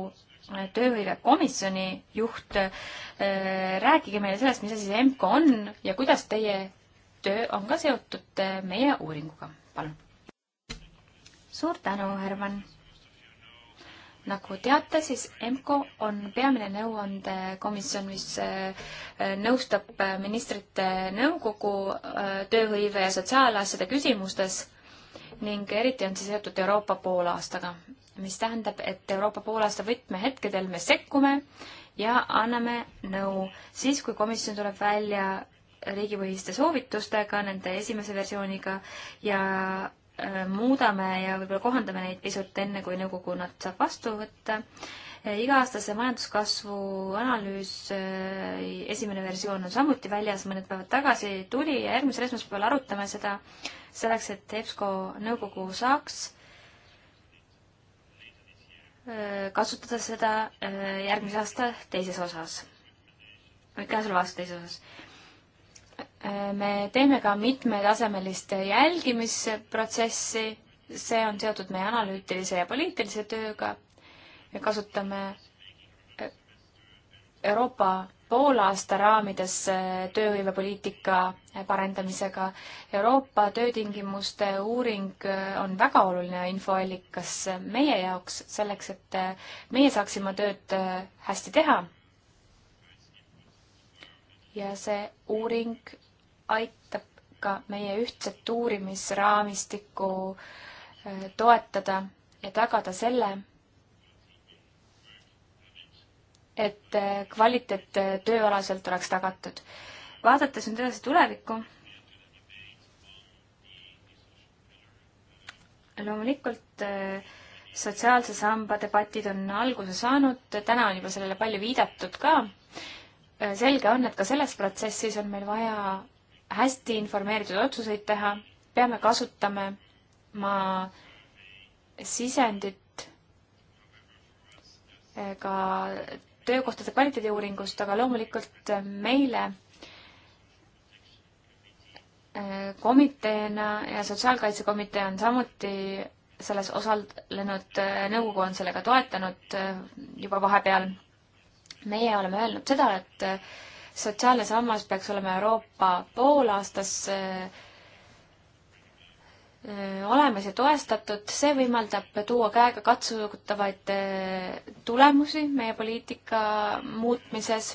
äh, tööhõivekomisjoni juht. Äh, rääkige meile sellest, mis asi see EMKO on ja kuidas teie töö on ka seotud meie uuringuga, palun. suur tänu, Herman nagu teate, siis EMCO on peamine nõuandekomisjon, mis äh, nõustab äh, ministrite nõukogu äh, tööhõive ja sotsiaalasjade küsimustes ning eriti on see seotud Euroopa poolaastaga, mis tähendab, et Euroopa poolaasta võtmehetkedel me sekkume ja anname nõu siis, kui komisjon tuleb välja riigipõhiste soovitustega, nende esimese versiooniga ja Äh, muudame ja võib-olla kohandame neid pisut enne, kui nõukogu nad saab vastu võtta. Äh, iga-aastase majanduskasvu analüüs, äh, esimene versioon on samuti väljas, mõned päevad tagasi tuli ja järgmisel esmaspäeval arutame seda selleks, et EBSCO nõukogu saaks kasutada seda järgmise aasta teises osas, või käesoleva aasta teises osas me teeme ka mitmetasemelist jälgimisprotsessi, see on seotud meie analüütilise ja poliitilise tööga. me kasutame eh, Euroopa poolaasta raamides eh, tööhõivepoliitika parendamisega. Euroopa töötingimuste uuring eh, on väga oluline infoallikas meie jaoks, selleks et meie saaksime tööd hästi teha. ja see uuring aitab ka meie ühtset uurimisraamistikku äh, toetada ja tagada selle, et äh, kvaliteet äh, tööalaselt oleks tagatud. vaadates nüüd edasi tulevikku, loomulikult sotsiaalse samba debatid on alguse saanud, täna on juba sellele palju viidatud ka. selge on, et ka selles protsessis on meil vaja hästi informeeritud otsuseid teha, peame kasutama sisendit eh, ka töökohtade kvaliteediuuringust, aga loomulikult eh, meile eh, komiteena ja Sotsiaalkaitsekomitee on samuti selles osalenud, nõukogu on sellega toetanud juba vahepeal. meie oleme öelnud seda, et sotsiaalne sammas peaks olema Euroopa poolaastas eh, eh, olemas ja toestatud, see võimaldab tuua käega katsutavaid eh, tulemusi meie poliitika muutmises.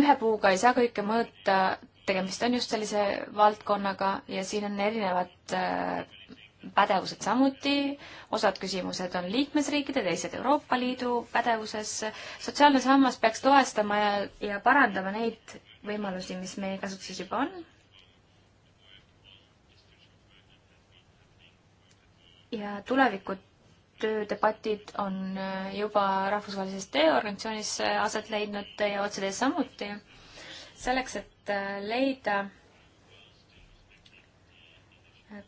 ühe puuga ei saa kõike mõõta, tegemist on just sellise valdkonnaga ja siin on erinevad pädevused samuti, osad küsimused on liikmesriikide, teised Euroopa Liidu pädevuses. sotsiaalne sammas peaks toestama ja, ja parandama neid võimalusi, mis meie kasutuses juba on. ja tuleviku töödebatid on juba rahvusvahelises tööorganisatsioonis aset leidnud ja OCD samuti. selleks, et leida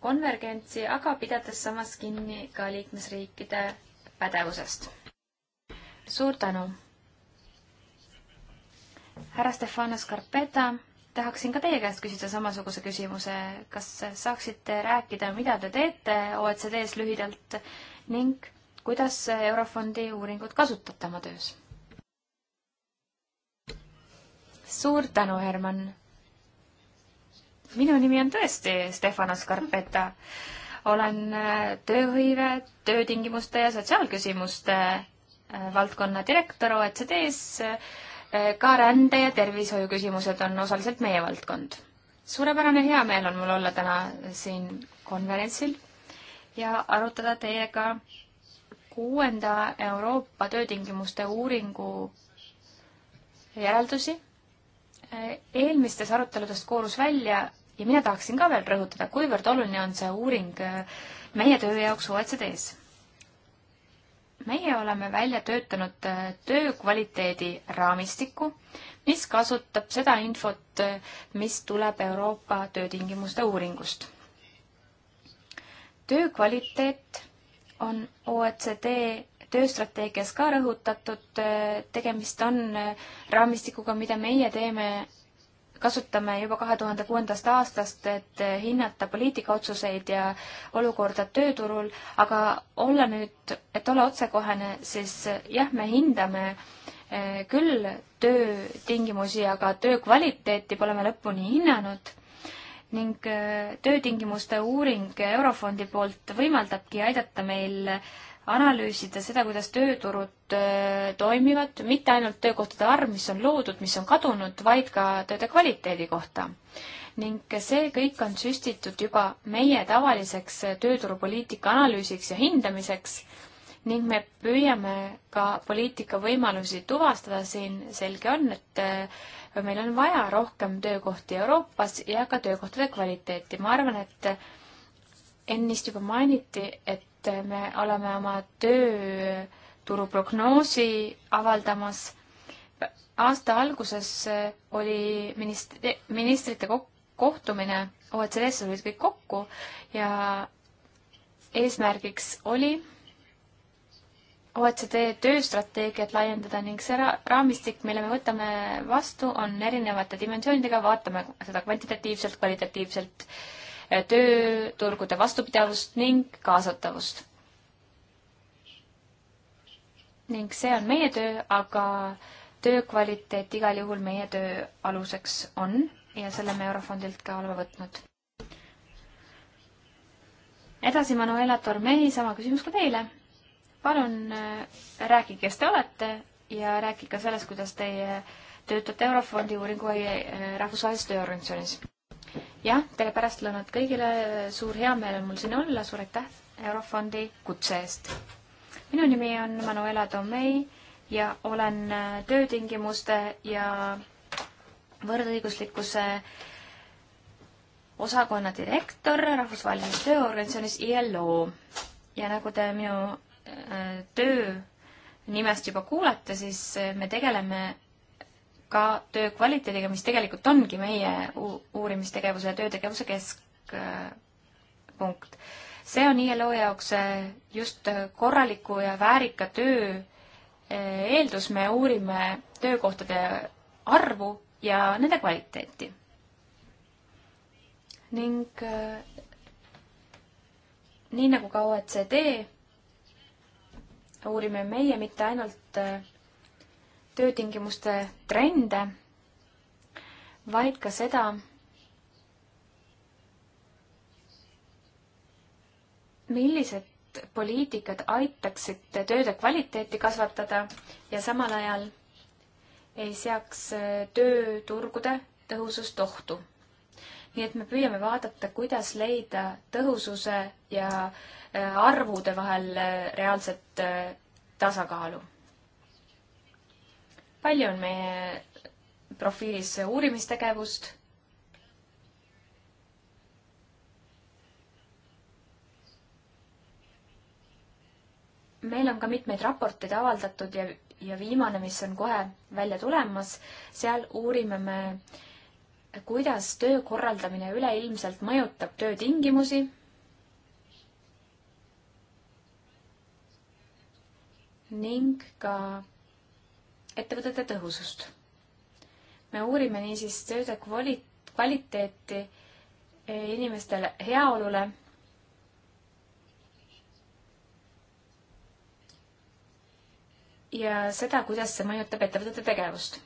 konvergentsi, aga pidades samas kinni ka liikmesriikide pädevusest. suur tänu! härra Stefano Scarpeta, tahaksin ka teie käest küsida samasuguse küsimuse. kas saaksite rääkida, mida te teete OECD-s lühidalt ning kuidas Eurofondi uuringut kasutate oma töös? suur tänu, Herman! minu nimi on tõesti Stefano Scarpetta. olen äh, tööhõive, töötingimuste ja sotsiaalküsimuste äh, valdkonna direktor OECD-s. Äh, ka rände ja tervishoiu küsimused on osaliselt meie valdkond. suurepärane heameel on mul olla täna siin konverentsil ja arutada teiega kuuenda Euroopa töötingimuste uuringu järeldusi. eelmistest aruteludest koorus välja, ja mina tahaksin ka veel rõhutada, kuivõrd oluline on see uuring äh, meie töö jaoks OECD-s. meie oleme välja töötanud äh, töö kvaliteedi raamistikku, mis kasutab seda infot, äh, mis tuleb Euroopa töötingimuste uuringust. töö kvaliteet on OECD tööstrateegias ka rõhutatud, tegemist on raamistikuga, mida meie teeme kasutame juba kahe tuhande kuuendast aastast, et hinnata poliitikaotsuseid ja olukorda tööturul, aga olla nüüd, et olla otsekohene, siis jah, me hindame eh, küll töötingimusi, aga töö kvaliteeti pole me lõpuni hinnanud ning eh, töötingimuste uuring Eurofondi poolt võimaldabki aidata meil analüüsida seda, kuidas tööturud äh, toimivad, mitte ainult töökohtade arv, mis on loodud, mis on kadunud, vaid ka tööde kvaliteedi kohta. ning see kõik on süstitud juba meie tavaliseks äh, tööturupoliitika analüüsiks ja hindamiseks ning me püüame ka poliitika võimalusi tuvastada siin, selge on, et äh, meil on vaja rohkem töökohti Euroopas ja ka töökohtade kvaliteeti, ma arvan, et ennist juba mainiti, et et me oleme oma tööturuprognoosi avaldamas. aasta alguses oli minist-, ministrite kok-, kohtumine, OECD-s olid kõik kokku ja eesmärgiks oli OECD tööstrateegiat laiendada ning see ra raamistik, mille me võtame vastu, on erinevate dimensioonidega, vaatame seda kvantitatiivselt, kvalitatiivselt tööturgude vastupidavust ning kaasatavust. ning see on meie töö, aga töö kvaliteet igal juhul meie töö aluseks on ja selle me Eurofondilt ka oleme võtnud. edasi Manuela Tormei, sama küsimus ka teile. palun äh, rääkige, kes te olete ja rääkige ka sellest, kuidas teie töötate Eurofondi uuringu äh, rahvusvahelises tööorganisatsioonis jah, tere pärastlõunat kõigile, suur heameel on mul siin olla, suur aitäh Eurofondi kutse eest. minu nimi on Manuela Tomei ja olen äh, töötingimuste ja võrdõiguslikkuse osakonna direktor rahvusvahelises tööorganisatsioonis ILO. ja nagu te minu äh, töö nimest juba kuulete, siis äh, me tegeleme ka töö kvaliteediga, mis tegelikult ongi meie uurimistegevuse ja töötegevuse keskpunkt. see on ILO jaoks eh, just korraliku ja väärika töö eh, eeldus, me uurime töökohtade arvu ja nende kvaliteeti. ning eh, nii nagu ka OECD, uurime meie mitte ainult töötingimuste trende, vaid ka seda, millised poliitikad aitaksid tööde kvaliteeti kasvatada ja samal ajal ei seaks tööturgude tõhusust ohtu. nii et me püüame vaadata, kuidas leida tõhususe ja äh, arvude vahel äh, reaalset äh, tasakaalu palju on meie profiilis uurimistegevust? meil on ka mitmeid raporteid avaldatud ja, ja viimane, mis on kohe välja tulemas, seal uurime me, kuidas töö korraldamine üleilmselt mõjutab töötingimusi ning ka ettevõtete tõhusust. me uurime niisiis tööde kvali-, kvaliteeti eh, inimestele heaolule ja seda, kuidas see mõjutab ettevõtete tegevust.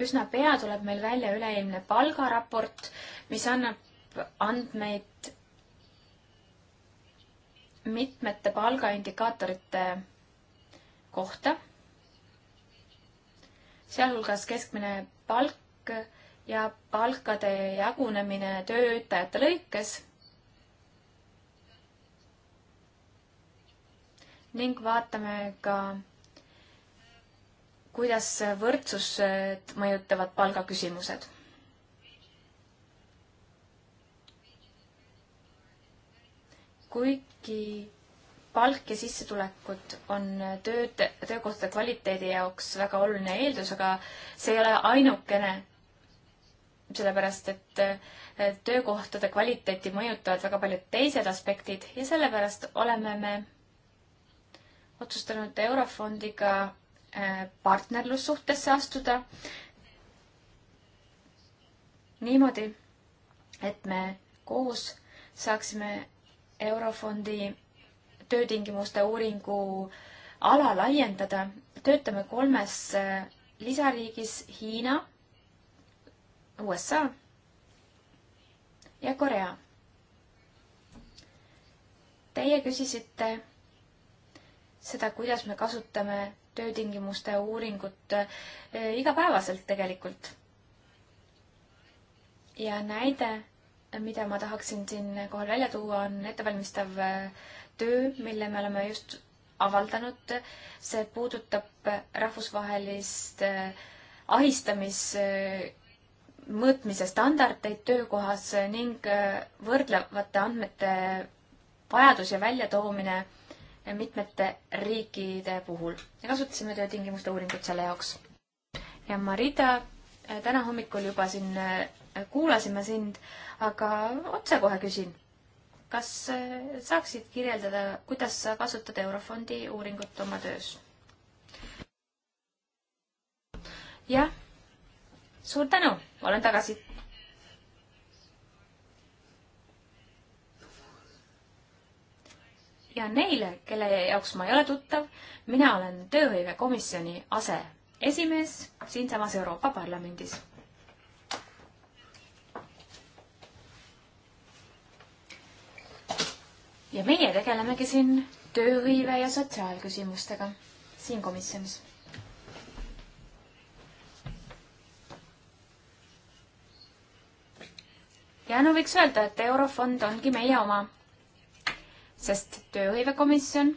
üsna pea tuleb meil välja üleilmne palgaraport, mis annab andmeid mitmete palgaindikaatorite kohta, sealhulgas keskmine palk ja palkade jagunemine töötajate lõikes ning vaatame ka, kuidas võrdsust mõjutavad palgaküsimused. kui siiski palk ja sissetulekud on tööd, töökohtade kvaliteedi jaoks väga oluline eeldus, aga see ei ole ainukene. sellepärast, et töökohtade kvaliteeti mõjutavad väga paljud teised aspektid ja sellepärast oleme me otsustanud Eurofondiga äh, partnerlussuhtesse astuda. niimoodi, et me koos saaksime Eurofondi töötingimuste uuringu ala laiendada. töötame kolmes äh, lisariigis Hiina, USA ja Korea. Teie küsisite seda, kuidas me kasutame töötingimuste uuringut äh, igapäevaselt tegelikult. ja näide mida ma tahaksin siinkohal välja tuua, on ettevalmistav äh, töö, mille me oleme just avaldanud. see puudutab rahvusvahelist äh, ahistamismõõtmise äh, standardeid töökohas ning võrdlevate andmete vajadus ja väljatoomine mitmete riikide puhul. me kasutasime töötingimuste uuringut selle jaoks. ja Marita, täna hommikul juba siin kuulasime sind aga otsekohe küsin, kas äh, saaksid kirjeldada, kuidas sa kasutad Eurofondi uuringut oma töös? jah, suur tänu, olen tagasi ja neile, kelle jaoks ma ei ole tuttav, mina olen tööhõivekomisjoni aseesimees siinsamas Euroopa Parlamendis. ja meie tegelemegi siin tööhõive ja sotsiaalküsimustega siin komisjonis. ja no võiks öelda, et Eurofond ongi meie oma, sest tööhõivekomisjon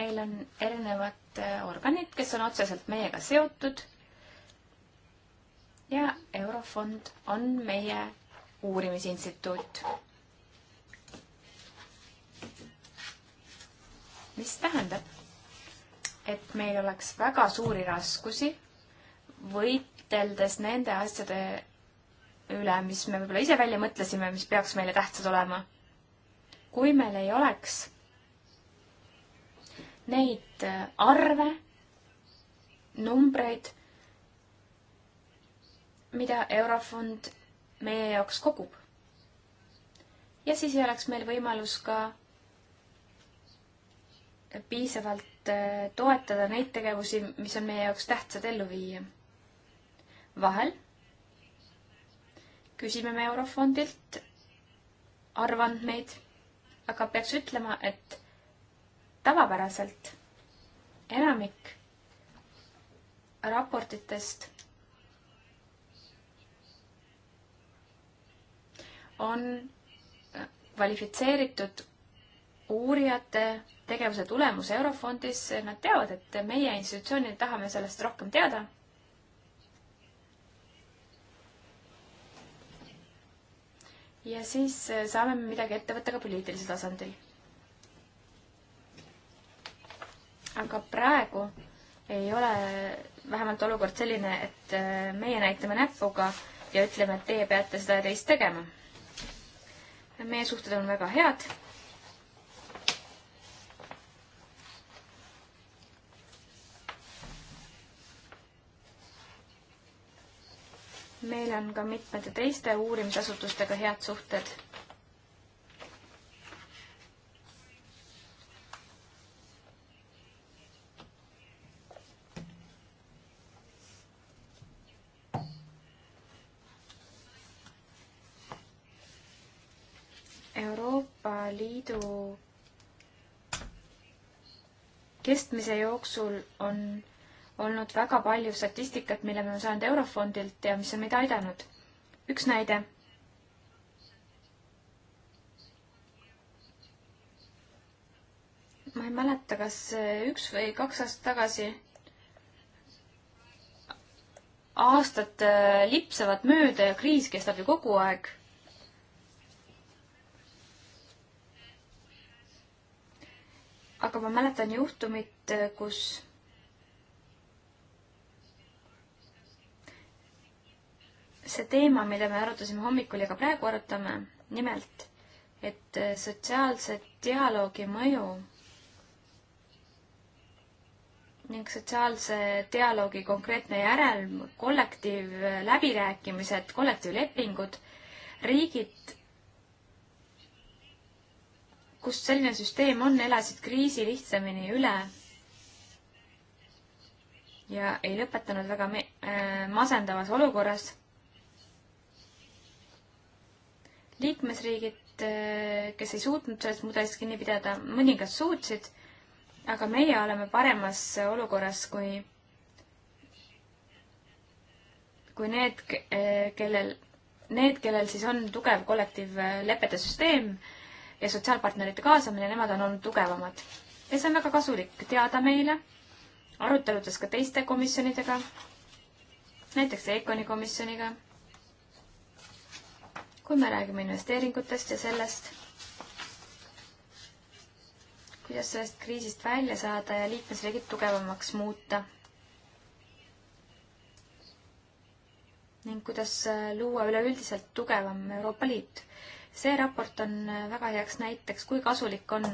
meil on erinevad organid, kes on otseselt meiega seotud ja Eurofond on meie uurimisinstituut. mis tähendab, et meil oleks väga suuri raskusi võiteldes nende asjade üle, mis me võib-olla ise välja mõtlesime, mis peaks meile tähtsad olema. kui meil ei oleks neid arve, numbreid mida Eurofond meie jaoks kogub. ja siis ei oleks meil võimalus ka piisavalt äh, toetada neid tegevusi, mis on meie jaoks tähtsad ellu viia. vahel küsime me Eurofondilt arvandmeid, aga peaks ütlema, et tavapäraselt enamik raportitest on äh, kvalifitseeritud uurijate tegevuse tulemus Eurofondis, nad teavad, et meie institutsioonid tahame sellest rohkem teada. ja siis äh, saame me midagi ette võtta ka poliitilisel tasandil. aga praegu ei ole vähemalt olukord selline, et äh, meie näitame näpuga ja ütleme, et teie peate seda ja teist tegema meie suhted on väga head. meil on ka mitmete teiste uurimisasutustega head suhted Liidu kestmise jooksul on olnud väga palju statistikat, mille me oleme saanud Eurofondilt ja mis on meid aidanud. üks näide. ma ei mäleta, kas üks või kaks aastat tagasi aastad lipsavad mööda ja kriis kestab ju kogu aeg aga ma mäletan juhtumit, äh, kus see teema, mida me arutasime hommikul ja ka praegu arutame, nimelt, et äh, sotsiaalse dialoogi mõju ning sotsiaalse dialoogi konkreetne järelm, kollektiivläbirääkimised, kollektiivlepingud, riigid kus selline süsteem on, elasid kriisi lihtsamini üle ja ei lõpetanud väga me-, äh, masendavas olukorras. liikmesriigid, äh, kes ei suutnud sellest mudelist kinni pidada, mõningad suutsid, aga meie oleme paremas olukorras kui, kui need, äh, kellel, need, kellel siis on tugev kollektiivlepete süsteem äh,, ja sotsiaalpartnerite kaasamine, nemad on olnud tugevamad. ja see on väga kasulik teada meile, aruteludes ka teiste komisjonidega, näiteks EKONi komisjoniga. kui me räägime investeeringutest ja sellest, kuidas sellest kriisist välja saada ja liikmesriigid tugevamaks muuta ning kuidas luua üleüldiselt tugevam Euroopa Liit see raport on väga heaks näiteks, kui kasulik on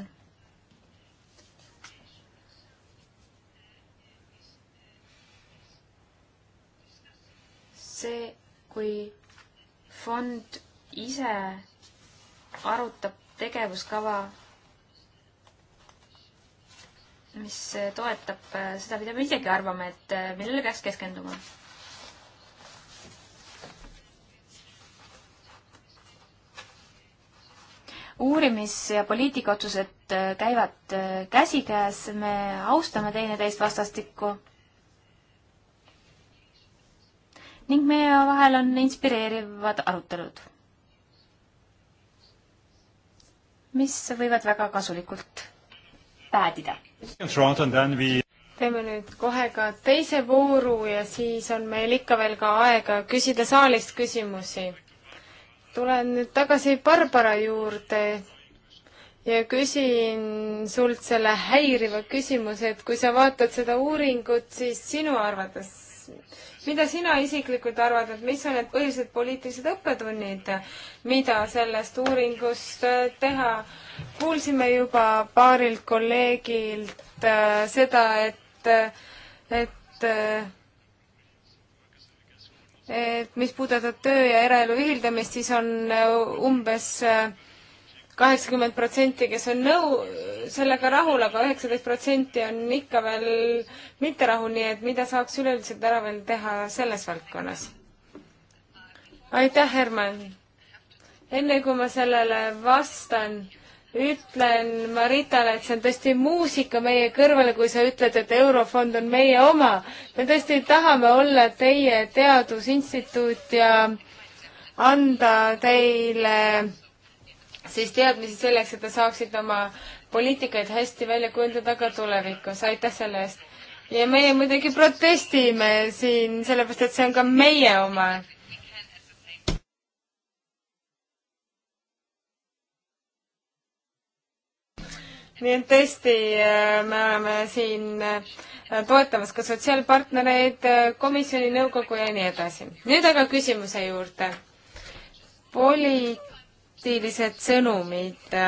see, kui fond ise arutab tegevuskava, mis toetab seda, mida me isegi arvame, et millele peaks keskenduma uurimis- ja poliitikaotsused äh, käivad äh, käsikäes, me austame teineteist vastastikku. ning meie vahel on inspireerivad arutelud, mis võivad väga kasulikult päädida. teeme nüüd kohe ka teise vooru ja siis on meil ikka veel ka aega küsida saalist küsimusi tulen nüüd tagasi Barbara juurde ja küsin sult selle häiriva küsimuse, et kui sa vaatad seda uuringut, siis sinu arvates, mida sina isiklikult arvad, et mis on need põhilised poliitilised õppetunnid, mida sellest uuringust äh, teha? kuulsime juba paarilt kolleegilt äh, seda, et, äh, et et mis puudutab töö ja eraelu ühildamist, siis on äh, umbes äh, kaheksakümmend protsenti, kes on nõu, sellega rahul, aga üheksateist protsenti on ikka veel mitte rahul, nii et mida saaks üleüldiselt ära veel teha selles valdkonnas? aitäh, Herman! enne kui ma sellele vastan ütlen Maritale, et see on tõesti muusika meie kõrvale, kui sa ütled, et Eurofond on meie oma. me tõesti tahame olla teie teadusinstituut ja anda teile siis teadmisi selleks, et te saaksite oma poliitikaid hästi välja kujundada ka tulevikus. aitäh selle eest! ja meie muidugi protestime siin, sellepärast et see on ka meie oma nii et tõesti, äh, me oleme siin äh, toetamas ka sotsiaalpartnereid, äh, komisjoni, nõukogu ja nii edasi. nüüd aga küsimuse juurde. poliitilised sõnumid.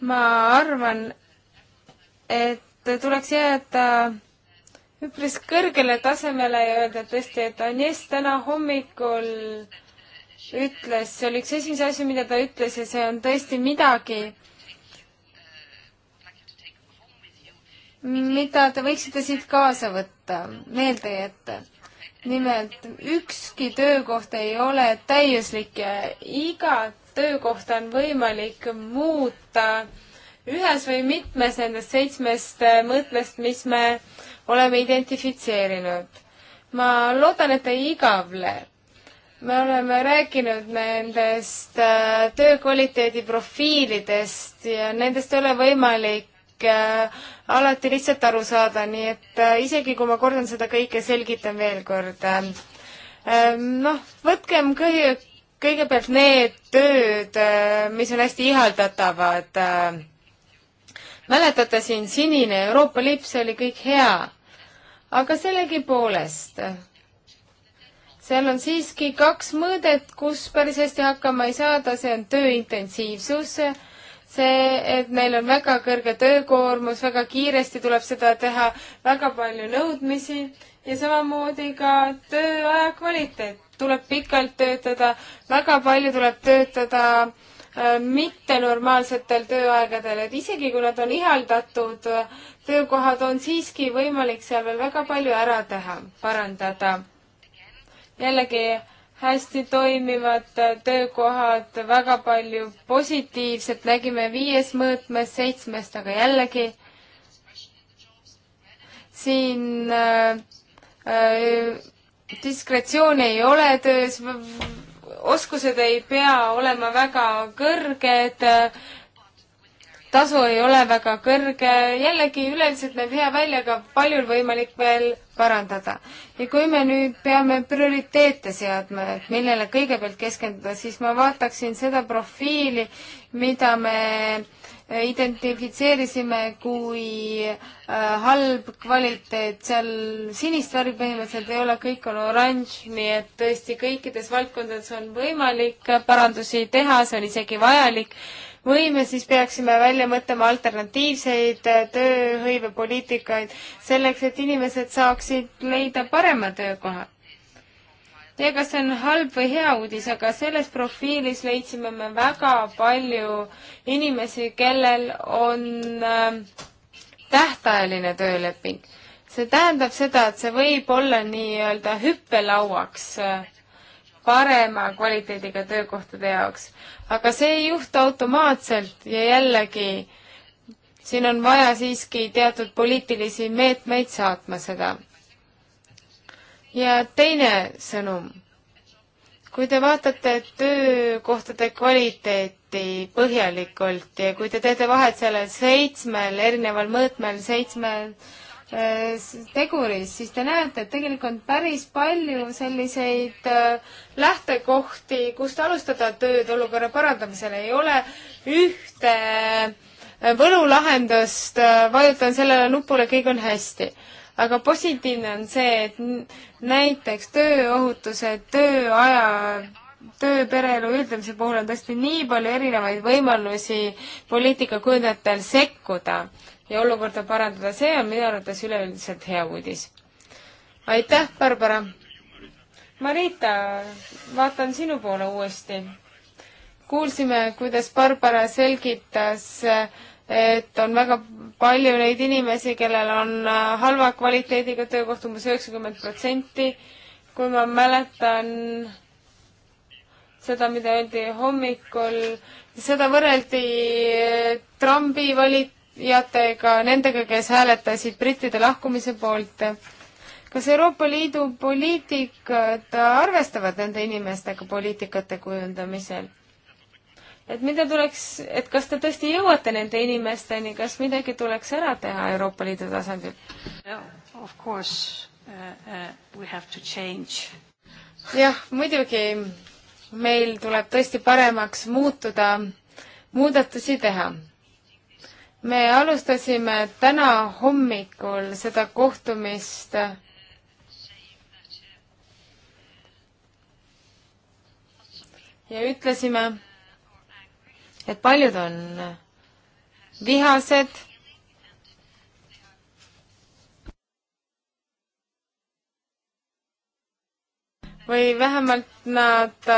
ma arvan, et tuleks jääda üpris kõrgele tasemele ja öelda tõesti, et Agnes täna hommikul ütles, see oli üks esimesi asju, mida ta ütles ja see on tõesti midagi, mida te võiksite siit kaasa võtta, meelde jätta. nimelt, ükski töökoht ei ole täiuslik ja igat töökohta on võimalik muuta ühes või mitmes nendest seitsmest mõõtmest, mis me oleme identifitseerinud. ma loodan, et ei igavle. me oleme rääkinud nendest äh, töö kvaliteedi profiilidest ja nendest ei ole võimalik Äh, alati lihtsalt aru saada, nii et äh, isegi kui ma kordan seda kõike, selgitan veel kord. Äh, noh, võtkem kõige, kõigepealt need tööd, mis on hästi ihaldatavad. mäletate siin sinine Euroopa lipp, see oli kõik hea, aga sellegipoolest seal on siiski kaks mõõdet, kus päris hästi hakkama ei saada, see on töö intensiivsus see, et meil on väga kõrge töökoormus, väga kiiresti tuleb seda teha, väga palju nõudmisi ja samamoodi ka tööaja kvaliteet. tuleb pikalt töötada, väga palju tuleb töötada äh, mittenormaalsetel tööaegadel, et isegi kui nad on ihaldatud töökohad, on siiski võimalik seal veel väga palju ära teha, parandada. jällegi hästi toimivad töökohad, väga palju positiivset nägime viies mõõtmes, seitsmest, aga jällegi siin äh, äh, diskretsiooni ei ole töös, oskused ei pea olema väga kõrged äh,, tasu ei ole väga kõrge, jällegi üldiselt näeb hea välja, aga paljul võimalik veel parandada. ja kui me nüüd peame prioriteete seadma, et millele kõigepealt keskenduda, siis ma vaataksin seda profiili, mida me äh, identifitseerisime kui äh, halb kvaliteet, seal sinist värvi põhimõtteliselt ei ole, kõik on oranž, nii et tõesti kõikides valdkondades on võimalik parandusi teha, see on isegi vajalik või me siis peaksime välja mõtlema alternatiivseid äh, tööhõivepoliitikaid selleks, et inimesed saaksid leida parema töökoha? ja kas see on halb või hea uudis, aga selles profiilis leidsime me väga palju inimesi, kellel on äh, tähtajaline tööleping. see tähendab seda, et see võib olla nii-öelda hüppelauaks äh, parema kvaliteediga töökohtade jaoks. aga see ei juhtu automaatselt ja jällegi siin on vaja siiski teatud poliitilisi meetmeid saatma seda. ja teine sõnum. kui te vaatate töökohtade kvaliteeti põhjalikult ja kui te teete vahet sellel seitsmel erineval mõõtmel, seitsmel Äh, teguris, siis te näete, et tegelikult on päris palju selliseid äh, lähtekohti, kust alustada tööd olukorra parandamisel, ei ole ühte äh, võlulahendust, vajutan sellele nupule, kõik on hästi. aga positiivne on see, et näiteks tööohutuse, tööaja töö, pereelu ühildamise puhul on tõesti nii palju erinevaid võimalusi poliitikakujundajatel sekkuda ja olukorda parandada, see on minu arvates üleüldiselt hea uudis. aitäh, Barbara! Marita, vaatan sinu poole uuesti. kuulsime, kuidas Barbara selgitas, et on väga palju neid inimesi, kellel on äh, halva kvaliteediga töökoht umbes üheksakümmend protsenti. kui ma mäletan seda, mida öeldi hommikul, seda võrreldi äh, trambi valit-, jatega, nendega, kes hääletasid brittide lahkumise poolt. kas Euroopa Liidu poliitikad arvestavad nende inimestega poliitikate kujundamisel? et mida tuleks, et kas te tõesti jõuate nende inimesteni, kas midagi tuleks ära teha Euroopa Liidu tasandil? Of course uh, uh, we have to change. jah, muidugi meil tuleb tõesti paremaks muutuda, muudatusi teha me alustasime täna hommikul seda kohtumist ja ütlesime, et paljud on vihased või vähemalt nad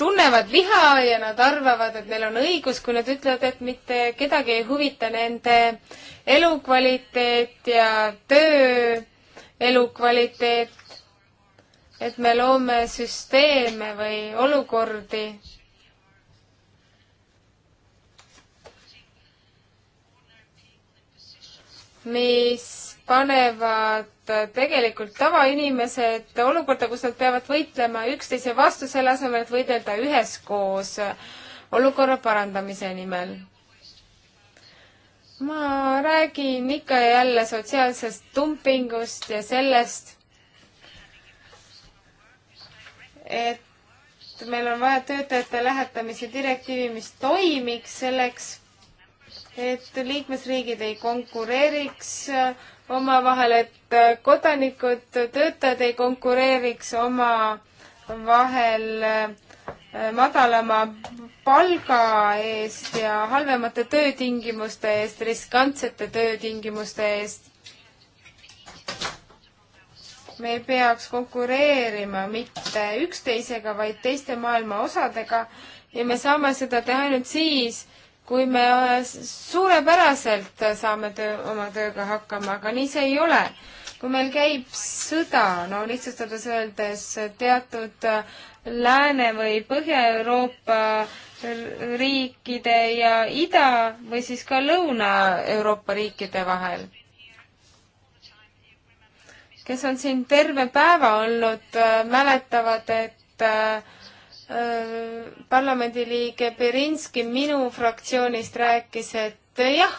tunnevad viha ja nad arvavad, et neil on õigus, kui nad ütlevad, et mitte kedagi ei huvita nende elukvaliteet ja töö elukvaliteet. et me loome süsteeme või olukordi, mis panevad tegelikult tavainimesed olukorda, kus nad peavad võitlema üksteise vastu, selle asemel, et võidelda üheskoos olukorra parandamise nimel. ma räägin ikka ja jälle sotsiaalsest dumpingust ja sellest, et meil on vaja töötajate lähetamise direktiivi, mis toimiks selleks, et liikmesriigid ei konkureeriks omavahel, et kodanikud, töötajad ei konkureeriks omavahel äh, madalama palga eest ja halvemate töötingimuste eest, riskantsete töötingimuste eest. me ei peaks konkureerima mitte üksteisega, vaid teiste maailma osadega ja me saame seda teha ainult siis, kui me äh, suurepäraselt saame töö, oma tööga hakkama, aga nii see ei ole. kui meil käib sõda, no lihtsustades öeldes teatud äh, Lääne- või Põhja-Euroopa riikide ja Ida- või siis ka Lõuna-Euroopa riikide vahel, kes on siin terve päeva olnud, äh, mäletavad, et äh, Äh, parlamendiliige Berinski minu fraktsioonist rääkis, et äh, jah,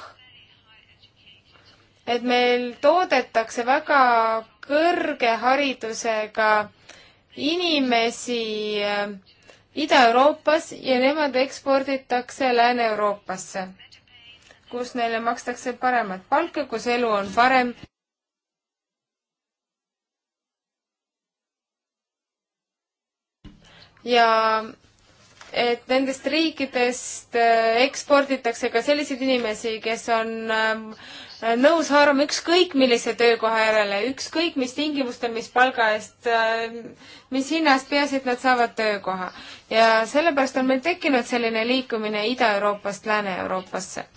et meil toodetakse väga kõrge haridusega inimesi äh, Ida-Euroopas ja nemad eksporditakse Lääne-Euroopasse, kus neile makstakse paremat palka, kus elu on parem ja et nendest riikidest äh, eksporditakse ka selliseid inimesi, kes on ähm, nõus haarama ükskõik millise töökoha järele, ükskõik mis tingimustel, mis palga eest, ähm, mis hinnast, peaasi, et nad saavad töökoha. ja sellepärast on meil tekkinud selline liikumine Ida-Euroopast Lääne-Euroopasse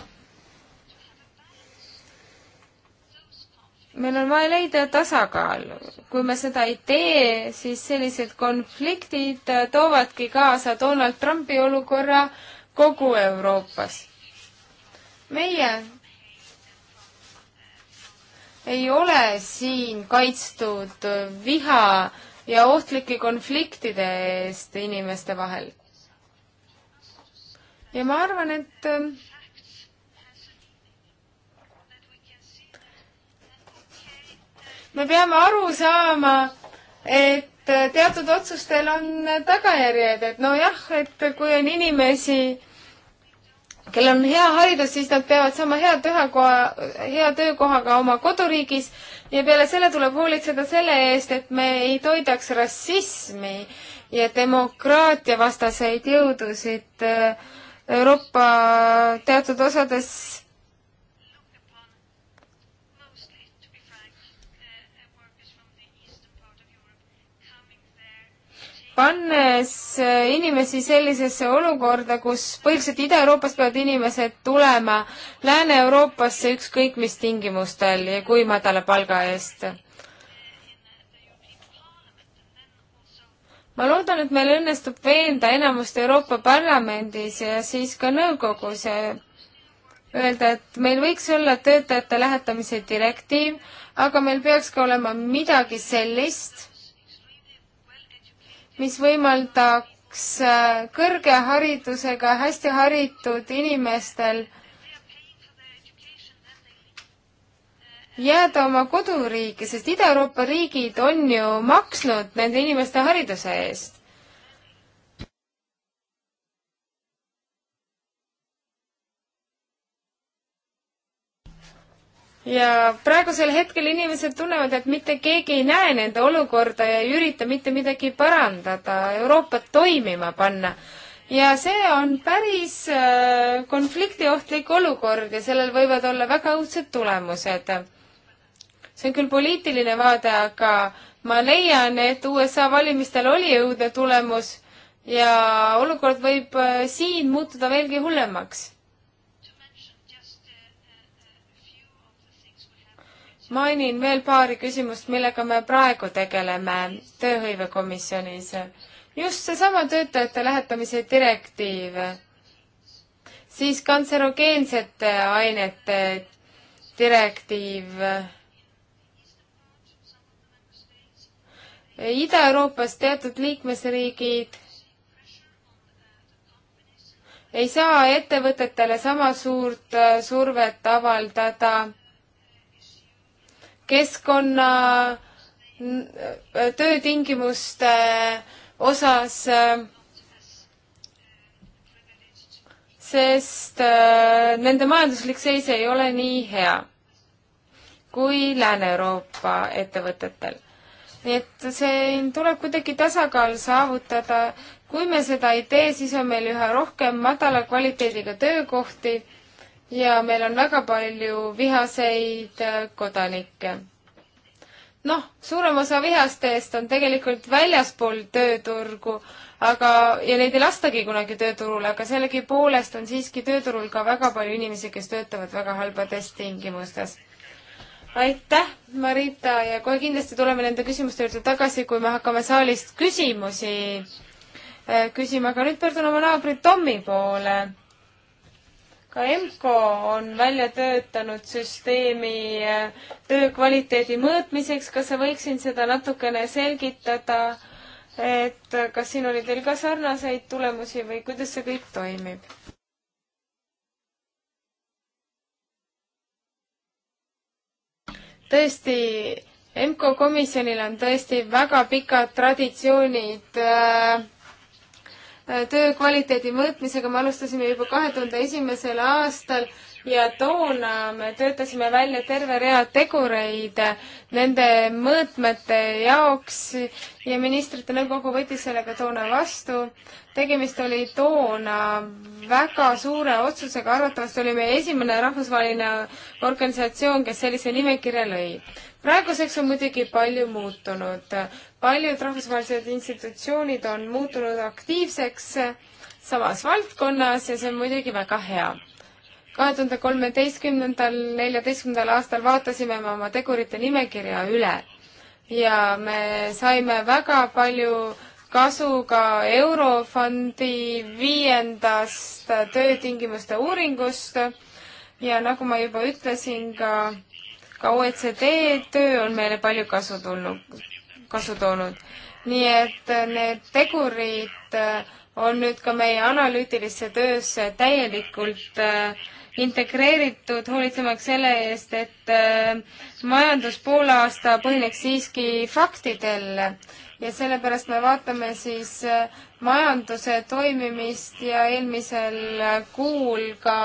meil on vaja leida tasakaal. kui me seda ei tee, siis sellised konfliktid toovadki kaasa Donald Trumpi olukorra kogu Euroopas. meie ei ole siin kaitstud viha ja ohtlike konfliktide eest inimeste vahel. ja ma arvan, et me peame aru saama, et äh, teatud otsustel on tagajärjed, et nojah, et kui on inimesi, kellel on hea haridus, siis nad peavad saama hea töökoha, hea töökohaga oma koduriigis ja peale selle tuleb hoolitseda selle eest, et me ei toidaks rassismi ja demokraatiavastaseid jõudusid äh, Euroopa teatud osades pannes äh, inimesi sellisesse olukorda, kus põhiliselt Ida-Euroopast peavad inimesed tulema Lääne-Euroopasse ükskõik mis tingimustel ja kui madala palga eest. ma loodan, et meil õnnestub veenda enamust Euroopa Parlamendis ja siis ka nõukogus ja öelda, et meil võiks olla töötajate lähetamise direktiiv, aga meil peaks ka olema midagi sellist mis võimaldaks äh, kõrge haridusega hästi haritud inimestel jääda oma koduriiki, sest Ida-Euroopa riigid on ju maksnud nende inimeste hariduse eest. ja praegusel hetkel inimesed tunnevad, et mitte keegi ei näe nende olukorda ja ei ürita mitte midagi parandada, Euroopat toimima panna. ja see on päris äh, konfliktiohtlik olukord ja sellel võivad olla väga õudsed tulemused. see on küll poliitiline vaade, aga ma leian, et USA valimistel oli õudne tulemus ja olukord võib äh, siin muutuda veelgi hullemaks mainin veel paari küsimust, millega me praegu tegeleme tööhõivekomisjonis. just seesama töötajate lähetamise direktiiv, siis kantserogeensete ainete direktiiv Ida-Euroopas teatud liikmesriigid ei saa ettevõtetele sama suurt äh, survet avaldada keskkonna töötingimuste osas, sest äh, nende majanduslik seis ei ole nii hea kui Lääne-Euroopa ettevõtetel. nii et siin tuleb kuidagi tasakaal saavutada, kui me seda ei tee, siis on meil üha rohkem madala kvaliteediga töökohti ja meil on väga palju vihaseid äh, kodanikke. noh, suurem osa vihastest on tegelikult väljaspool tööturgu, aga, ja neid ei lastagi kunagi tööturule, aga sellegipoolest on siiski tööturul ka väga palju inimesi, kes töötavad väga halbades tingimustes aitäh, Marita ja kohe kindlasti tuleme nende küsimuste juurde tagasi, kui me hakkame saalist küsimusi äh, küsima, aga nüüd pöördun oma naabri Tommi poole ka EMCO on välja töötanud süsteemi eh, töö kvaliteedi mõõtmiseks, kas sa võiksid seda natukene selgitada, et kas siin oli teil ka sarnaseid tulemusi või kuidas see kõik toimib? tõesti, EMCO komisjonil on tõesti väga pikad traditsioonid äh, töö kvaliteedi mõõtmisega me alustasime juba kahe tuhande esimesel aastal ja toona me töötasime välja terve rea tegureid nende mõõtmete jaoks ja ministrite nõukogu võttis sellega toona vastu. tegemist oli toona väga suure otsusega, arvatavasti oli meie esimene rahvusvaheline organisatsioon, kes sellise nimekirja lõi. praeguseks on muidugi palju muutunud paljud rahvusvahelised institutsioonid on muutunud aktiivseks samas valdkonnas ja see on muidugi väga hea. kahe tuhande kolmeteistkümnendal, neljateistkümnendal aastal vaatasime me oma tegurite nimekirja üle ja me saime väga palju kasu ka Eurofondi viiendast töötingimuste uuringust ja nagu ma juba ütlesin, ka, ka OECD töö on meile palju kasu tulnud kasu toonud. nii et äh, need tegurid äh, on nüüd ka meie analüütilisse töösse täielikult äh, integreeritud, hoolitsemaks selle eest, et majandus poolaasta põhineks siiski faktidel ja sellepärast me vaatame siis majanduse toimimist ja eelmisel kuul ka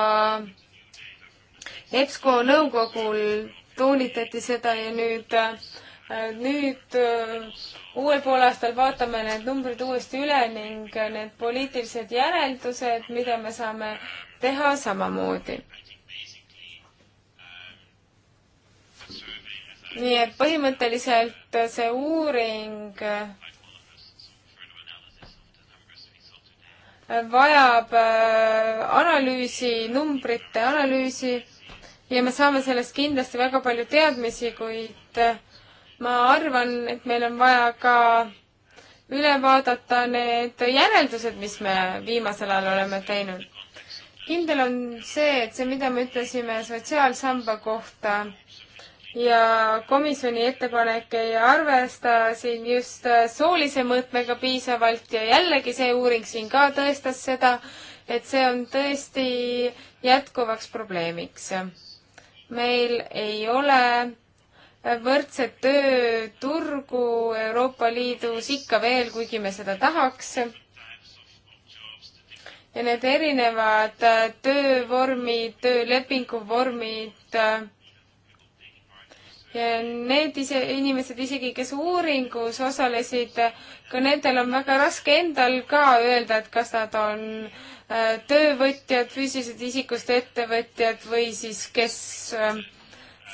EBSCO nõukogul toonitati seda ja nüüd nüüd äh, uuel poolaastal vaatame need numbrid uuesti üle ning äh, need poliitilised järeldused, mida me saame teha samamoodi. nii et põhimõtteliselt äh, see uuring vajab analüüsi, numbrite analüüsi ja me saame sellest kindlasti väga palju teadmisi, kuid ma arvan, et meil on vaja ka üle vaadata need järeldused, mis me viimasel ajal oleme teinud. kindel on see, et see, mida me ütlesime sotsiaalsamba kohta ja komisjoni ettepanek ei arvesta siin just soolise mõõtmega piisavalt ja jällegi see uuring siin ka tõestas seda, et see on tõesti jätkuvaks probleemiks. meil ei ole võrdset tööturgu Euroopa Liidus ikka veel, kuigi me seda tahaks. ja need erinevad töövormid, töölepingu vormid ja need ise, inimesed isegi, kes uuringus osalesid, ka nendel on väga raske endal ka öelda, et kas nad on äh, töövõtjad, füüsilised isikust ettevõtjad või siis kes äh,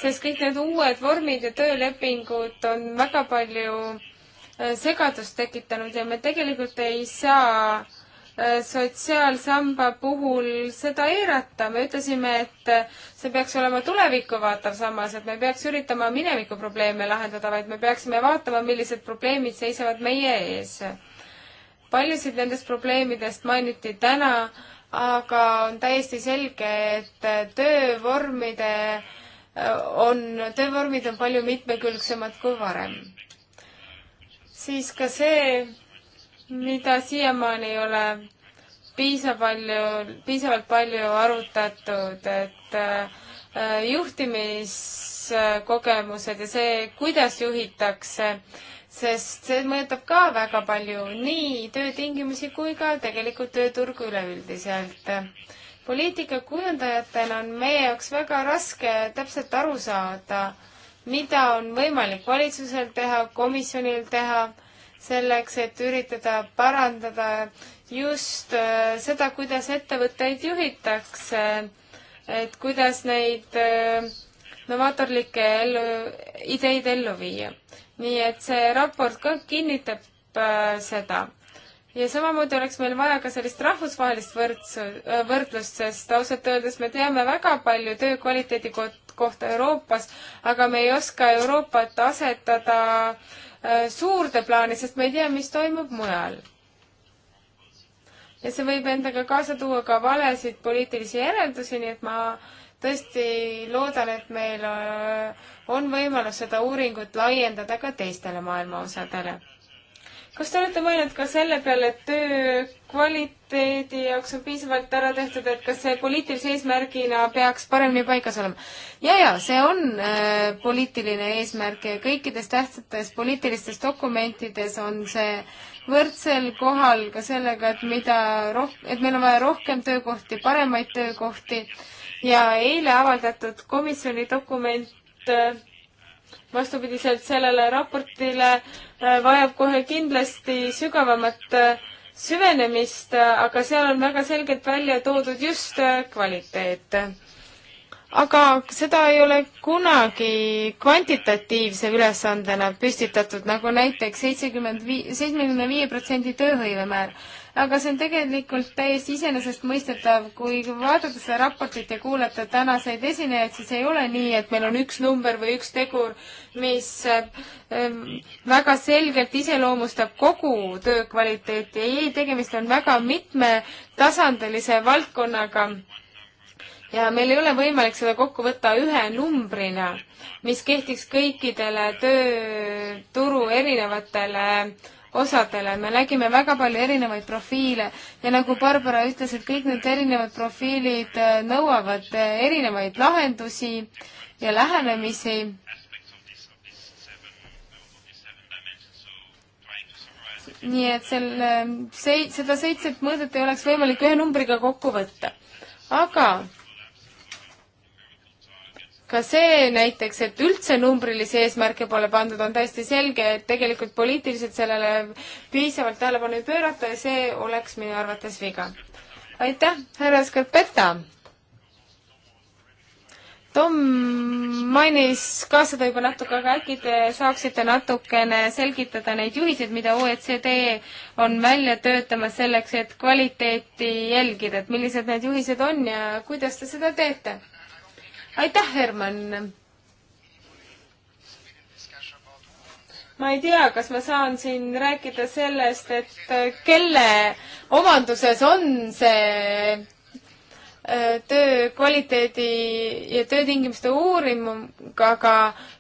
sest kõik need uued vormid ja töölepingud on väga palju äh, segadust tekitanud ja me tegelikult ei saa äh, sotsiaalsamba puhul seda eirata, me ütlesime, et äh, see peaks olema tulevikku vaatav sammas, et me ei peaks üritama mineviku probleeme lahendada, vaid me peaksime vaatama, millised probleemid seisavad meie ees. paljusid nendest probleemidest mainiti täna, aga on täiesti selge, et töövormide äh, on, töövormid on palju mitmekülgsemad kui varem. siis ka see, mida siiamaani ei ole piisav palju, piisavalt palju arutatud, et äh, juhtimiskogemused ja see, kuidas juhitakse, sest see mõjutab ka väga palju nii töötingimusi kui ka tegelikult tööturgu üleüldiselt poliitikakujundajatel on meie jaoks väga raske täpselt aru saada, mida on võimalik valitsusel teha, komisjonil teha, selleks, et üritada parandada just äh, seda, kuidas ettevõtteid juhitakse, et kuidas neid äh, novaatorlikke ellu, ideid ellu viia. nii et see raport ka kinnitab äh, seda ja samamoodi oleks meil vaja ka sellist rahvusvahelist võrdsu, äh, võrdlust, sest ausalt öeldes me teame väga palju töö kvaliteedi kohta Euroopas, aga me ei oska Euroopat asetada äh, suurde plaani, sest me ei tea, mis toimub mujal. ja see võib endaga kaasa tuua ka valesid poliitilisi järeldusi, nii et ma tõesti loodan, et meil äh, on võimalus seda uuringut laiendada ka teistele maailma osadele kas te olete mõelnud ka selle peale, et töö kvaliteedi jaoks on piisavalt ära tehtud, et kas see poliitilise eesmärgina peaks paremini paigas olema? ja, ja see on äh, poliitiline eesmärk ja kõikides tähtsates poliitilistes dokumentides on see võrdsel kohal ka sellega, et mida roh-, et meil on vaja rohkem töökohti, paremaid töökohti ja eile avaldatud komisjoni dokument äh, vastupidiselt sellele raportile äh, vajab kohe kindlasti sügavamat äh, süvenemist, äh, aga seal on väga selgelt välja toodud just kvaliteet. aga seda ei ole kunagi kvantitatiivse ülesandena püstitatud, nagu näiteks seitsekümmend viis, seitsmekümne viie protsendi tööhõivemäär aga see on tegelikult täiesti iseenesestmõistetav, kui vaadata seda raportit ja kuulata tänaseid esinejaid, siis ei ole nii, et meil on üks number või üks tegur, mis ähm, väga selgelt iseloomustab kogu töö kvaliteeti. ei, tegemist on väga mitmetasandilise valdkonnaga ja meil ei ole võimalik seda kokku võtta ühe numbrina, mis kehtiks kõikidele tööturu erinevatele osadele. me nägime väga palju erinevaid profiile ja nagu Barbara ütles, et kõik need erinevad profiilid äh, nõuavad äh, erinevaid lahendusi ja lähenemisi. nii et selle, äh, seda seitset mõõdet ei oleks võimalik ühe numbriga kokku võtta. aga ka see näiteks, et üldse numbrilisi eesmärke pole pandud, on täiesti selge, et tegelikult poliitiliselt sellele piisavalt tähelepanu ei pöörata ja see oleks minu arvates viga. aitäh, härra Scarpetta! Tom mainis ka seda juba natuke, aga äkki te saaksite natukene selgitada neid juhiseid, mida OECD on välja töötamas selleks, et kvaliteeti jälgida, et millised need juhised on ja kuidas te seda teete? aitäh, Herman! ma ei tea, kas ma saan siin rääkida sellest, et kelle omanduses on see Äh, töö kvaliteedi ja töötingimuste uurimuga, aga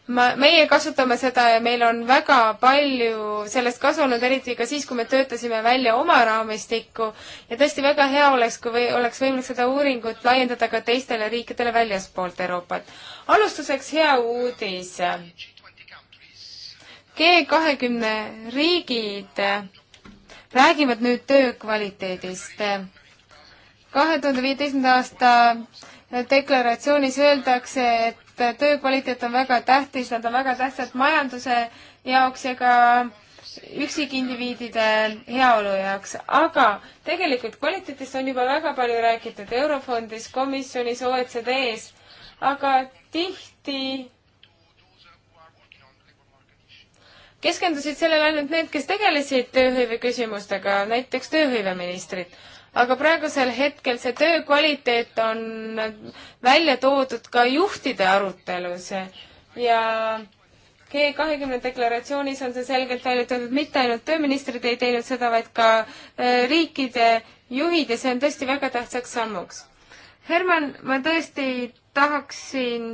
ma, meie kasutame seda ja meil on väga palju sellest kasu olnud, eriti ka siis, kui me töötasime välja oma raamistikku. ja tõesti väga hea oleks, kui või, oleks võimalik seda uuringut laiendada ka teistele riikidele väljaspoolt Euroopat. alustuseks hea uudis. G kahekümne riigid räägivad nüüd töö kvaliteedist kahe tuhande viieteistkümnenda aasta deklaratsioonis öeldakse, et töö kvaliteet on väga tähtis, nad on väga tähtsad majanduse jaoks ja ka üksikindiviidide heaolu jaoks, aga tegelikult kvaliteedist on juba väga palju räägitud Eurofondis, komisjonis, OECD-s, aga tihti keskendusid sellele ainult need, kes tegelesid tööhõive küsimustega, näiteks tööhõiveministrid aga praegusel hetkel see töö kvaliteet on välja toodud ka juhtide arutelus ja G kahekümne deklaratsioonis on see selgelt välja toodud, mitte ainult tööministrid ei teinud seda, vaid ka äh, riikide juhid ja see on tõesti väga tähtsaks sammuks. Herman, ma tõesti tahaksin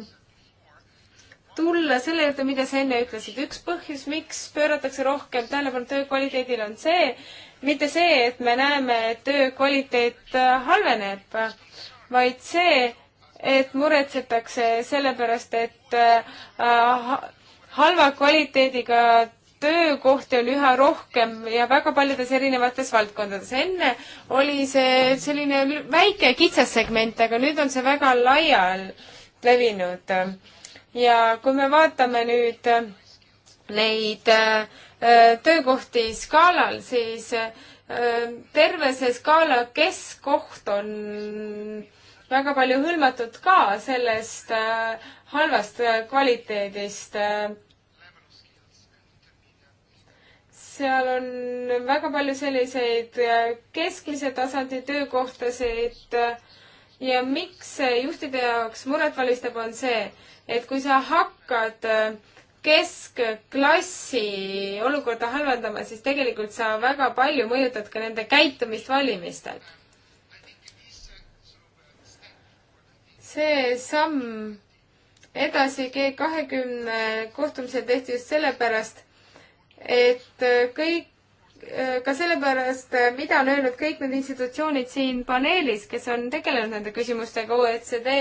tulla selle juurde, mida sa enne ütlesid. üks põhjus, miks pööratakse rohkem tähelepanu töö kvaliteedile, on see, mitte see, et me näeme, et töö kvaliteet äh, halveneb, vaid see, et muretsetakse sellepärast, et äh, halva kvaliteediga töökohti on üha rohkem ja väga paljudes erinevates valdkondades. enne oli see selline väike kitsas segment, aga nüüd on see väga laialt levinud ja kui me vaatame nüüd äh, neid äh, töökohti skaalal, siis äh, terve see skaala keskkoht on väga palju hõlmatud ka sellest halvast kvaliteedist. seal on väga palju selliseid keskmise tasandi töökohtasid ja miks juhtide jaoks muret valmistab, on see, et kui sa hakkad äh, keskklassi olukorda halvendama, siis tegelikult sa väga palju mõjutad ka nende käitumist valimistel. see samm edasi G kahekümne kohtumisel tehti just sellepärast, et äh, kõik, äh, ka sellepärast, mida on öelnud kõik need institutsioonid siin paneelis, kes on tegelenud nende küsimustega, OECD,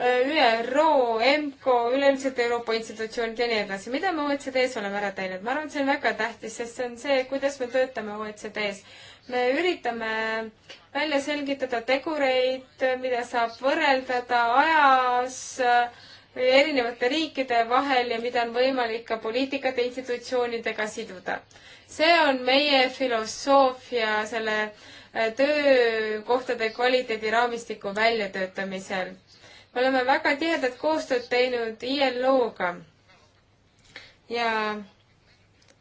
ÜRO, EMCO, üleüldiselt Euroopa institutsioonid ja nii edasi. mida me OECD-s oleme ära teinud? ma arvan, et see on väga tähtis, sest see on see, kuidas me töötame OECD-s. me üritame välja selgitada tegureid, mida saab võrreldada ajas äh, erinevate riikide vahel ja mida on võimalik ka poliitikate institutsioonidega siduda. see on meie filosoofia selle äh, töökohtade kvaliteedi raamistiku väljatöötamisel me oleme väga tihedat koostööd teinud ILO-ga ja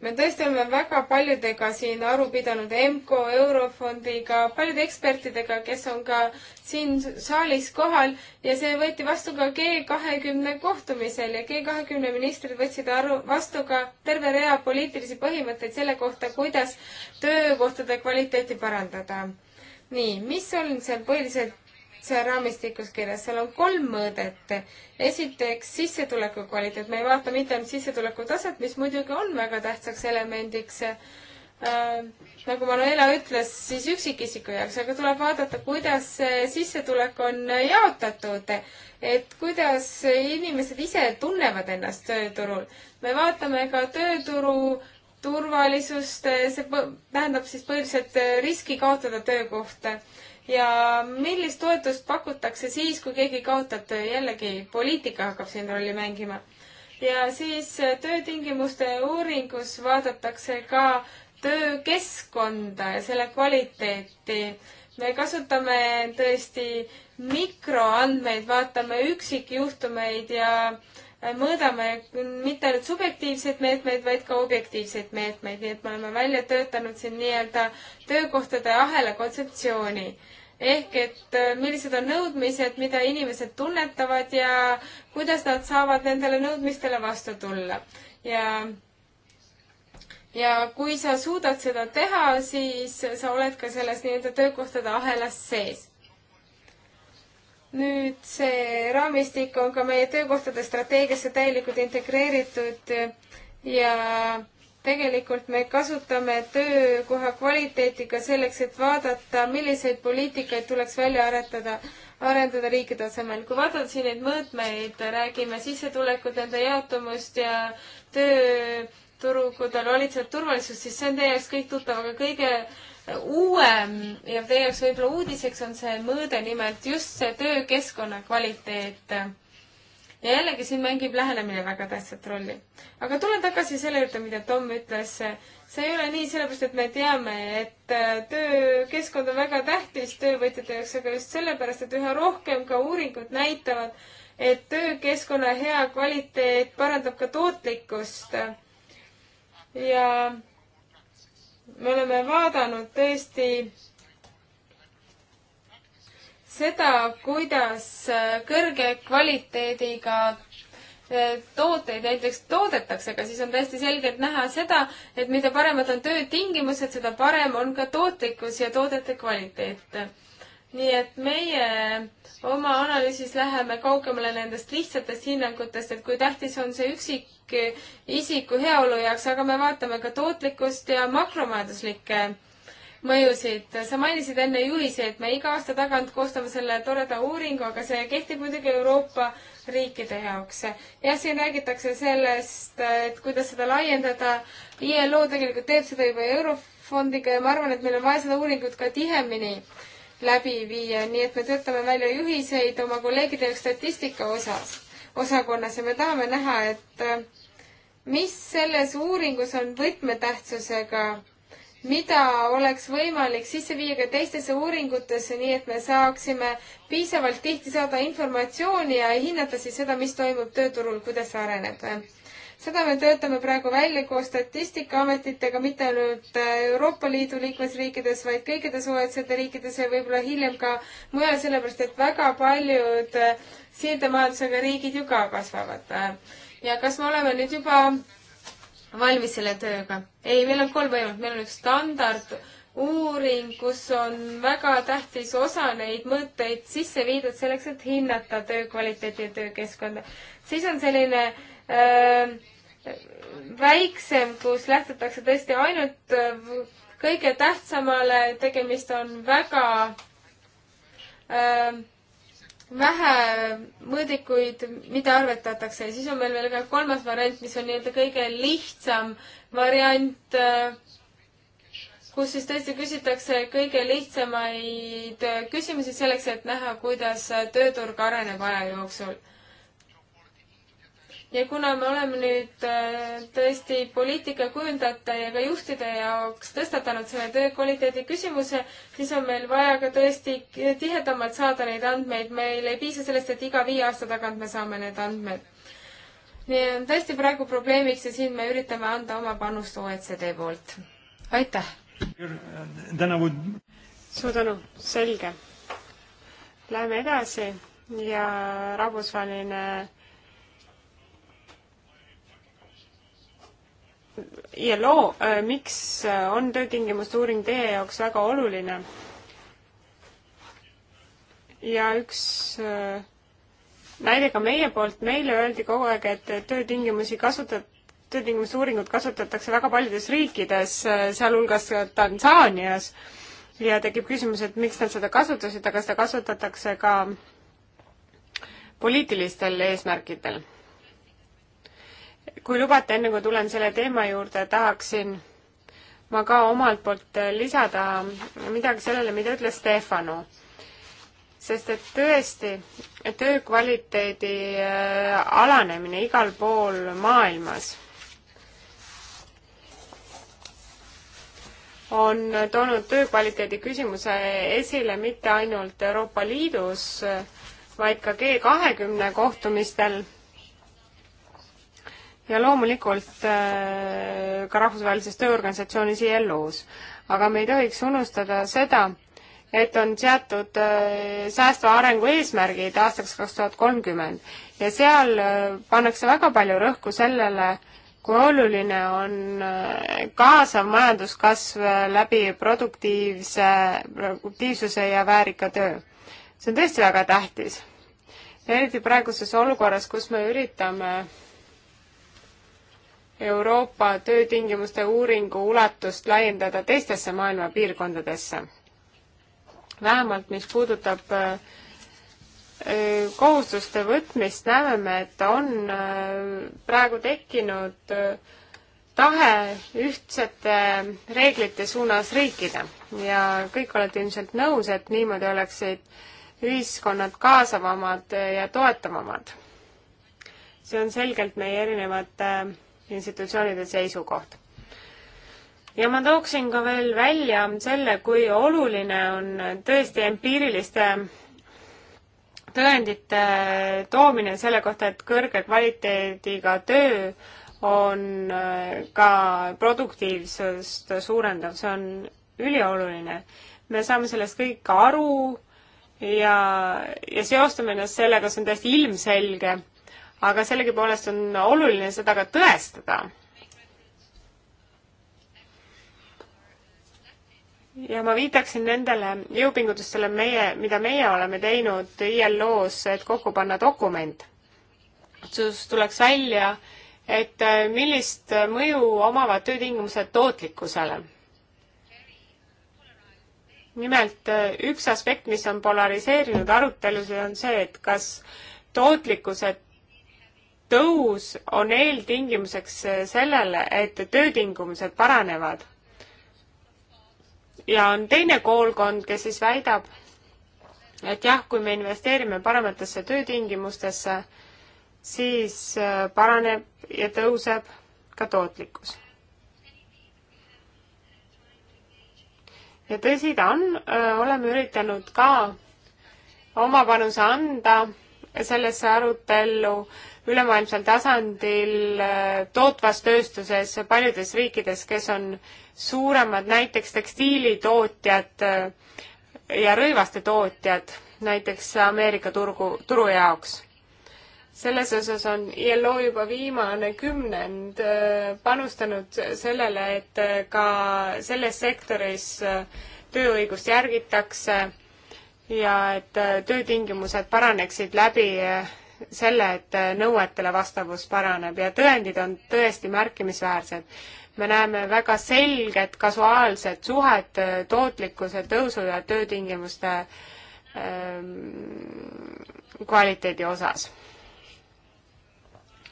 me tõesti oleme väga paljudega siin aru pidanud, EMCO, Eurofondiga, paljude ekspertidega, kes on ka siin saalis kohal ja see võeti vastu ka G kahekümne kohtumisel ja G kahekümne ministrid võtsid aru, vastu ka terve rea poliitilisi põhimõtteid selle kohta, kuidas töökohtade kvaliteeti parandada. nii, mis on seal põhilised seal raamistikus kirjas, seal on kolm mõõdet. esiteks sissetuleku kvaliteet, me ei vaata mitte ainult sissetuleku taset, mis muidugi on väga tähtsaks elemendiks äh,, nagu Manuela ütles, siis üksikisiku jaoks, aga tuleb vaadata, kuidas see sissetulek on jaotatud, et kuidas inimesed ise tunnevad ennast tööturul. me vaatame ka tööturu turvalisust, see tähendab siis põhiliselt riski kaotada töökohta ja millist toetust pakutakse siis, kui keegi kaotab töö, jällegi poliitika hakkab siin rolli mängima. ja siis eh, töötingimuste uuringus vaadatakse ka töökeskkonda ja selle kvaliteeti. me kasutame tõesti mikroandmeid, vaatame üksikjuhtumeid ja eh, mõõdame mitte ainult subjektiivseid meetmeid, vaid ka objektiivseid meetmeid, nii et me oleme välja töötanud siin nii-öelda töökohtade ahela kontseptsiooni ehk et äh, millised on nõudmised, mida inimesed tunnetavad ja kuidas nad saavad nendele nõudmistele vastu tulla. ja, ja kui sa suudad seda teha, siis sa oled ka selles nii-öelda töökohtade ahelas sees. nüüd see raamistik on ka meie töökohtade strateegiasse täielikult integreeritud ja tegelikult me kasutame töökoha kvaliteeti ka selleks, et vaadata, milliseid poliitikaid tuleks välja aretada, arendada riigi tasemel. kui vaadata siin neid mõõtmeid, räägime sissetulekut, nende jaotumust ja tööturgudel valitsevat turvalisust, siis see on teie jaoks kõik tuttav, aga kõige uuem ja teie jaoks võib-olla uudiseks on see mõõde nimelt just see töökeskkonna kvaliteet ja jällegi siin mängib lähenemine väga tähtsat rolli. aga tulen tagasi selle juurde, mida Tom ütles. see ei ole nii, sellepärast et me teame, et äh, töökeskkond on väga tähtis töövõtjate jaoks, aga just sellepärast, et üha rohkem ka uuringud näitavad, et töökeskkonna hea kvaliteet parandab ka tootlikkust. ja me oleme vaadanud tõesti seda, kuidas äh, kõrge kvaliteediga äh, tooteid näiteks toodetakse, aga siis on täiesti selgelt näha seda, et mida paremad on töötingimused, seda parem on ka tootlikkus ja toodete kvaliteet. nii et meie oma analüüsis läheme kaugemale nendest lihtsatest hinnangutest, et kui tähtis on see üksik isiku heaolu jaoks, aga me vaatame ka tootlikkust ja makromajanduslikke mõjusid. sa mainisid enne juhisi, et me iga aasta tagant koostame selle toreda uuringu, aga see kehtib muidugi Euroopa riikide jaoks. jah, siin räägitakse sellest, et kuidas seda laiendada. ILO tegelikult teeb seda juba Eurofondiga ja ma arvan, et meil on vaja seda uuringut ka tihemini läbi viia, nii et me töötame välja juhiseid oma kolleegide jaoks statistika osas, osakonnas ja me tahame näha, et mis selles uuringus on võtmetähtsusega mida oleks võimalik sisse viia ka teistesse uuringutesse, nii et me saaksime piisavalt tihti saada informatsiooni ja hinnata siis seda, mis toimub tööturul, kuidas see areneb. seda me töötame praegu välja koos statistikaametitega, mitte ainult äh, Euroopa Liidu liikmesriikides, vaid kõikides OECD riikides ja võib-olla hiljem ka mujal, sellepärast et väga paljud äh, siirdemajandusega riigid ju ka kasvavad. ja kas me oleme nüüd juba valmis selle tööga? ei, meil on kolm võimalust, meil on üks standard, uuring, kus on väga tähtis osa neid mõõteid sisse viidud selleks, et hinnata töö kvaliteeti ja töökeskkonda. siis on selline äh, väiksem, kus lähtutakse tõesti ainult äh, kõige tähtsamale, tegemist on väga äh, vähe mõõdikuid, mida arvetatakse ja siis on meil veel ka kolmas variant, mis on nii-öelda kõige lihtsam variant, kus siis tõesti küsitakse kõige lihtsamaid küsimusi selleks, et näha, kuidas tööturg areneb aja jooksul ja kuna me oleme nüüd äh, tõesti poliitikakujundajate ja ka juhtide jaoks tõstatanud selle töö kvaliteedi küsimuse, siis on meil vaja ka tõesti tihedamalt saada neid andmeid, meil ei piisa sellest, et iga viie aasta tagant me saame need andmed. nii on tõesti praegu probleemiks ja siin me üritame anda oma panust OECD poolt. aitäh! suur tänu, selge. Läheme edasi ja rahvusvaheline ILO, äh, miks äh, on töötingimuste uuring teie jaoks väga oluline? ja üks äh, näide ka meie poolt, meile öeldi kogu aeg, et töötingimusi kasutat-, töötingimuste uuringut kasutatakse väga paljudes riikides, sealhulgas Tansaanias, ja tekib küsimus, et miks nad seda kasutasid, aga seda kasutatakse ka poliitilistel eesmärkidel kui lubate, enne kui tulen selle teema juurde, tahaksin ma ka omalt poolt lisada midagi sellele, mida ütles Stefano. sest et tõesti, töö kvaliteedi äh, alanemine igal pool maailmas on toonud töö kvaliteedi küsimuse esile mitte ainult Euroopa Liidus, vaid ka G kahekümne kohtumistel ja loomulikult äh, ka rahvusvahelises tööorganisatsioonis ILO-s. aga me ei tohiks unustada seda, et on seatud äh, säästva arengu eesmärgid aastaks kaks tuhat kolmkümmend ja seal äh, pannakse väga palju rõhku sellele, kui oluline on kaasav majanduskasv läbi produktiivse, produktiivsuse ja väärika töö. see on tõesti väga tähtis. eriti praeguses olukorras, kus me üritame Euroopa töötingimuste uuringu ulatust laiendada teistesse maailma piirkondadesse. vähemalt mis puudutab äh, äh, kohustuste võtmist, näeme me, et on äh, praegu tekkinud tahe ühtsete reeglite suunas riikida ja kõik olete ilmselt nõus, et niimoodi oleksid ühiskonnad kaasavamad ja toetavamad. see on selgelt meie erinevate äh, institutsioonide seisukoht. ja ma tooksin ka veel välja selle, kui oluline on tõesti empiiriliste tõendite toomine selle kohta, et kõrge kvaliteediga töö on ka produktiivsust suurendav, see on ülioluline. me saame sellest kõik aru ja, ja seostame ennast sellega, see on täiesti ilmselge aga sellegipoolest on oluline seda ka tõestada. ja ma viitaksin nendele jõupingutustele meie, mida meie oleme teinud ILO-s, et kokku panna dokument. siis tuleks välja, et millist mõju omavad töötingimused tootlikkusele nimelt üks aspekt, mis on polariseerinud arutelusid, on see, et kas tootlikkuse tõus on eeltingimuseks sellele, et töötingimused paranevad. ja on teine koolkond, kes siis väidab, et jah, kui me investeerime parematesse töötingimustesse, siis äh, paraneb ja tõuseb ka tootlikkus. ja tõsi ta on, äh, oleme üritanud ka oma panuse anda sellesse arutellu ülemaailmsel tasandil äh, tootvas tööstuses paljudes riikides, kes on suuremad, näiteks tekstiilitootjad äh, ja rõivaste tootjad, näiteks Ameerika turgu, turu jaoks. selles osas on ILO juba viimane kümnend äh, panustanud sellele, et ka selles sektoris tööõigust järgitakse ja et töötingimused paraneksid läbi selle, et nõuetele vastavus paraneb ja tõendid on tõesti märkimisväärsed. me näeme väga selget kasuaalset suhet tootlikkuse tõusu ja töötingimuste ähm, kvaliteedi osas.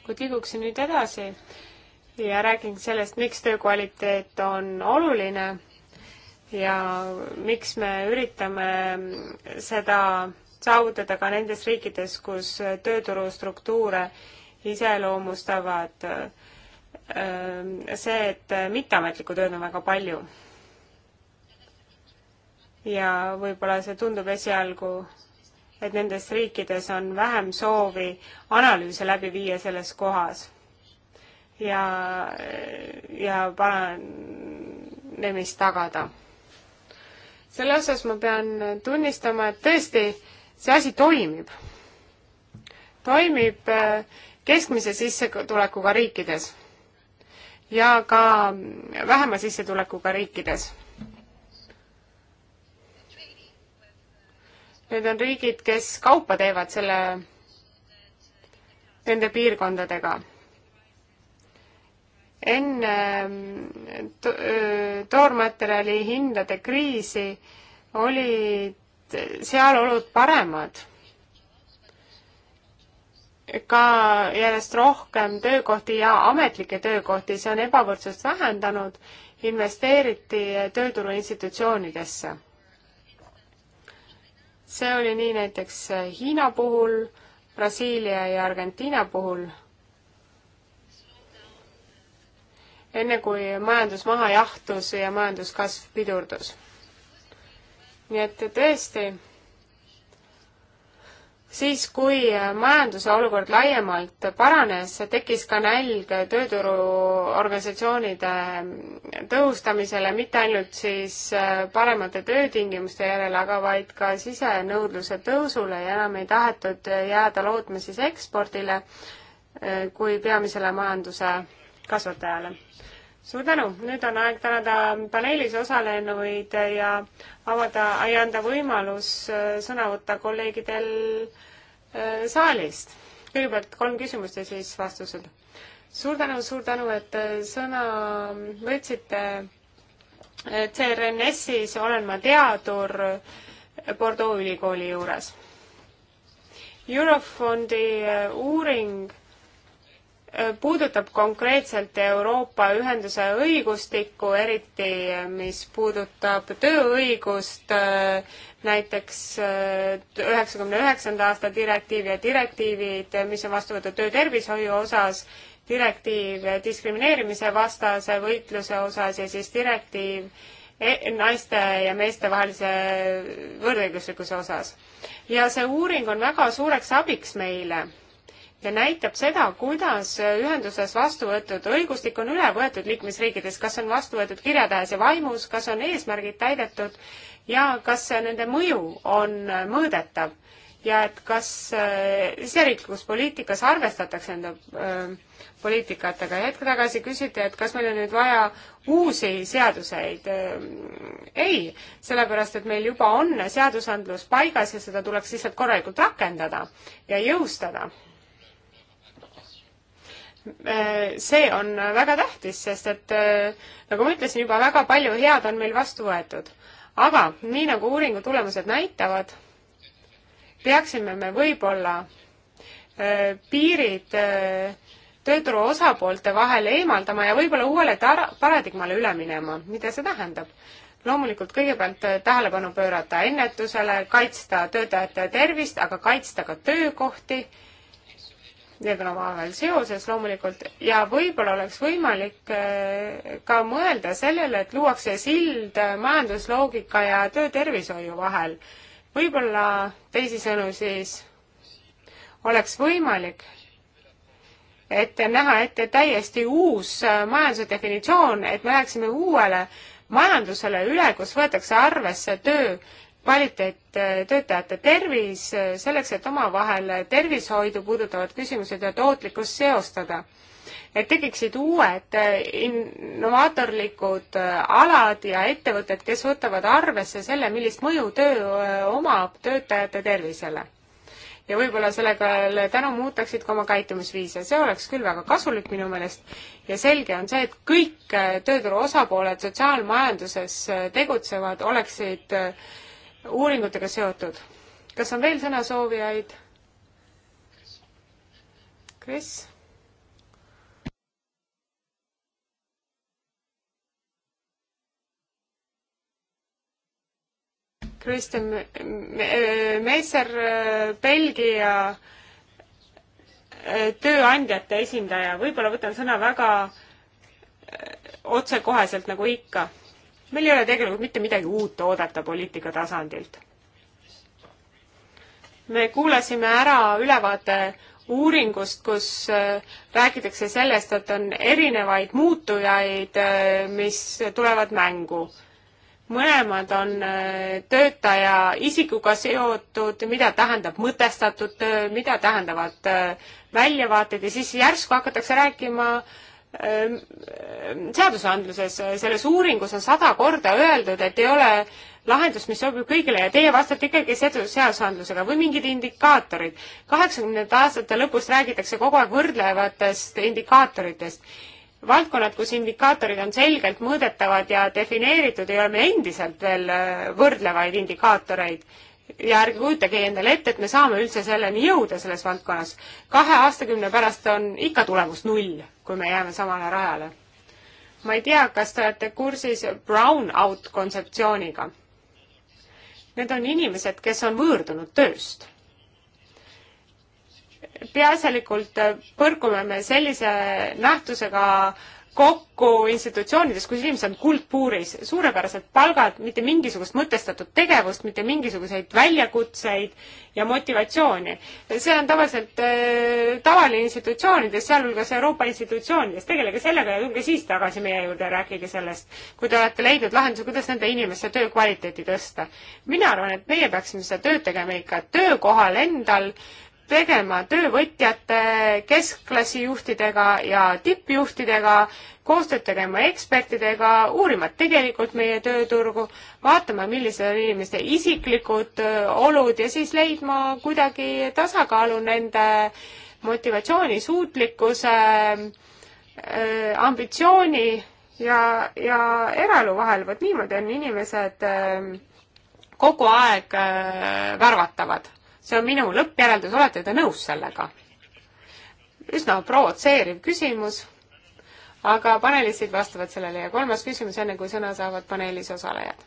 kuid liiguksin nüüd edasi ja räägin sellest, miks töö kvaliteet on oluline ja miks me üritame seda saavutada ka nendes riikides, kus tööturustruktuure iseloomustavad ähm, see, et mitteametlikku tööd on väga palju. ja võib-olla see tundub esialgu, et nendes riikides on vähem soovi analüüse läbi viia selles kohas ja, ja paranemist tagada selle osas ma pean tunnistama, et tõesti see asi toimib. toimib äh, keskmise sissetulekuga riikides ja ka vähema sissetulekuga riikides. Need on riigid, kes kaupa teevad selle, nende piirkondadega enne ähm, toormaterjali hindade kriisi olid seal olud paremad. ka järjest rohkem töökohti ja ametlikke töökohti, see on ebavõrdsust vähendanud, investeeriti tööturu institutsioonidesse. see oli nii näiteks Hiina puhul, Brasiilia ja Argentiina puhul enne kui majandus maha jahtus ja majanduskasv pidurdus nii et tõesti, siis, kui äh, majanduse olukord laiemalt paranes, tekkis ka nälg tööturuorganisatsioonide mm, tõhustamisele, mitte ainult siis äh, paremate töötingimuste järele, aga vaid ka sisenõudluse tõusule ja enam ei tahetud jääda lootma siis ekspordile äh, kui peamisele majanduse kasvatajale suur tänu, nüüd on aeg tänada paneelis osalenuid ja avada ja anda võimalus äh, sõna võtta kolleegidel äh, saalist. kõigepealt kolm küsimust ja siis vastused. suur tänu, suur tänu, et äh, sõna võtsite. CRNS-is olen ma teadur Bordeaux ülikooli juures. Eurofondi uuring puudutab konkreetselt Euroopa Ühenduse õigustikku, eriti eh, mis puudutab tööõigust, eh, näiteks eh, üheksakümne üheksanda aasta direktiiv ja direktiivid, mis on vastu võetud töötervishoiu osas, direktiiv diskrimineerimise vastase võitluse osas ja siis direktiiv e-, naiste ja meeste vahelise võrdõiguslikkuse osas. ja see uuring on väga suureks abiks meile ja näitab seda, kuidas ühenduses vastu võetud õigustik on üle võetud liikmesriikides, kas on vastu võetud kirjatähes ja vaimus, kas on eesmärgid täidetud ja kas nende mõju on mõõdetav ja et kas eh, siseriiklikus poliitikas arvestatakse nende eh, poliitikatega. hetk tagasi küsiti, et kas meil on nüüd vaja uusi seaduseid. Eh, ei, sellepärast et meil juba on seadusandlus paigas ja seda tuleks lihtsalt korralikult rakendada ja jõustada Äh, see on väga tähtis, sest et äh, nagu ma ütlesin juba, väga palju head on meil vastu võetud. aga nii, nagu uuringu tulemused näitavad, peaksime me võib-olla äh, piirid tööturu osapoolte vahel eemaldama ja võib-olla uuele paradigmale üle minema. mida see tähendab? loomulikult kõigepealt tähelepanu pöörata ennetusele, kaitsta töötajate tervist, aga kaitsta ka töökohti need on omavahel seoses loomulikult, ja võib-olla oleks võimalik äh, ka mõelda sellele, et luuakse sild äh, majandusloogika ja töötervishoiu vahel. võib-olla teisisõnu siis oleks võimalik et näha ette täiesti uus äh, majanduse definitsioon, et me läheksime uuele majandusele üle, kus võetakse arvesse töö kvaliteet, töötajate tervis, selleks, et omavahel tervishoidu puudutavad küsimused ja tootlikkust seostada. et tekiksid uued innovaatorlikud äh, alad ja ettevõtted, kes võtavad arvesse selle, millist mõju töö äh, omab töötajate tervisele. ja võib-olla sellega tänu muutaksid ka oma käitumisviise, see oleks küll väga kasulik minu meelest ja selge on see, et kõik äh, tööturu osapooled sotsiaalmajanduses tegutsevad, oleksid äh, uuringutega seotud. kas on veel sõnasoovijaid? Kris? Kristen Meisser, Belgia äh, tööandjate esindaja, võib-olla võtan sõna väga äh, otsekoheselt nagu ikka meil ei ole tegelikult mitte midagi uut oodata poliitika tasandilt. me kuulasime ära ülevaate uuringust, kus äh, räägitakse sellest, et on erinevaid muutujaid, äh, mis tulevad mängu. mõlemad on äh, töötaja isikuga seotud, mida tähendab mõtestatud töö, mida tähendavad väljavaated ja siis järsku hakatakse rääkima äh, Ehm, seadusandluses, selles uuringus on sada korda öeldud, et ei ole lahendust, mis sobib kõigile ja teie vastate ikkagi seadusandlusega või mingid indikaatorid. kaheksakümnendate aastate lõpus räägitakse kogu aeg võrdlevatest indikaatoritest. valdkonnad, kus indikaatorid on selgelt mõõdetavad ja defineeritud, ei ole meil endiselt veel äh, võrdlevaid indikaatoreid ja ärge kujutage endale ette, et me saame üldse selleni jõuda selles valdkonnas. kahe aastakümne pärast on ikka tulemus null kui me jääme samale rajale. ma ei tea, kas te olete kursis brown out kontseptsiooniga. Need on inimesed, kes on võõrdunud tööst. peaasjalikult põrkume me sellise nähtusega äh, kokku institutsioonides, kus inimesed on kuldpuuris, suurepärased palgad, mitte mingisugust mõtestatud tegevust, mitte mingisuguseid väljakutseid ja motivatsiooni. see on tavaliselt äh, tavaline institutsioonides, sealhulgas Euroopa institutsioonides, tegelege sellega ja tulge siis tagasi meie juurde ja rääkige sellest, kui te olete leidnud lahenduse, kuidas nende inimeste töö kvaliteeti tõsta. mina arvan, et meie peaksime seda tööd tegema ikka töökohal endal äh,, tegema töövõtjate, keskklassi juhtidega ja tippjuhtidega, koostööd tegema ekspertidega, uurima tegelikult meie tööturgu, vaatama, millised on inimeste isiklikud olud ja siis leidma kuidagi tasakaalu nende motivatsiooni, suutlikkuse, ambitsiooni ja, ja eraelu vahel, vot niimoodi on inimesed kogu aeg värvatavad see on minu lõppjäreldus, olete te nõus sellega? üsna provotseeriv küsimus, aga panelistid vastavad sellele ja kolmas küsimus, enne kui sõna saavad paneelis osalejad.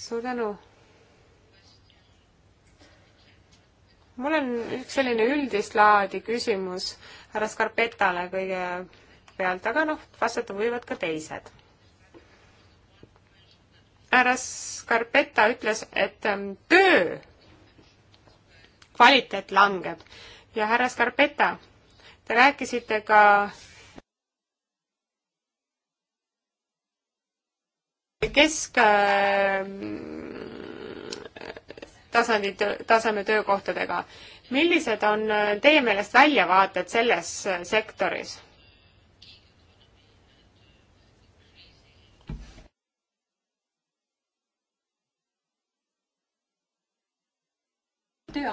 suur tänu! mul on üks selline üldist laadi küsimus härra Scarpetale kõigepealt, aga noh, vastata võivad ka teised härra Scarpetta ütles, et ähm, töö kvaliteet langeb ja härra Scarpetta, te rääkisite ka kesk ähm, tasandi, taseme töökohtadega. millised on äh, teie meelest väljavaated selles äh, sektoris?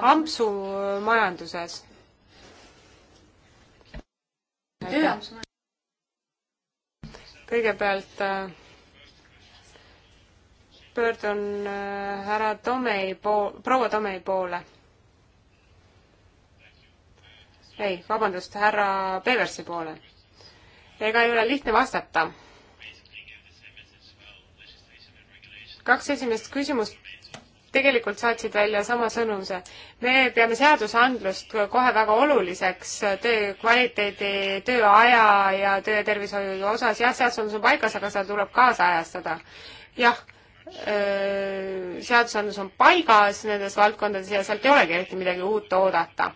ampsu majanduses. kõigepealt äh, pöördun äh, härra Tomei pool, proua Tomei poole. ei, vabandust, härra Peversi poole. ega ei ole lihtne vastata. kaks esimest küsimust tegelikult saatsid välja sama sõnuse. me peame seadusandlust kohe väga oluliseks äh, töö kvaliteedi, tööaja ja töötervishoiu osas, jah, seadusandlus on paigas, aga seda tuleb kaasajastada. jah, äh, seadusandlus on paigas nendes valdkondades ja sealt ei olegi eriti midagi uut oodata.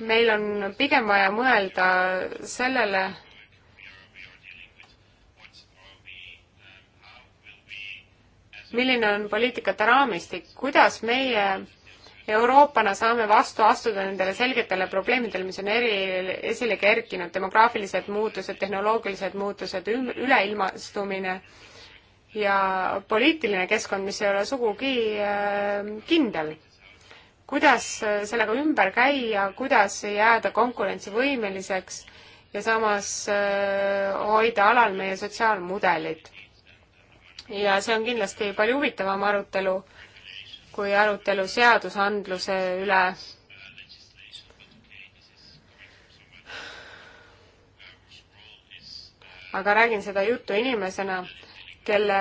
meil on pigem vaja mõelda sellele, milline on poliitikate raamistik, kuidas meie Euroopana saame vastu astuda nendele selgetele probleemidele, mis on eri, esile kerkinud, demograafilised muutused, tehnoloogilised muutused, üleilmastumine ja poliitiline keskkond, mis ei ole sugugi äh, kindel. kuidas äh, sellega ümber käia, kuidas jääda konkurentsivõimeliseks ja samas äh, hoida alal meie sotsiaalmudelit ja see on kindlasti palju huvitavam arutelu kui arutelu seadusandluse üle. aga räägin seda juttu inimesena, kelle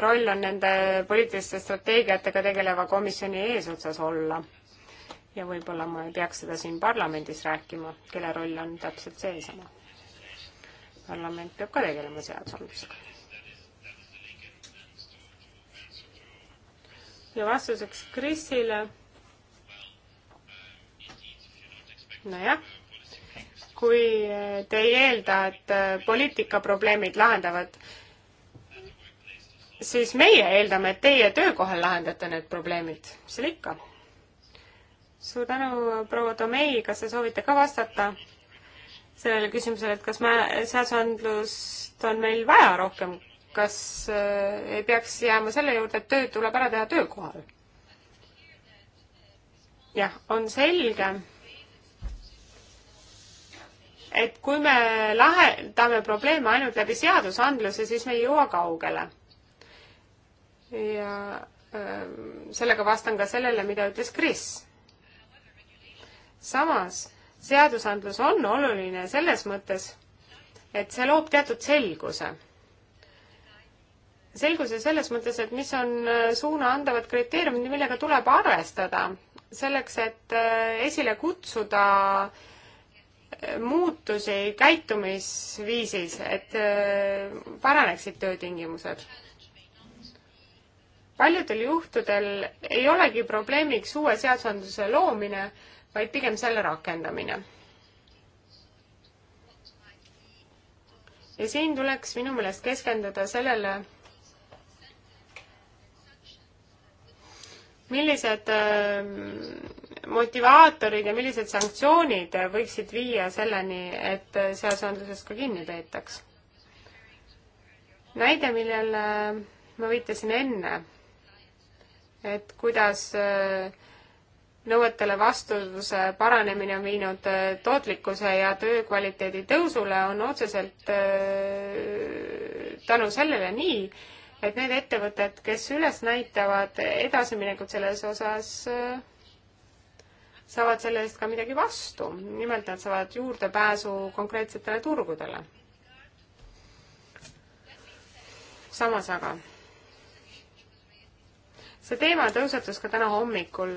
roll on nende poliitiliste strateegiatega tegeleva komisjoni eesotsas olla. ja võib-olla ma ei peaks seda siin parlamendis rääkima, kelle roll on täpselt seesama. parlament peab ka tegelema seadusandlusega ja vastuseks Krisile. nojah, kui te ei eelda, et äh, poliitikaprobleemid lahendavad, siis meie eeldame, et teie töökohal lahendate need probleemid, mis seal ikka. suur tänu, proua Tomei, kas te soovite ka vastata sellele küsimusele, et kas me, seadusandlust on meil vaja rohkem kas äh, ei peaks jääma selle juurde, et tööd tuleb ära teha töökohal? jah, on selge, et kui me lahendame probleeme ainult läbi seadusandluse, siis me ei jõua kaugele. ja äh, sellega vastan ka sellele, mida ütles Kris. samas, seadusandlus on oluline selles mõttes, et see loob teatud selguse selguse selles mõttes, et mis on äh, suuna andavad kriteeriumid, millega tuleb arvestada selleks, et äh, esile kutsuda äh, muutusi käitumisviisis, et paraneksid töötingimused. paljudel juhtudel ei olegi probleemiks uue seadusandluse loomine, vaid pigem selle rakendamine. ja siin tuleks minu meelest keskenduda sellele, millised ähm, motivaatorid ja millised sanktsioonid võiksid viia selleni, et seadusandlusest ka kinni peetaks? näide, millele ma viitasin enne, et kuidas äh, nõuetele vastavuse paranemine on viinud äh, tootlikkuse ja töökvaliteedi tõusule, on otseselt äh, tänu sellele nii, et need ettevõtted, kes üles näitavad edasiminekut selles osas, saavad selle eest ka midagi vastu. nimelt nad saavad juurdepääsu konkreetsetele turgudele. samas aga see teema tõusetus ka täna hommikul.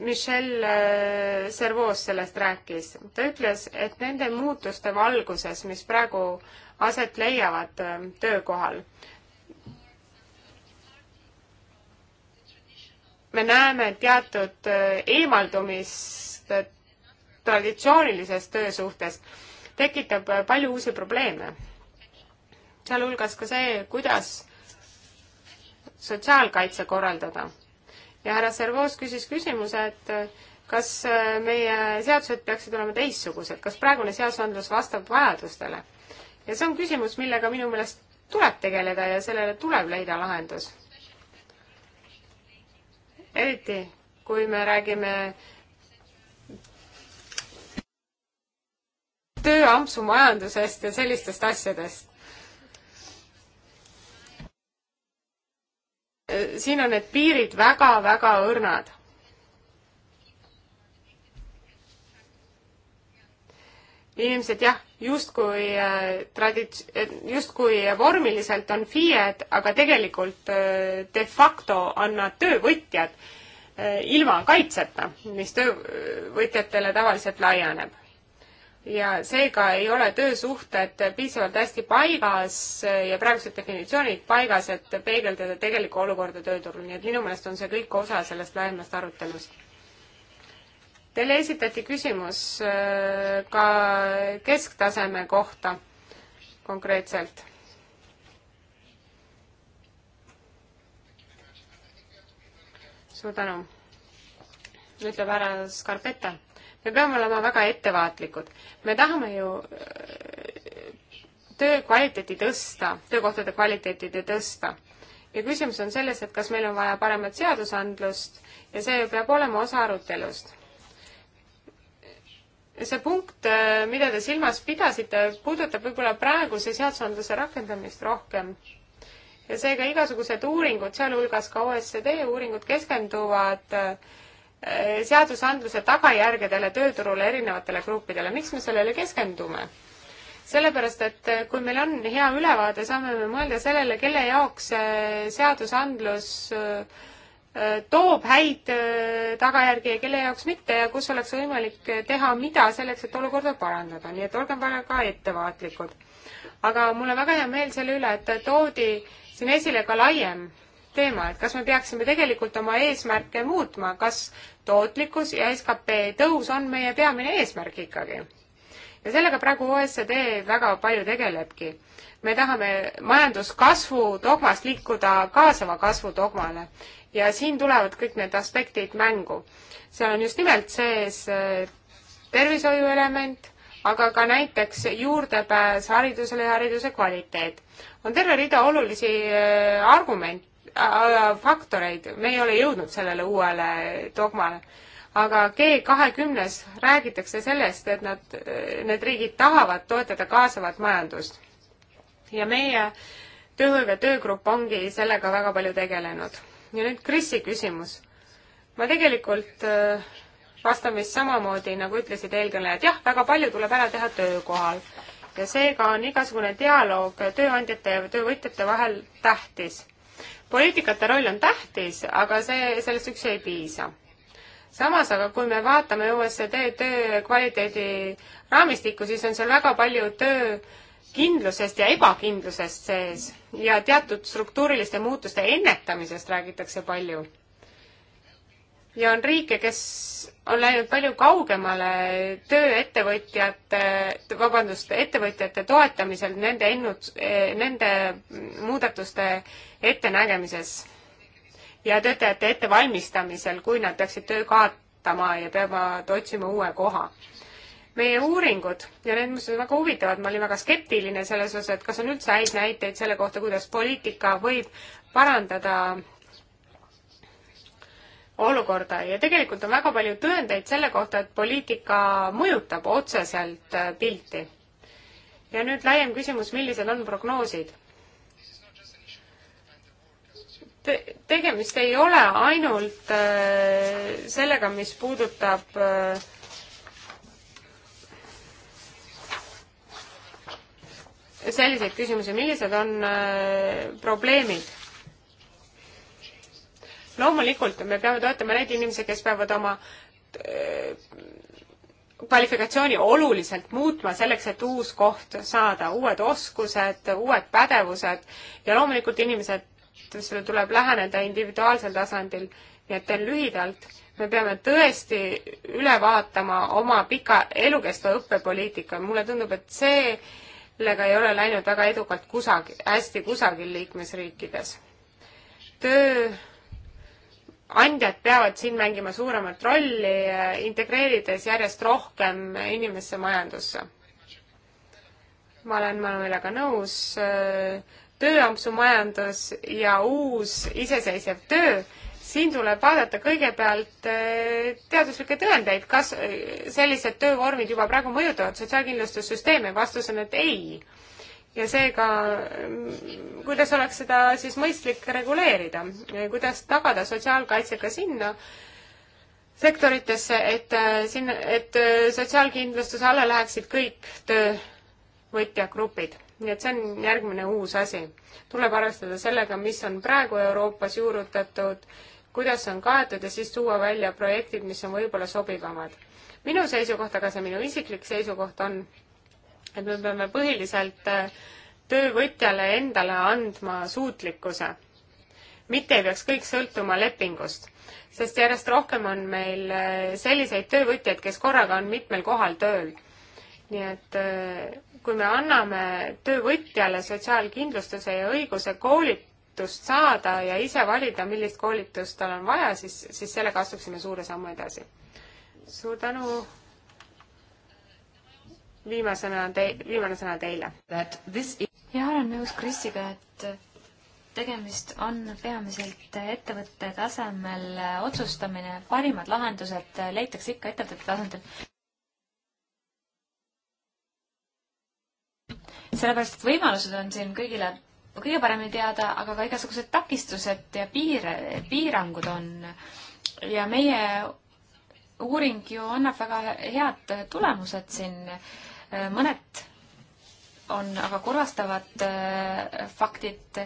Michel äh, Servoos sellest rääkis. ta ütles, et nende muutuste valguses, mis praegu aset leiavad äh, töökohal. me näeme teatud äh, eemaldumist äh, traditsioonilisest töösuhtest, tekitab palju uusi probleeme. sealhulgas ka see, kuidas sotsiaalkaitse korraldada. ja härra Servoos küsis küsimuse, et kas meie seadused peaksid olema teistsugused, kas praegune seadusandlus vastab vajadustele? ja see on küsimus, millega minu meelest tuleb tegeleda ja sellele tuleb leida lahendus. eriti, kui me räägime tööampsu majandusest ja sellistest asjadest. siin on need piirid väga-väga õrnad inimesed jah, justkui äh, tradits-, äh, justkui vormiliselt on FIE-d, aga tegelikult äh, de facto on nad töövõtjad ilma kaitseta, mis töövõtjatele tavaliselt laieneb. ja seega ei ole töösuhted piisavalt hästi paigas ja praegused definitsioonid paigas, et peegeldada tegelikku olukorda tööturul, nii et minu meelest on see kõik osa sellest laiemast arutelust Teile esitati küsimus äh, ka kesktaseme kohta konkreetselt. suur tänu, ütleb härra Scarpetta. me peame olema väga ettevaatlikud. me tahame ju äh, töö kvaliteeti tõsta, töökohtade kvaliteeti tõsta ja küsimus on selles, et kas meil on vaja paremat seadusandlust ja see peab olema osa arutelust see punkt, mida te silmas pidasite, puudutab võib-olla praeguse seadusandluse rakendamist rohkem. ja seega igasugused uuringud, sealhulgas ka OECD uuringud, keskenduvad eh, seadusandluse tagajärgedele tööturule erinevatele gruppidele. miks me sellele keskendume? sellepärast, et eh, kui meil on hea ülevaade, saame me mõelda sellele, kelle jaoks see eh, seadusandlus äh, toob häid äh, tagajärgi ja kelle jaoks mitte ja kus oleks võimalik teha mida selleks, et olukorda parandada, nii et olgem väga ettevaatlikud. aga mul on väga hea meel selle üle, et toodi siin esile ka laiem teema, et kas me peaksime tegelikult oma eesmärke muutma, kas tootlikkus ja skp tõus on meie peamine eesmärk ikkagi? ja sellega praegu OECD väga palju tegelebki me tahame majanduskasvu dogmast liikuda kaasava kasvu dogmale ja siin tulevad kõik need aspektid mängu. seal on just nimelt sees äh, tervishoiu element, aga ka näiteks juurdepääs haridusele ja hariduse kvaliteet. on terve rida olulisi äh, argumente, faktoreid, me ei ole jõudnud sellele uuele dogmale. aga G kahekümnes räägitakse sellest, et nad, äh, need riigid tahavad toetada kaasavat majandust. ja meie tööhõive töögrupp ongi sellega väga palju tegelenud ja nüüd Krisi küsimus. ma tegelikult äh, vastan vist samamoodi, nagu ütlesid eelkõnelejad, jah, väga palju tuleb ära teha töökohal ja seega on igasugune dialoog tööandjate ja töövõtjate vahel tähtis. poliitikate roll on tähtis, aga see, sellest üksi ei piisa samas aga kui me vaatame OSCD töö kvaliteedi raamistikku, siis on seal väga palju töö kindlusest ja ebakindlusest sees ja teatud struktuuriliste muutuste ennetamisest räägitakse palju. ja on riike, kes on läinud palju kaugemale tööettevõtjate, vabandust, ettevõtjate toetamisel nende ennud, nende muudatuste ettenägemises ja töötajate ettevalmistamisel, kui nad peaksid töö kaotama ja peavad otsima uue koha meie uuringud ja need muuseas on väga huvitavad, ma olin väga skeptiline selles osas, et kas on üldse häid näiteid selle kohta, kuidas poliitika võib parandada olukorda ja tegelikult on väga palju tõendeid selle kohta, et poliitika mõjutab otseselt äh, pilti. ja nüüd laiem küsimus, millised on prognoosid? te-, tegemist ei ole ainult äh, sellega, mis puudutab äh, selliseid küsimusi, millised on äh, probleemid? loomulikult me peame toetama neid inimesi, kes peavad oma äh, kvalifikatsiooni oluliselt muutma selleks, et uus koht saada, uued oskused, uued pädevused ja loomulikult inimesed, sellele tuleb läheneda individuaalsel tasandil. nii et teen lühidalt, me peame tõesti üle vaatama oma pika elukestva õppepoliitika, mulle tundub, et see millega ei ole läinud väga edukalt kusagil, hästi kusagil liikmesriikides. tööandjad peavad siin mängima suuremat rolli, integreerides järjest rohkem inimesse majandusse. ma olen Manuelaga nõus, tööampsumajandus ja uus iseseisev töö siin tuleb vaadata kõigepealt äh, teaduslikke tõendeid, kas äh, sellised töövormid juba praegu mõjutavad sotsiaalkindlustussüsteemi, vastus on, et ei. ja seega, mm, kuidas oleks seda siis mõistlik reguleerida, kuidas tagada sotsiaalkaitse ka sinna, sektoritesse, et äh, sinna, et sotsiaalkindlustuse alla läheksid kõik töövõtjagrupid. nii et see on järgmine uus asi. tuleb arvestada sellega, mis on praegu Euroopas juurutatud kuidas on kaetud ja siis tuua välja projektid, mis on võib-olla sobivamad. minu seisukoht, aga see minu isiklik seisukoht on, et me peame põhiliselt äh, töövõtjale endale andma suutlikkuse. mitte ei peaks kõik sõltuma lepingust, sest järjest rohkem on meil äh, selliseid töövõtjaid, kes korraga on mitmel kohal tööl. nii et äh, kui me anname töövõtjale sotsiaalkindlustuse ja õiguse koolit-, koolitust saada ja ise valida, millist koolitust tal on vaja, siis, siis sellega astuksime suure sammu edasi. suur tänu. viimasena te-, viimane sõna teile. ja olen nõus Krisiga, et tegemist on peamiselt ettevõtte tasemel otsustamine, parimad lahendused leitakse ikka ettevõtete tasandil. sellepärast, et võimalused on siin kõigile kõige paremini teada, aga ka igasugused takistused ja piire, piirangud on. ja meie uuring ju annab väga head tulemused siin, mõned on aga kurvastavad äh, faktid,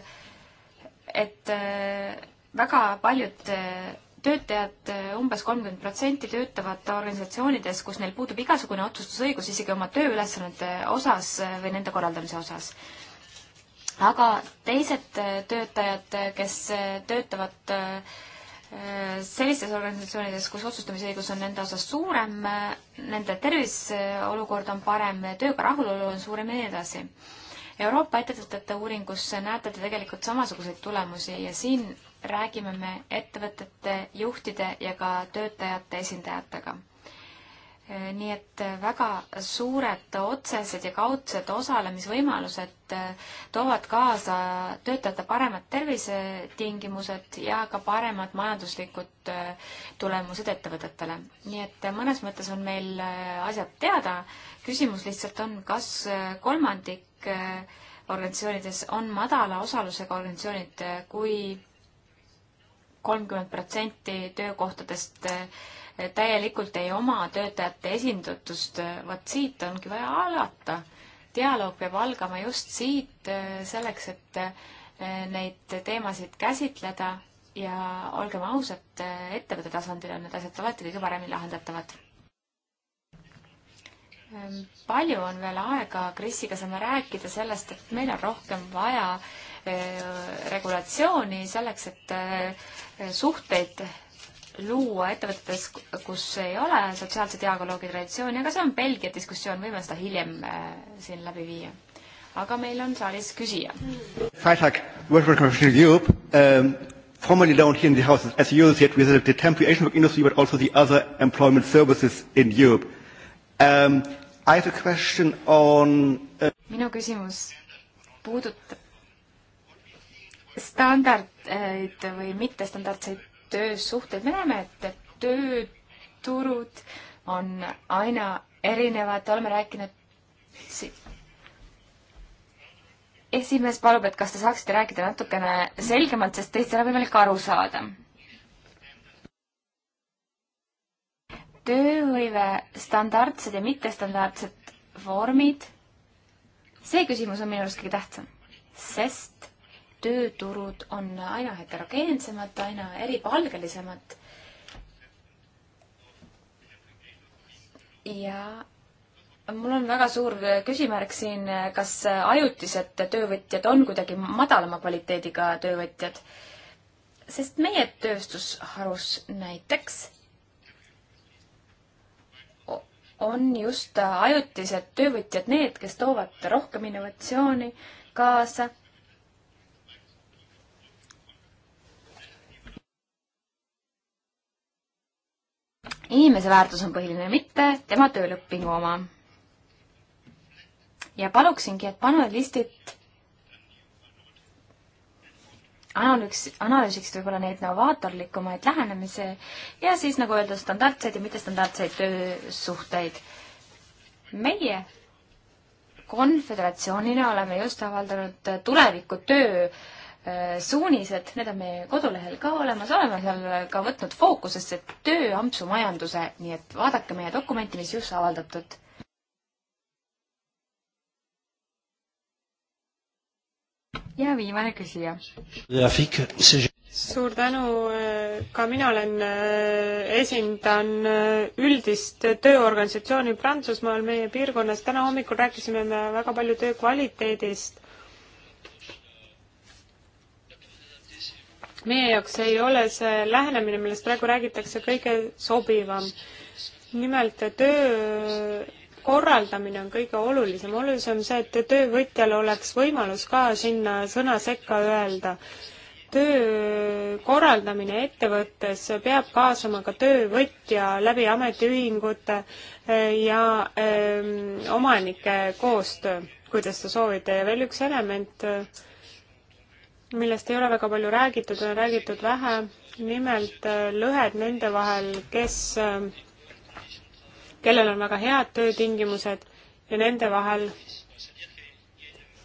et äh, väga paljud äh, töötajad umbes, umbes kolmkümmend protsenti töötavad organisatsioonides, kus neil puudub igasugune otsustusõigus isegi oma tööülesannete osas või nende korraldamise osas aga teised äh, töötajad, äh, kes äh, töötavad sellistes organisatsioonides, kus otsustamisõigus on nende osas suurem, nende terviseolukord on parem, tööga rahulolu on suurem ja nii edasi. Euroopa ettevõtete uuringus näete te tegelikult samasuguseid tulemusi ja siin räägime me ettevõtete juhtide ja ka töötajate esindajatega Äh, nii et äh, väga suured otsesed ja kaudsed osalemisvõimalused äh, toovad kaasa töötajate paremad tervisetingimused ja ka paremad majanduslikud tulemused ettevõtetele. nii et mõnes mõttes on meil asjad teada, küsimus lihtsalt on, kas kolmandik organisatsioonides on madala osalusega organisatsioonid kui, kui kolmkümmend protsenti töökohtadest äh, täielikult ei oma töötajate esindatust, vot siit ongi vaja alata. dialoog peab algama just siit, äh, selleks et äh, neid teemasid käsitleda ja olgem ausad, äh, ettevõtte tasandil on need asjad alati kõige paremini lahendatavad. Ähm, palju on veel aega, Krisiga saame rääkida sellest, et meil on rohkem vaja regulatsiooni selleks, et suhteid luua ettevõtetes, kus ei ole sotsiaalse dialoogi traditsiooni, aga see on Belgia diskussioon, võime seda hiljem äh, siin läbi viia. aga meil on saalis küsija. Freitag, World Work Commission Europe um,, formerly known here in the house as Eurostat, with the temporary action work industry, but also the other employment services in Europe um,. I have a question on uh... minu küsimus puudutab standardeid või mittestandardseid töösuhted, me näeme, et tööturud on aina erinevad, oleme rääkinud esimees palub, et kas te saaksite rääkida natukene selgemalt, sest teist ei ole võimalik aru saada. tööhõive standardsed ja mittestandardsed vormid. see küsimus on minu arust kõige tähtsam, sest tööturud on aina heterogeensemad, aina eripalgelisemad. ja mul on väga suur küsimärk siin, kas ajutised töövõtjad on kuidagi madalama kvaliteediga töövõtjad? sest meie tööstusharus näiteks on just ajutised töövõtjad need, kes toovad rohkem innovatsiooni kaasa inimese väärtus on põhiline, mitte tema töölepingu oma. ja paluksingi, et panelistid analüüs, analüüsiksid võib-olla neid novaatorlikumaid lähenemisi ja siis, nagu öeldud, standardseid ja mittestandardseid töösuhteid. meie konföderatsioonina oleme just avaldanud tuleviku töö äh, Äh, suunised, need on meie kodulehel ka olemas, oleme seal äh, ka võtnud fookusesse tööampsu majanduse, nii et vaadake meie dokumenti, mis just avaldatud. ja viimane küsija. suur tänu, äh, ka mina olen, esindan üldist tööorganisatsiooni Prantsusmaal meie piirkonnas, täna hommikul rääkisime me väga palju töö kvaliteedist meie jaoks ei ole see lähenemine, millest praegu räägitakse, kõige sobivam. nimelt töö korraldamine on kõige olulisem, olulisem see, et töövõtjal oleks võimalus ka sinna sõna sekka öelda. töö korraldamine ettevõttes peab kaasama ka töövõtja läbi ametiühingute e, ja öö, e, omanike koostöö, kui te seda soovite ja veel üks element öö, e, millest ei ole väga palju räägitud, on räägitud vähe, nimelt äh, lõhed nende vahel, kes, äh, kellel on väga head töötingimused ja nende vahel,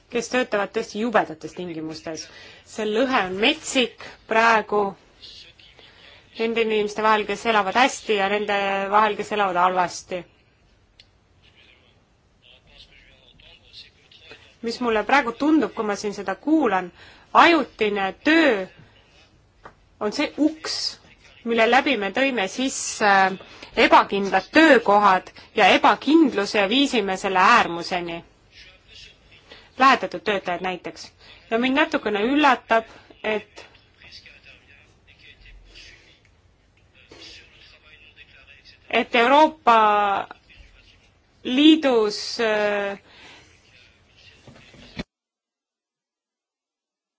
kes töötavad tõesti jubedates tingimustes. see lõhe on metsik praegu nende inimeste vahel, kes elavad hästi ja nende vahel, kes elavad halvasti. mis mulle praegu tundub, kui ma siin seda kuulan, ajutine töö on see uks, mille läbi me tõime sisse äh, ebakindlad töökohad ja ebakindluse ja viisime selle äärmuseni. lähetatud töötajad näiteks. ja mind natukene üllatab, et et Euroopa Liidus äh,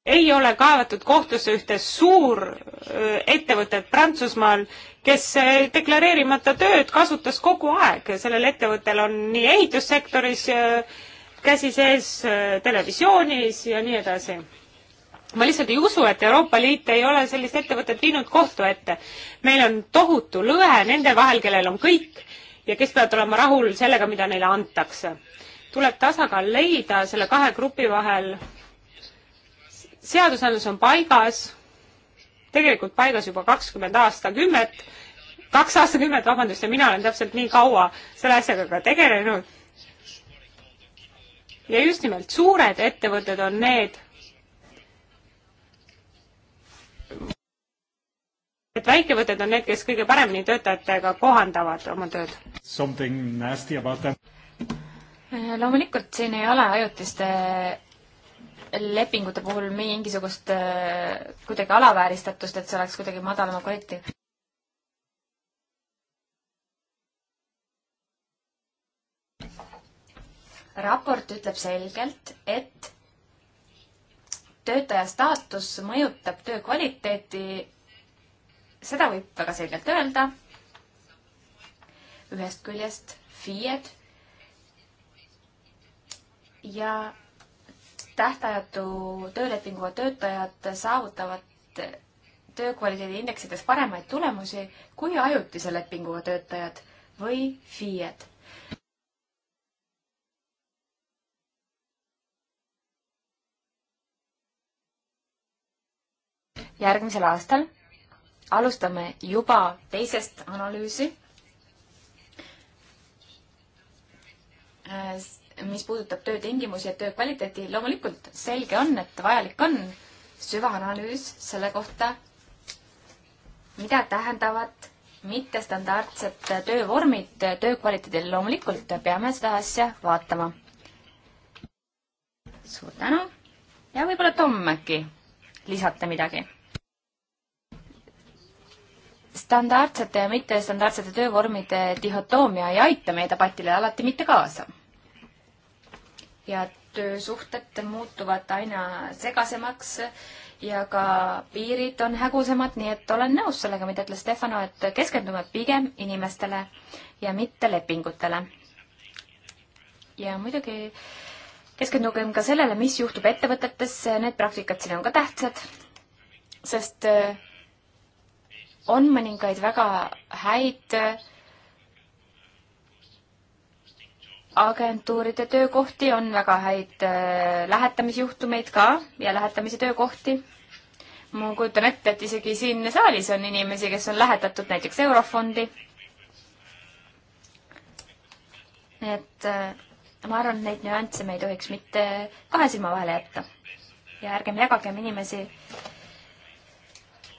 ei ole kaevatud kohtusse ühte suurettevõtet Prantsusmaal, kes deklareerimata tööd kasutas kogu aeg. sellel ettevõttel on nii ehitussektoris käsi sees, televisioonis ja nii edasi ma lihtsalt ei usu, et Euroopa Liit ei ole sellist ettevõtet viinud kohtu ette. meil on tohutu lõhe nende vahel, kellel on kõik ja kes peavad olema rahul sellega, mida neile antakse. tuleb tasakaal leida selle kahe grupi vahel seadusandlus on paigas, tegelikult paigas juba kakskümmend aastakümmet, kaks aastakümmet, vabandust, ja mina olen täpselt nii kaua selle asjaga ka tegelenud. ja just nimelt suured ettevõtted on need, et väikevõtted on need, kes kõige paremini töötajatega kohandavad oma tööd. loomulikult siin ei ole ajutiste lepingute puhul mingisugust äh, kuidagi alavääristatust, et see oleks kuidagi madalama kvaliteedi. raport ütleb selgelt, et töötaja staatus mõjutab töö kvaliteeti. seda võib väga selgelt öelda. ühest küljest FIE-d ja tähtajatu töölepinguga töötajad saavutavad töökvaliteedi indeksites paremaid tulemusi kui ajutise lepinguga töötajad või FIE-d. järgmisel aastal alustame juba teisest analüüsi äh, mis puudutab töötingimusi ja töö kvaliteeti, loomulikult selge on, et vajalik on süvaanalüüs selle kohta, mida tähendavad mittestandardsed töövormid töökvaliteedil, loomulikult peame seda asja vaatama. suur tänu ja võib-olla Tom äkki lisate midagi? standardsete ja mittestandardsete töövormide dihhotoomia ei aita meie debatile alati mitte kaasa ja töösuhted muutuvad aina segasemaks ja ka piirid on hägusemad, nii et olen nõus sellega, mida ütles Stefano, et keskendume pigem inimestele ja mitte lepingutele. ja muidugi keskendugem ka sellele, mis juhtub ettevõtetes, need praktikad siin on ka tähtsad, sest äh, on mõningaid väga häid äh, agentuuride töökohti, on väga häid äh, lähetamisjuhtumeid ka ja lähetamise töökohti. ma kujutan ette, et isegi siin saalis on inimesi, kes on lähetatud näiteks Eurofondi. nii et äh, ma arvan, et neid nüansse me ei tohiks mitte kahe silma vahele jätta. ja ärgem jagagem inimesi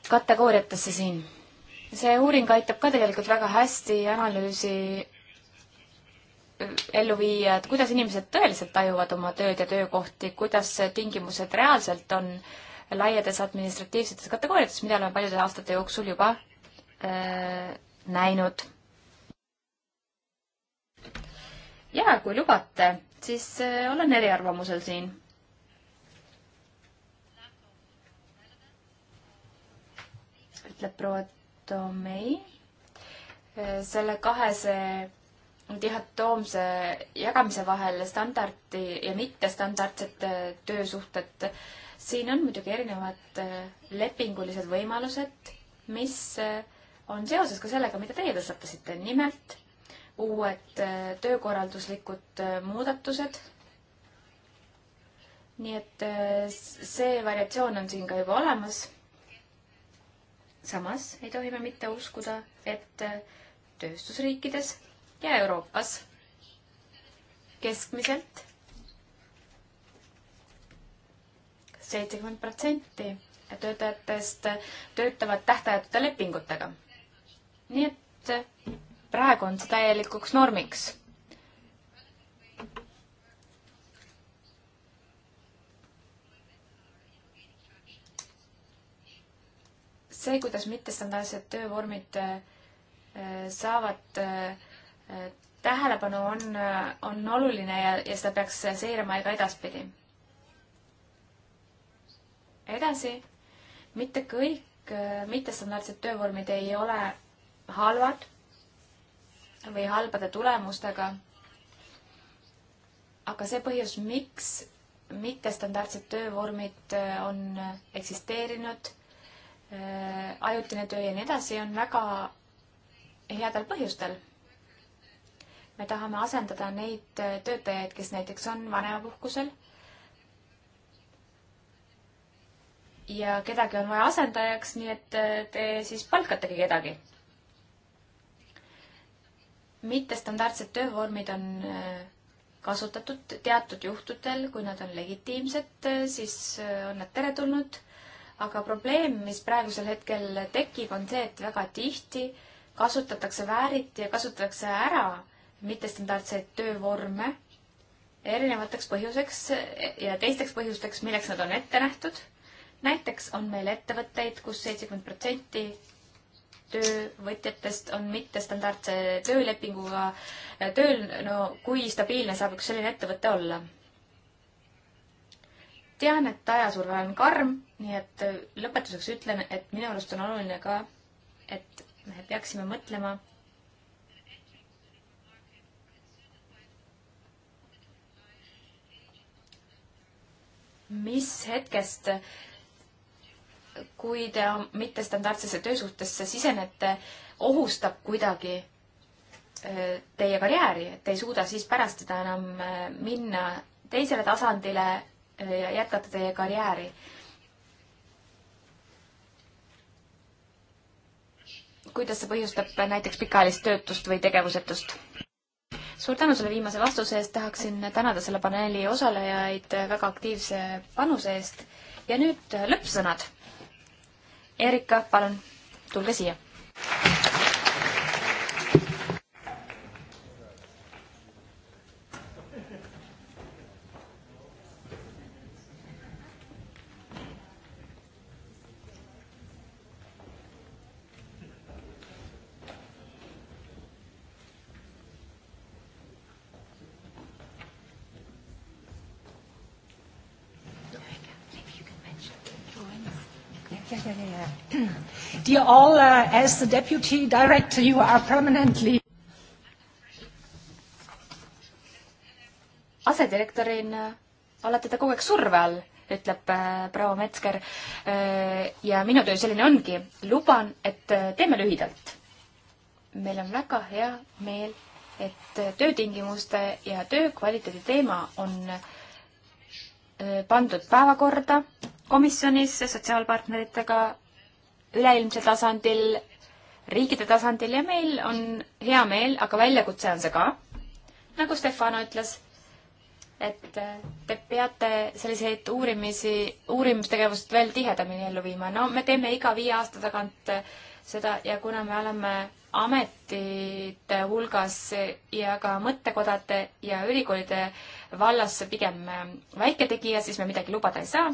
kategooriatesse siin see uuring aitab ka tegelikult väga hästi analüüsi ellu viia, et kuidas inimesed tõeliselt tajuvad oma tööd ja töökohti, kuidas tingimused reaalselt on laiades administratiivsetes kategooriates, mida oleme paljude aastate jooksul juba äh, näinud. ja kui lubate, siis äh, olen eriarvamusel siin ütleb proua Tomei. Äh, selle kahese dihatoomse jagamise vahel standardi ja mittestandardsed töösuhted. siin on muidugi erinevad äh, lepingulised võimalused, mis äh, on seoses ka sellega, mida teie tõstatasite, nimelt uued äh, töökorralduslikud muudatused. nii et see variatsioon on siin ka juba olemas. samas ei tohi me mitte uskuda, et tööstusriikides ja Euroopas keskmiselt seitsekümmend protsenti töötajatest töötavad tähtajatute lepingutega. nii et praegu on see täielikuks normiks. see, kuidas mittestandardsed töövormid äh, saavad äh, tähelepanu on, on oluline ja, ja seda peaks seirama ka edaspidi. edasi, mitte kõik äh, mittestandardsed töövormid ei ole halvad või halbade tulemustega. aga see põhjus, miks mittestandardsed töövormid äh, on eksisteerinud, äh, ajutine töö ja nii edasi, on väga headel põhjustel me tahame asendada neid töötajaid, kes näiteks on vanemapuhkusel ja kedagi on vaja asendajaks, nii et äh, te siis palkategi kedagi. mittestandardsed töövormid on äh, kasutatud teatud juhtudel, kui nad on legitiimsed, äh, siis on nad teretulnud. aga probleem, mis praegusel hetkel tekib, on see, et väga tihti kasutatakse vääriti ja kasutatakse ära mittestandardseid töövorme erinevateks põhjuseks ja teisteks põhjusteks, milleks nad on ette nähtud. näiteks on meil ettevõtteid kus, kus seitsekümmend protsenti töövõtjatest on mittestandardse töölepinguga tööl, no kui stabiilne saab üks selline ettevõte olla? tean, et ajasurve on karm, nii et lõpetuseks ütlen, et minu arust on oluline ka, et me peaksime mõtlema mis hetkest kui te mittestandardsesse töösuhtesse sisenete, ohustab kuidagi teie karjääri, et te ei suuda siis pärast seda enam minna teisele tasandile ja jätkata teie karjääri. kuidas see põhjustab näiteks pikaajalist töötust või tegevusetust? suur tänu selle viimase vastuse eest, tahaksin tänada selle paneeli osalejaid väga aktiivse panuse eest ja nüüd lõppsõnad. Erika, palun, tulge siia. all, uh, as the deputy director, you are permanently asedirektorina olete te kogu aeg surve all, ütleb äh, proua Metsker. Äh, ja minu töö selline ongi. luban, et äh, teeme lühidalt. meil on väga hea meel, et töötingimuste ja töökvaliteedi teema on pandud päevakorda komisjonis sotsiaalpartneritega üleilmsel tasandil, riikide tasandil ja meil on hea meel, aga väljakutse on see ka. nagu Stefano ütles, et äh, te peate selliseid uurimisi, uurimustegevust veel tihedamini ellu viima. no me teeme iga viie aasta tagant äh, seda ja kuna me oleme ametite hulgas ja ka mõttekodade ja ülikoolide vallas pigem äh, väiketegija, siis me midagi lubada ei saa.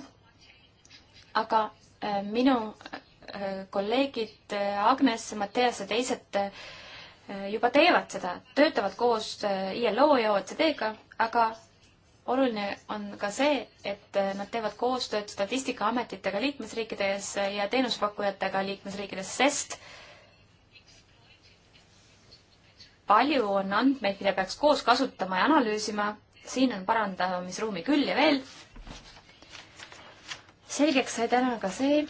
aga minu kolleegid äh, Agnes, Mattias ja teised äh, juba teevad seda, töötavad koos äh, ILO ja OECD-ga, aga oluline on ka see, et nad teevad koostööd statistikaametitega liikmesriikides ja teenuspakkujatega liikmesriikides, sest palju on andmeid, mida peaks koos kasutama ja analüüsima, siin on parandamisruumi küll ja veel. selgeks sai täna ka see,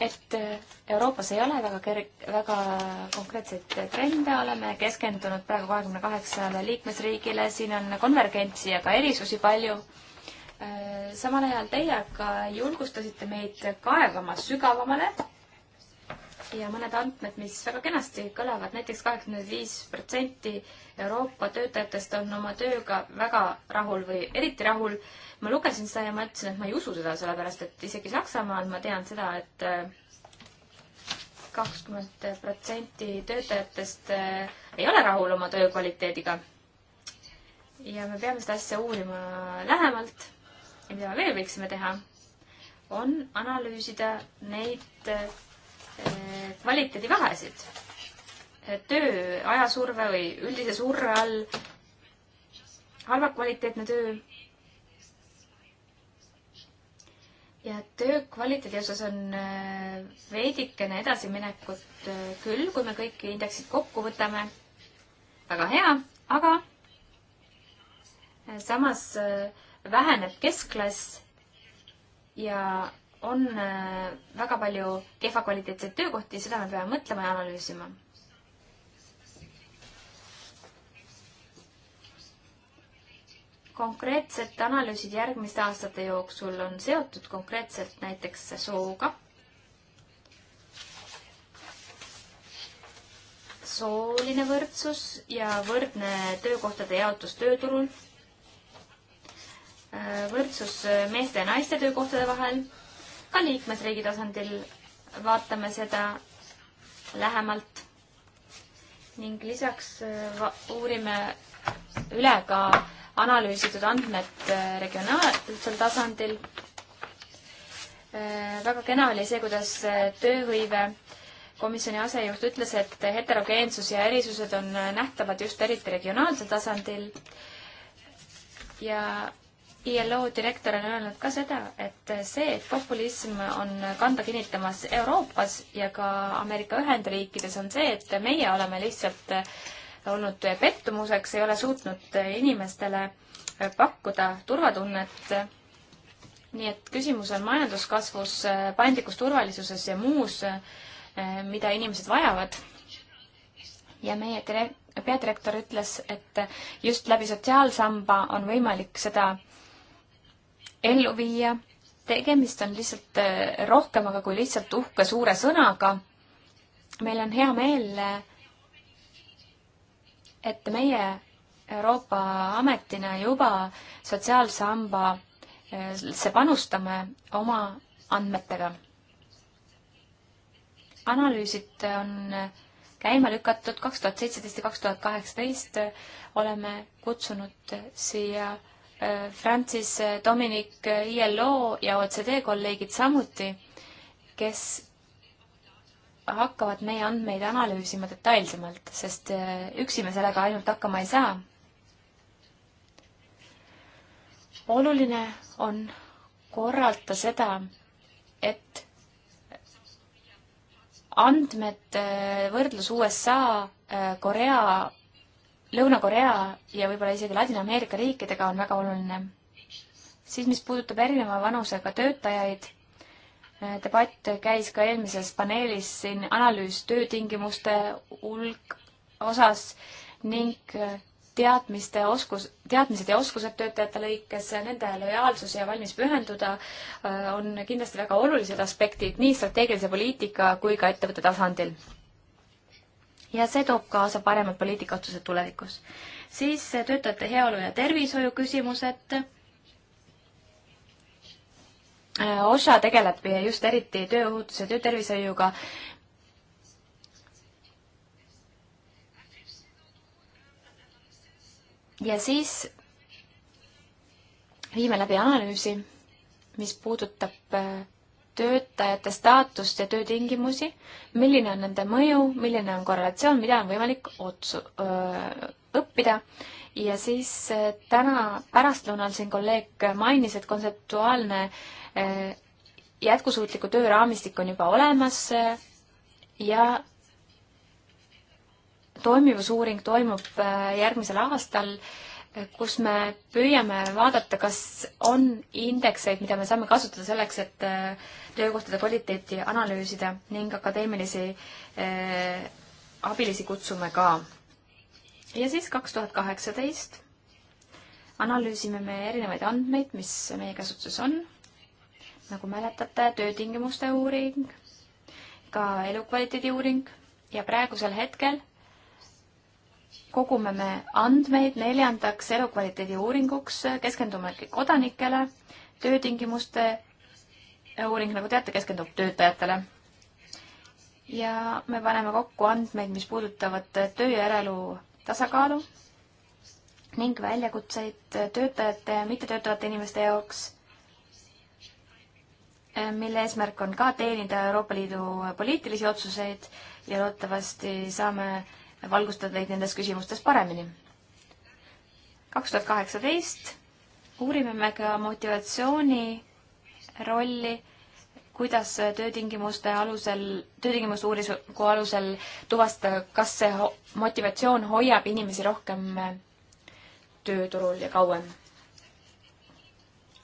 et äh, Euroopas ei ole väga kerg-, väga konkreetseid trende, oleme keskendunud praegu kahekümne kaheksale liikmesriigile, siin on konvergentsi ja ka erisusi palju. Äh, samal ajal teie aga julgustasite meid kaevama sügavamale ja mõned andmed, mis väga kenasti kõlavad näiteks, näiteks kaheksakümmend viis protsenti Euroopa töötajatest on oma tööga väga rahul või eriti rahul. ma lugesin seda ja ma ütlesin, et ma ei usu seda, sellepärast et isegi Saksamaal ma tean seda et, et äh, kakskümmend protsenti töötajatest äh, ei ole rahul oma töö kvaliteediga. ja me peame seda asja uurima lähemalt ja mida me veel võiksime teha, on analüüsida neid äh, kvaliteedivahesid. töö ajasurve või üldise surve all, halvakvaliteetne töö. ja töö kvaliteedi osas on äh, veidikene edasiminekut äh, küll, kui me kõik indeksid kokku võtame. väga hea, aga äh, samas väheneb keskklass ja on äh, väga palju kehva kvaliteetseid töökohti, seda me peame mõtlema ja analüüsima. konkreetsed analüüsid järgmiste aastate jooksul on seotud konkreetselt näiteks sooga sooline võrdsus ja võrdne töökohtade jaotus tööturul, äh, võrdsus meeste ja naiste töökohtade vahel, ka liikmesriigi tasandil vaatame seda lähemalt ning lisaks äh, uurime üle ka analüüsitud andmed äh, regionaalsel tasandil. Äh, väga kena oli see, kuidas tööhõive komisjoni asejuht ütles, et heterogeensus ja erisused on nähtavad just eriti regionaalsel tasandil. ja ILO direktor on öelnud ka seda, et see, et populism on kanda kinnitamas Euroopas ja ka Ameerika Ühendriikides, on see, et meie oleme lihtsalt olnud pettumuseks, ei ole suutnud inimestele pakkuda turvatunnet. nii et küsimus on majanduskasvus, paindlikus turvalisuses ja muus, mida inimesed vajavad. ja meie dire-, peadirektor ütles, et just läbi sotsiaalsamba on võimalik seda ellu viia. tegemist on lihtsalt äh, rohkemaga kui lihtsalt uhke suure sõnaga. meil on hea meel, et meie Euroopa ametina juba sotsiaalsamba äh, see panustame oma andmetega. analüüsid on äh, käima lükatud kaks tuhat seitseteist ja kaks tuhat kaheksateist oleme kutsunud siia äh, Francis, Dominic, ILO ja OECD kolleegid samuti, kes hakkavad meie andmeid analüüsima detailsemalt, sest eh, üksi me sellega ainult hakkama ei saa. oluline on korrata seda, et andmed eh, võrdlus USA, eh, Korea Lõuna-Korea ja võib-olla isegi Ladina-Ameerika riikidega on väga oluline. siis, mis puudutab erineva vanusega töötajaid, äh, debatt käis ka eelmises paneelis siin analüüs töötingimuste hulk osas ning äh, teadmiste oskus, teadmised ja oskused töötajate lõikes, nende lojaalsus ja valmis pühenduda äh, on kindlasti väga olulised aspektid nii strateegilise poliitika kui ka ettevõtte tasandil ja see toob kaasa paremad poliitikaotsused tulevikus. siis töötajate heaolu ja tervishoiu küsimused. Äh, OSHA tegeleb just eriti tööohutuse, töötervishoiuga ja siis viime läbi analüüsi, mis puudutab äh, töötajate staatust ja töötingimusi, milline on nende mõju, milline on korrelatsioon, mida on võimalik otsu-, õppida ja siis äh, täna pärastlõunal siin kolleeg mainis, et kontseptuaalne äh, jätkusuutliku töö raamistik on juba olemas äh, ja toimivusuuring toimub järgmisel aastal, kus me püüame vaadata, kas on indekseid, mida me saame kasutada selleks, et töökohtade kvaliteeti analüüsida ning akadeemilisi eh, abilisi kutsume ka. ja siis kaks tuhat kaheksateist analüüsime me erinevaid andmeid, mis meie käsutuses on. nagu mäletate, töötingimuste uuring, ka elukvaliteedi uuring ja praegusel hetkel kogume me andmeid neljandaks elukvaliteedi uuringuks, keskendume kodanikele, töötingimuste uuring, nagu teate, keskendub töötajatele. ja me paneme kokku andmeid, mis puudutavad töö ja eraelu tasakaalu ning väljakutseid töötajate ja mittetöötavate inimeste jaoks, mille eesmärk on ka teenida Euroopa Liidu poliitilisi otsuseid ja loodetavasti saame valgustada teid nendes küsimustes paremini. kaks tuhat kaheksateist uurime me ka motivatsiooni rolli kuidas töötingimuste alusel, töötingimuste uuringu alusel tuvastada, kas see motivatsioon hoiab inimesi rohkem äh, tööturul ja kauem?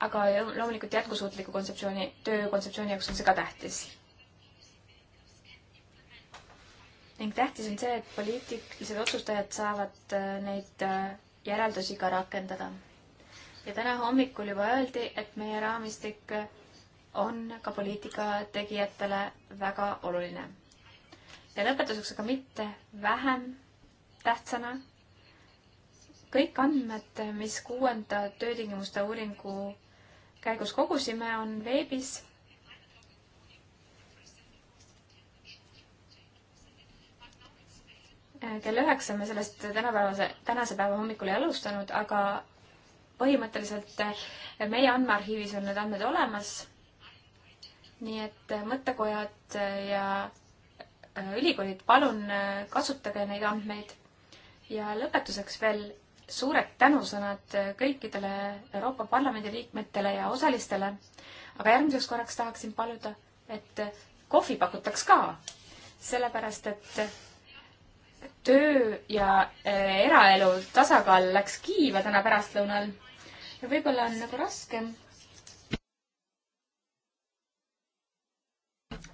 aga loomulikult jätkusuutliku kontseptsiooni, töö kontseptsiooni jaoks on see ka tähtis. ning tähtis on see, et poliitilised otsustajad saavad äh, neid äh, järeldusi ka rakendada. ja täna hommikul juba öeldi, et meie raamistik on ka poliitika tegijatele väga oluline. ja lõpetuseks, aga mitte vähem tähtsana, kõik andmed, mis kuuenda töötingimuste uuringu käigus kogusime, on veebis. kell üheksa me sellest tänapäevase, tänase päeva hommikul ei alustanud, aga põhimõtteliselt meie andmearhiivis on need andmed olemas nii et äh, mõttekojad äh, ja äh, ülikoolid, palun kasutage neid andmeid. ja lõpetuseks veel suured tänusõnad kõikidele Euroopa Parlamendi liikmetele ja osalistele. aga järgmiseks korraks tahaksin paluda, et kohvi pakutaks ka, sellepärast et töö ja eraelu tasakaal läks kiiva täna pärastlõunal. ja võib-olla on nagu raskem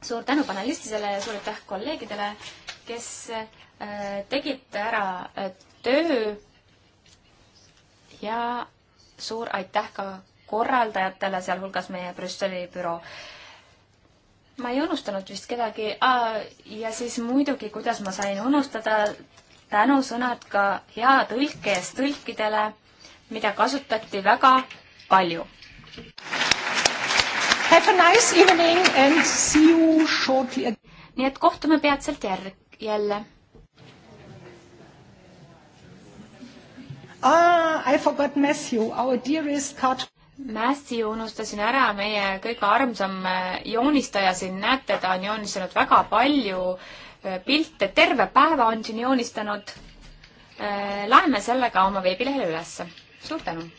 suur tänu panelistidele ja suur aitäh kolleegidele, kes äh, tegid ära äh, töö ja suur aitäh ka korraldajatele, sealhulgas meie Brüsseli büroo. ma ei unustanud vist kedagi ah,. ja siis muidugi, kuidas ma sain unustada, tänusõnad ka hea tõlke eest tõlkidele, mida kasutati väga palju. Have a nice evening and see you shortly. nii et kohtume peatselt järg, jälle. Ah, I forgot Matthew, our dearest cut. Matthew unustasin ära, meie kõige armsam äh, joonistaja siin, näete, ta on joonistanud väga palju äh, pilte, terve päeva on siin joonistanud. Läheme sellega oma veebilehele ülesse. suur tänu!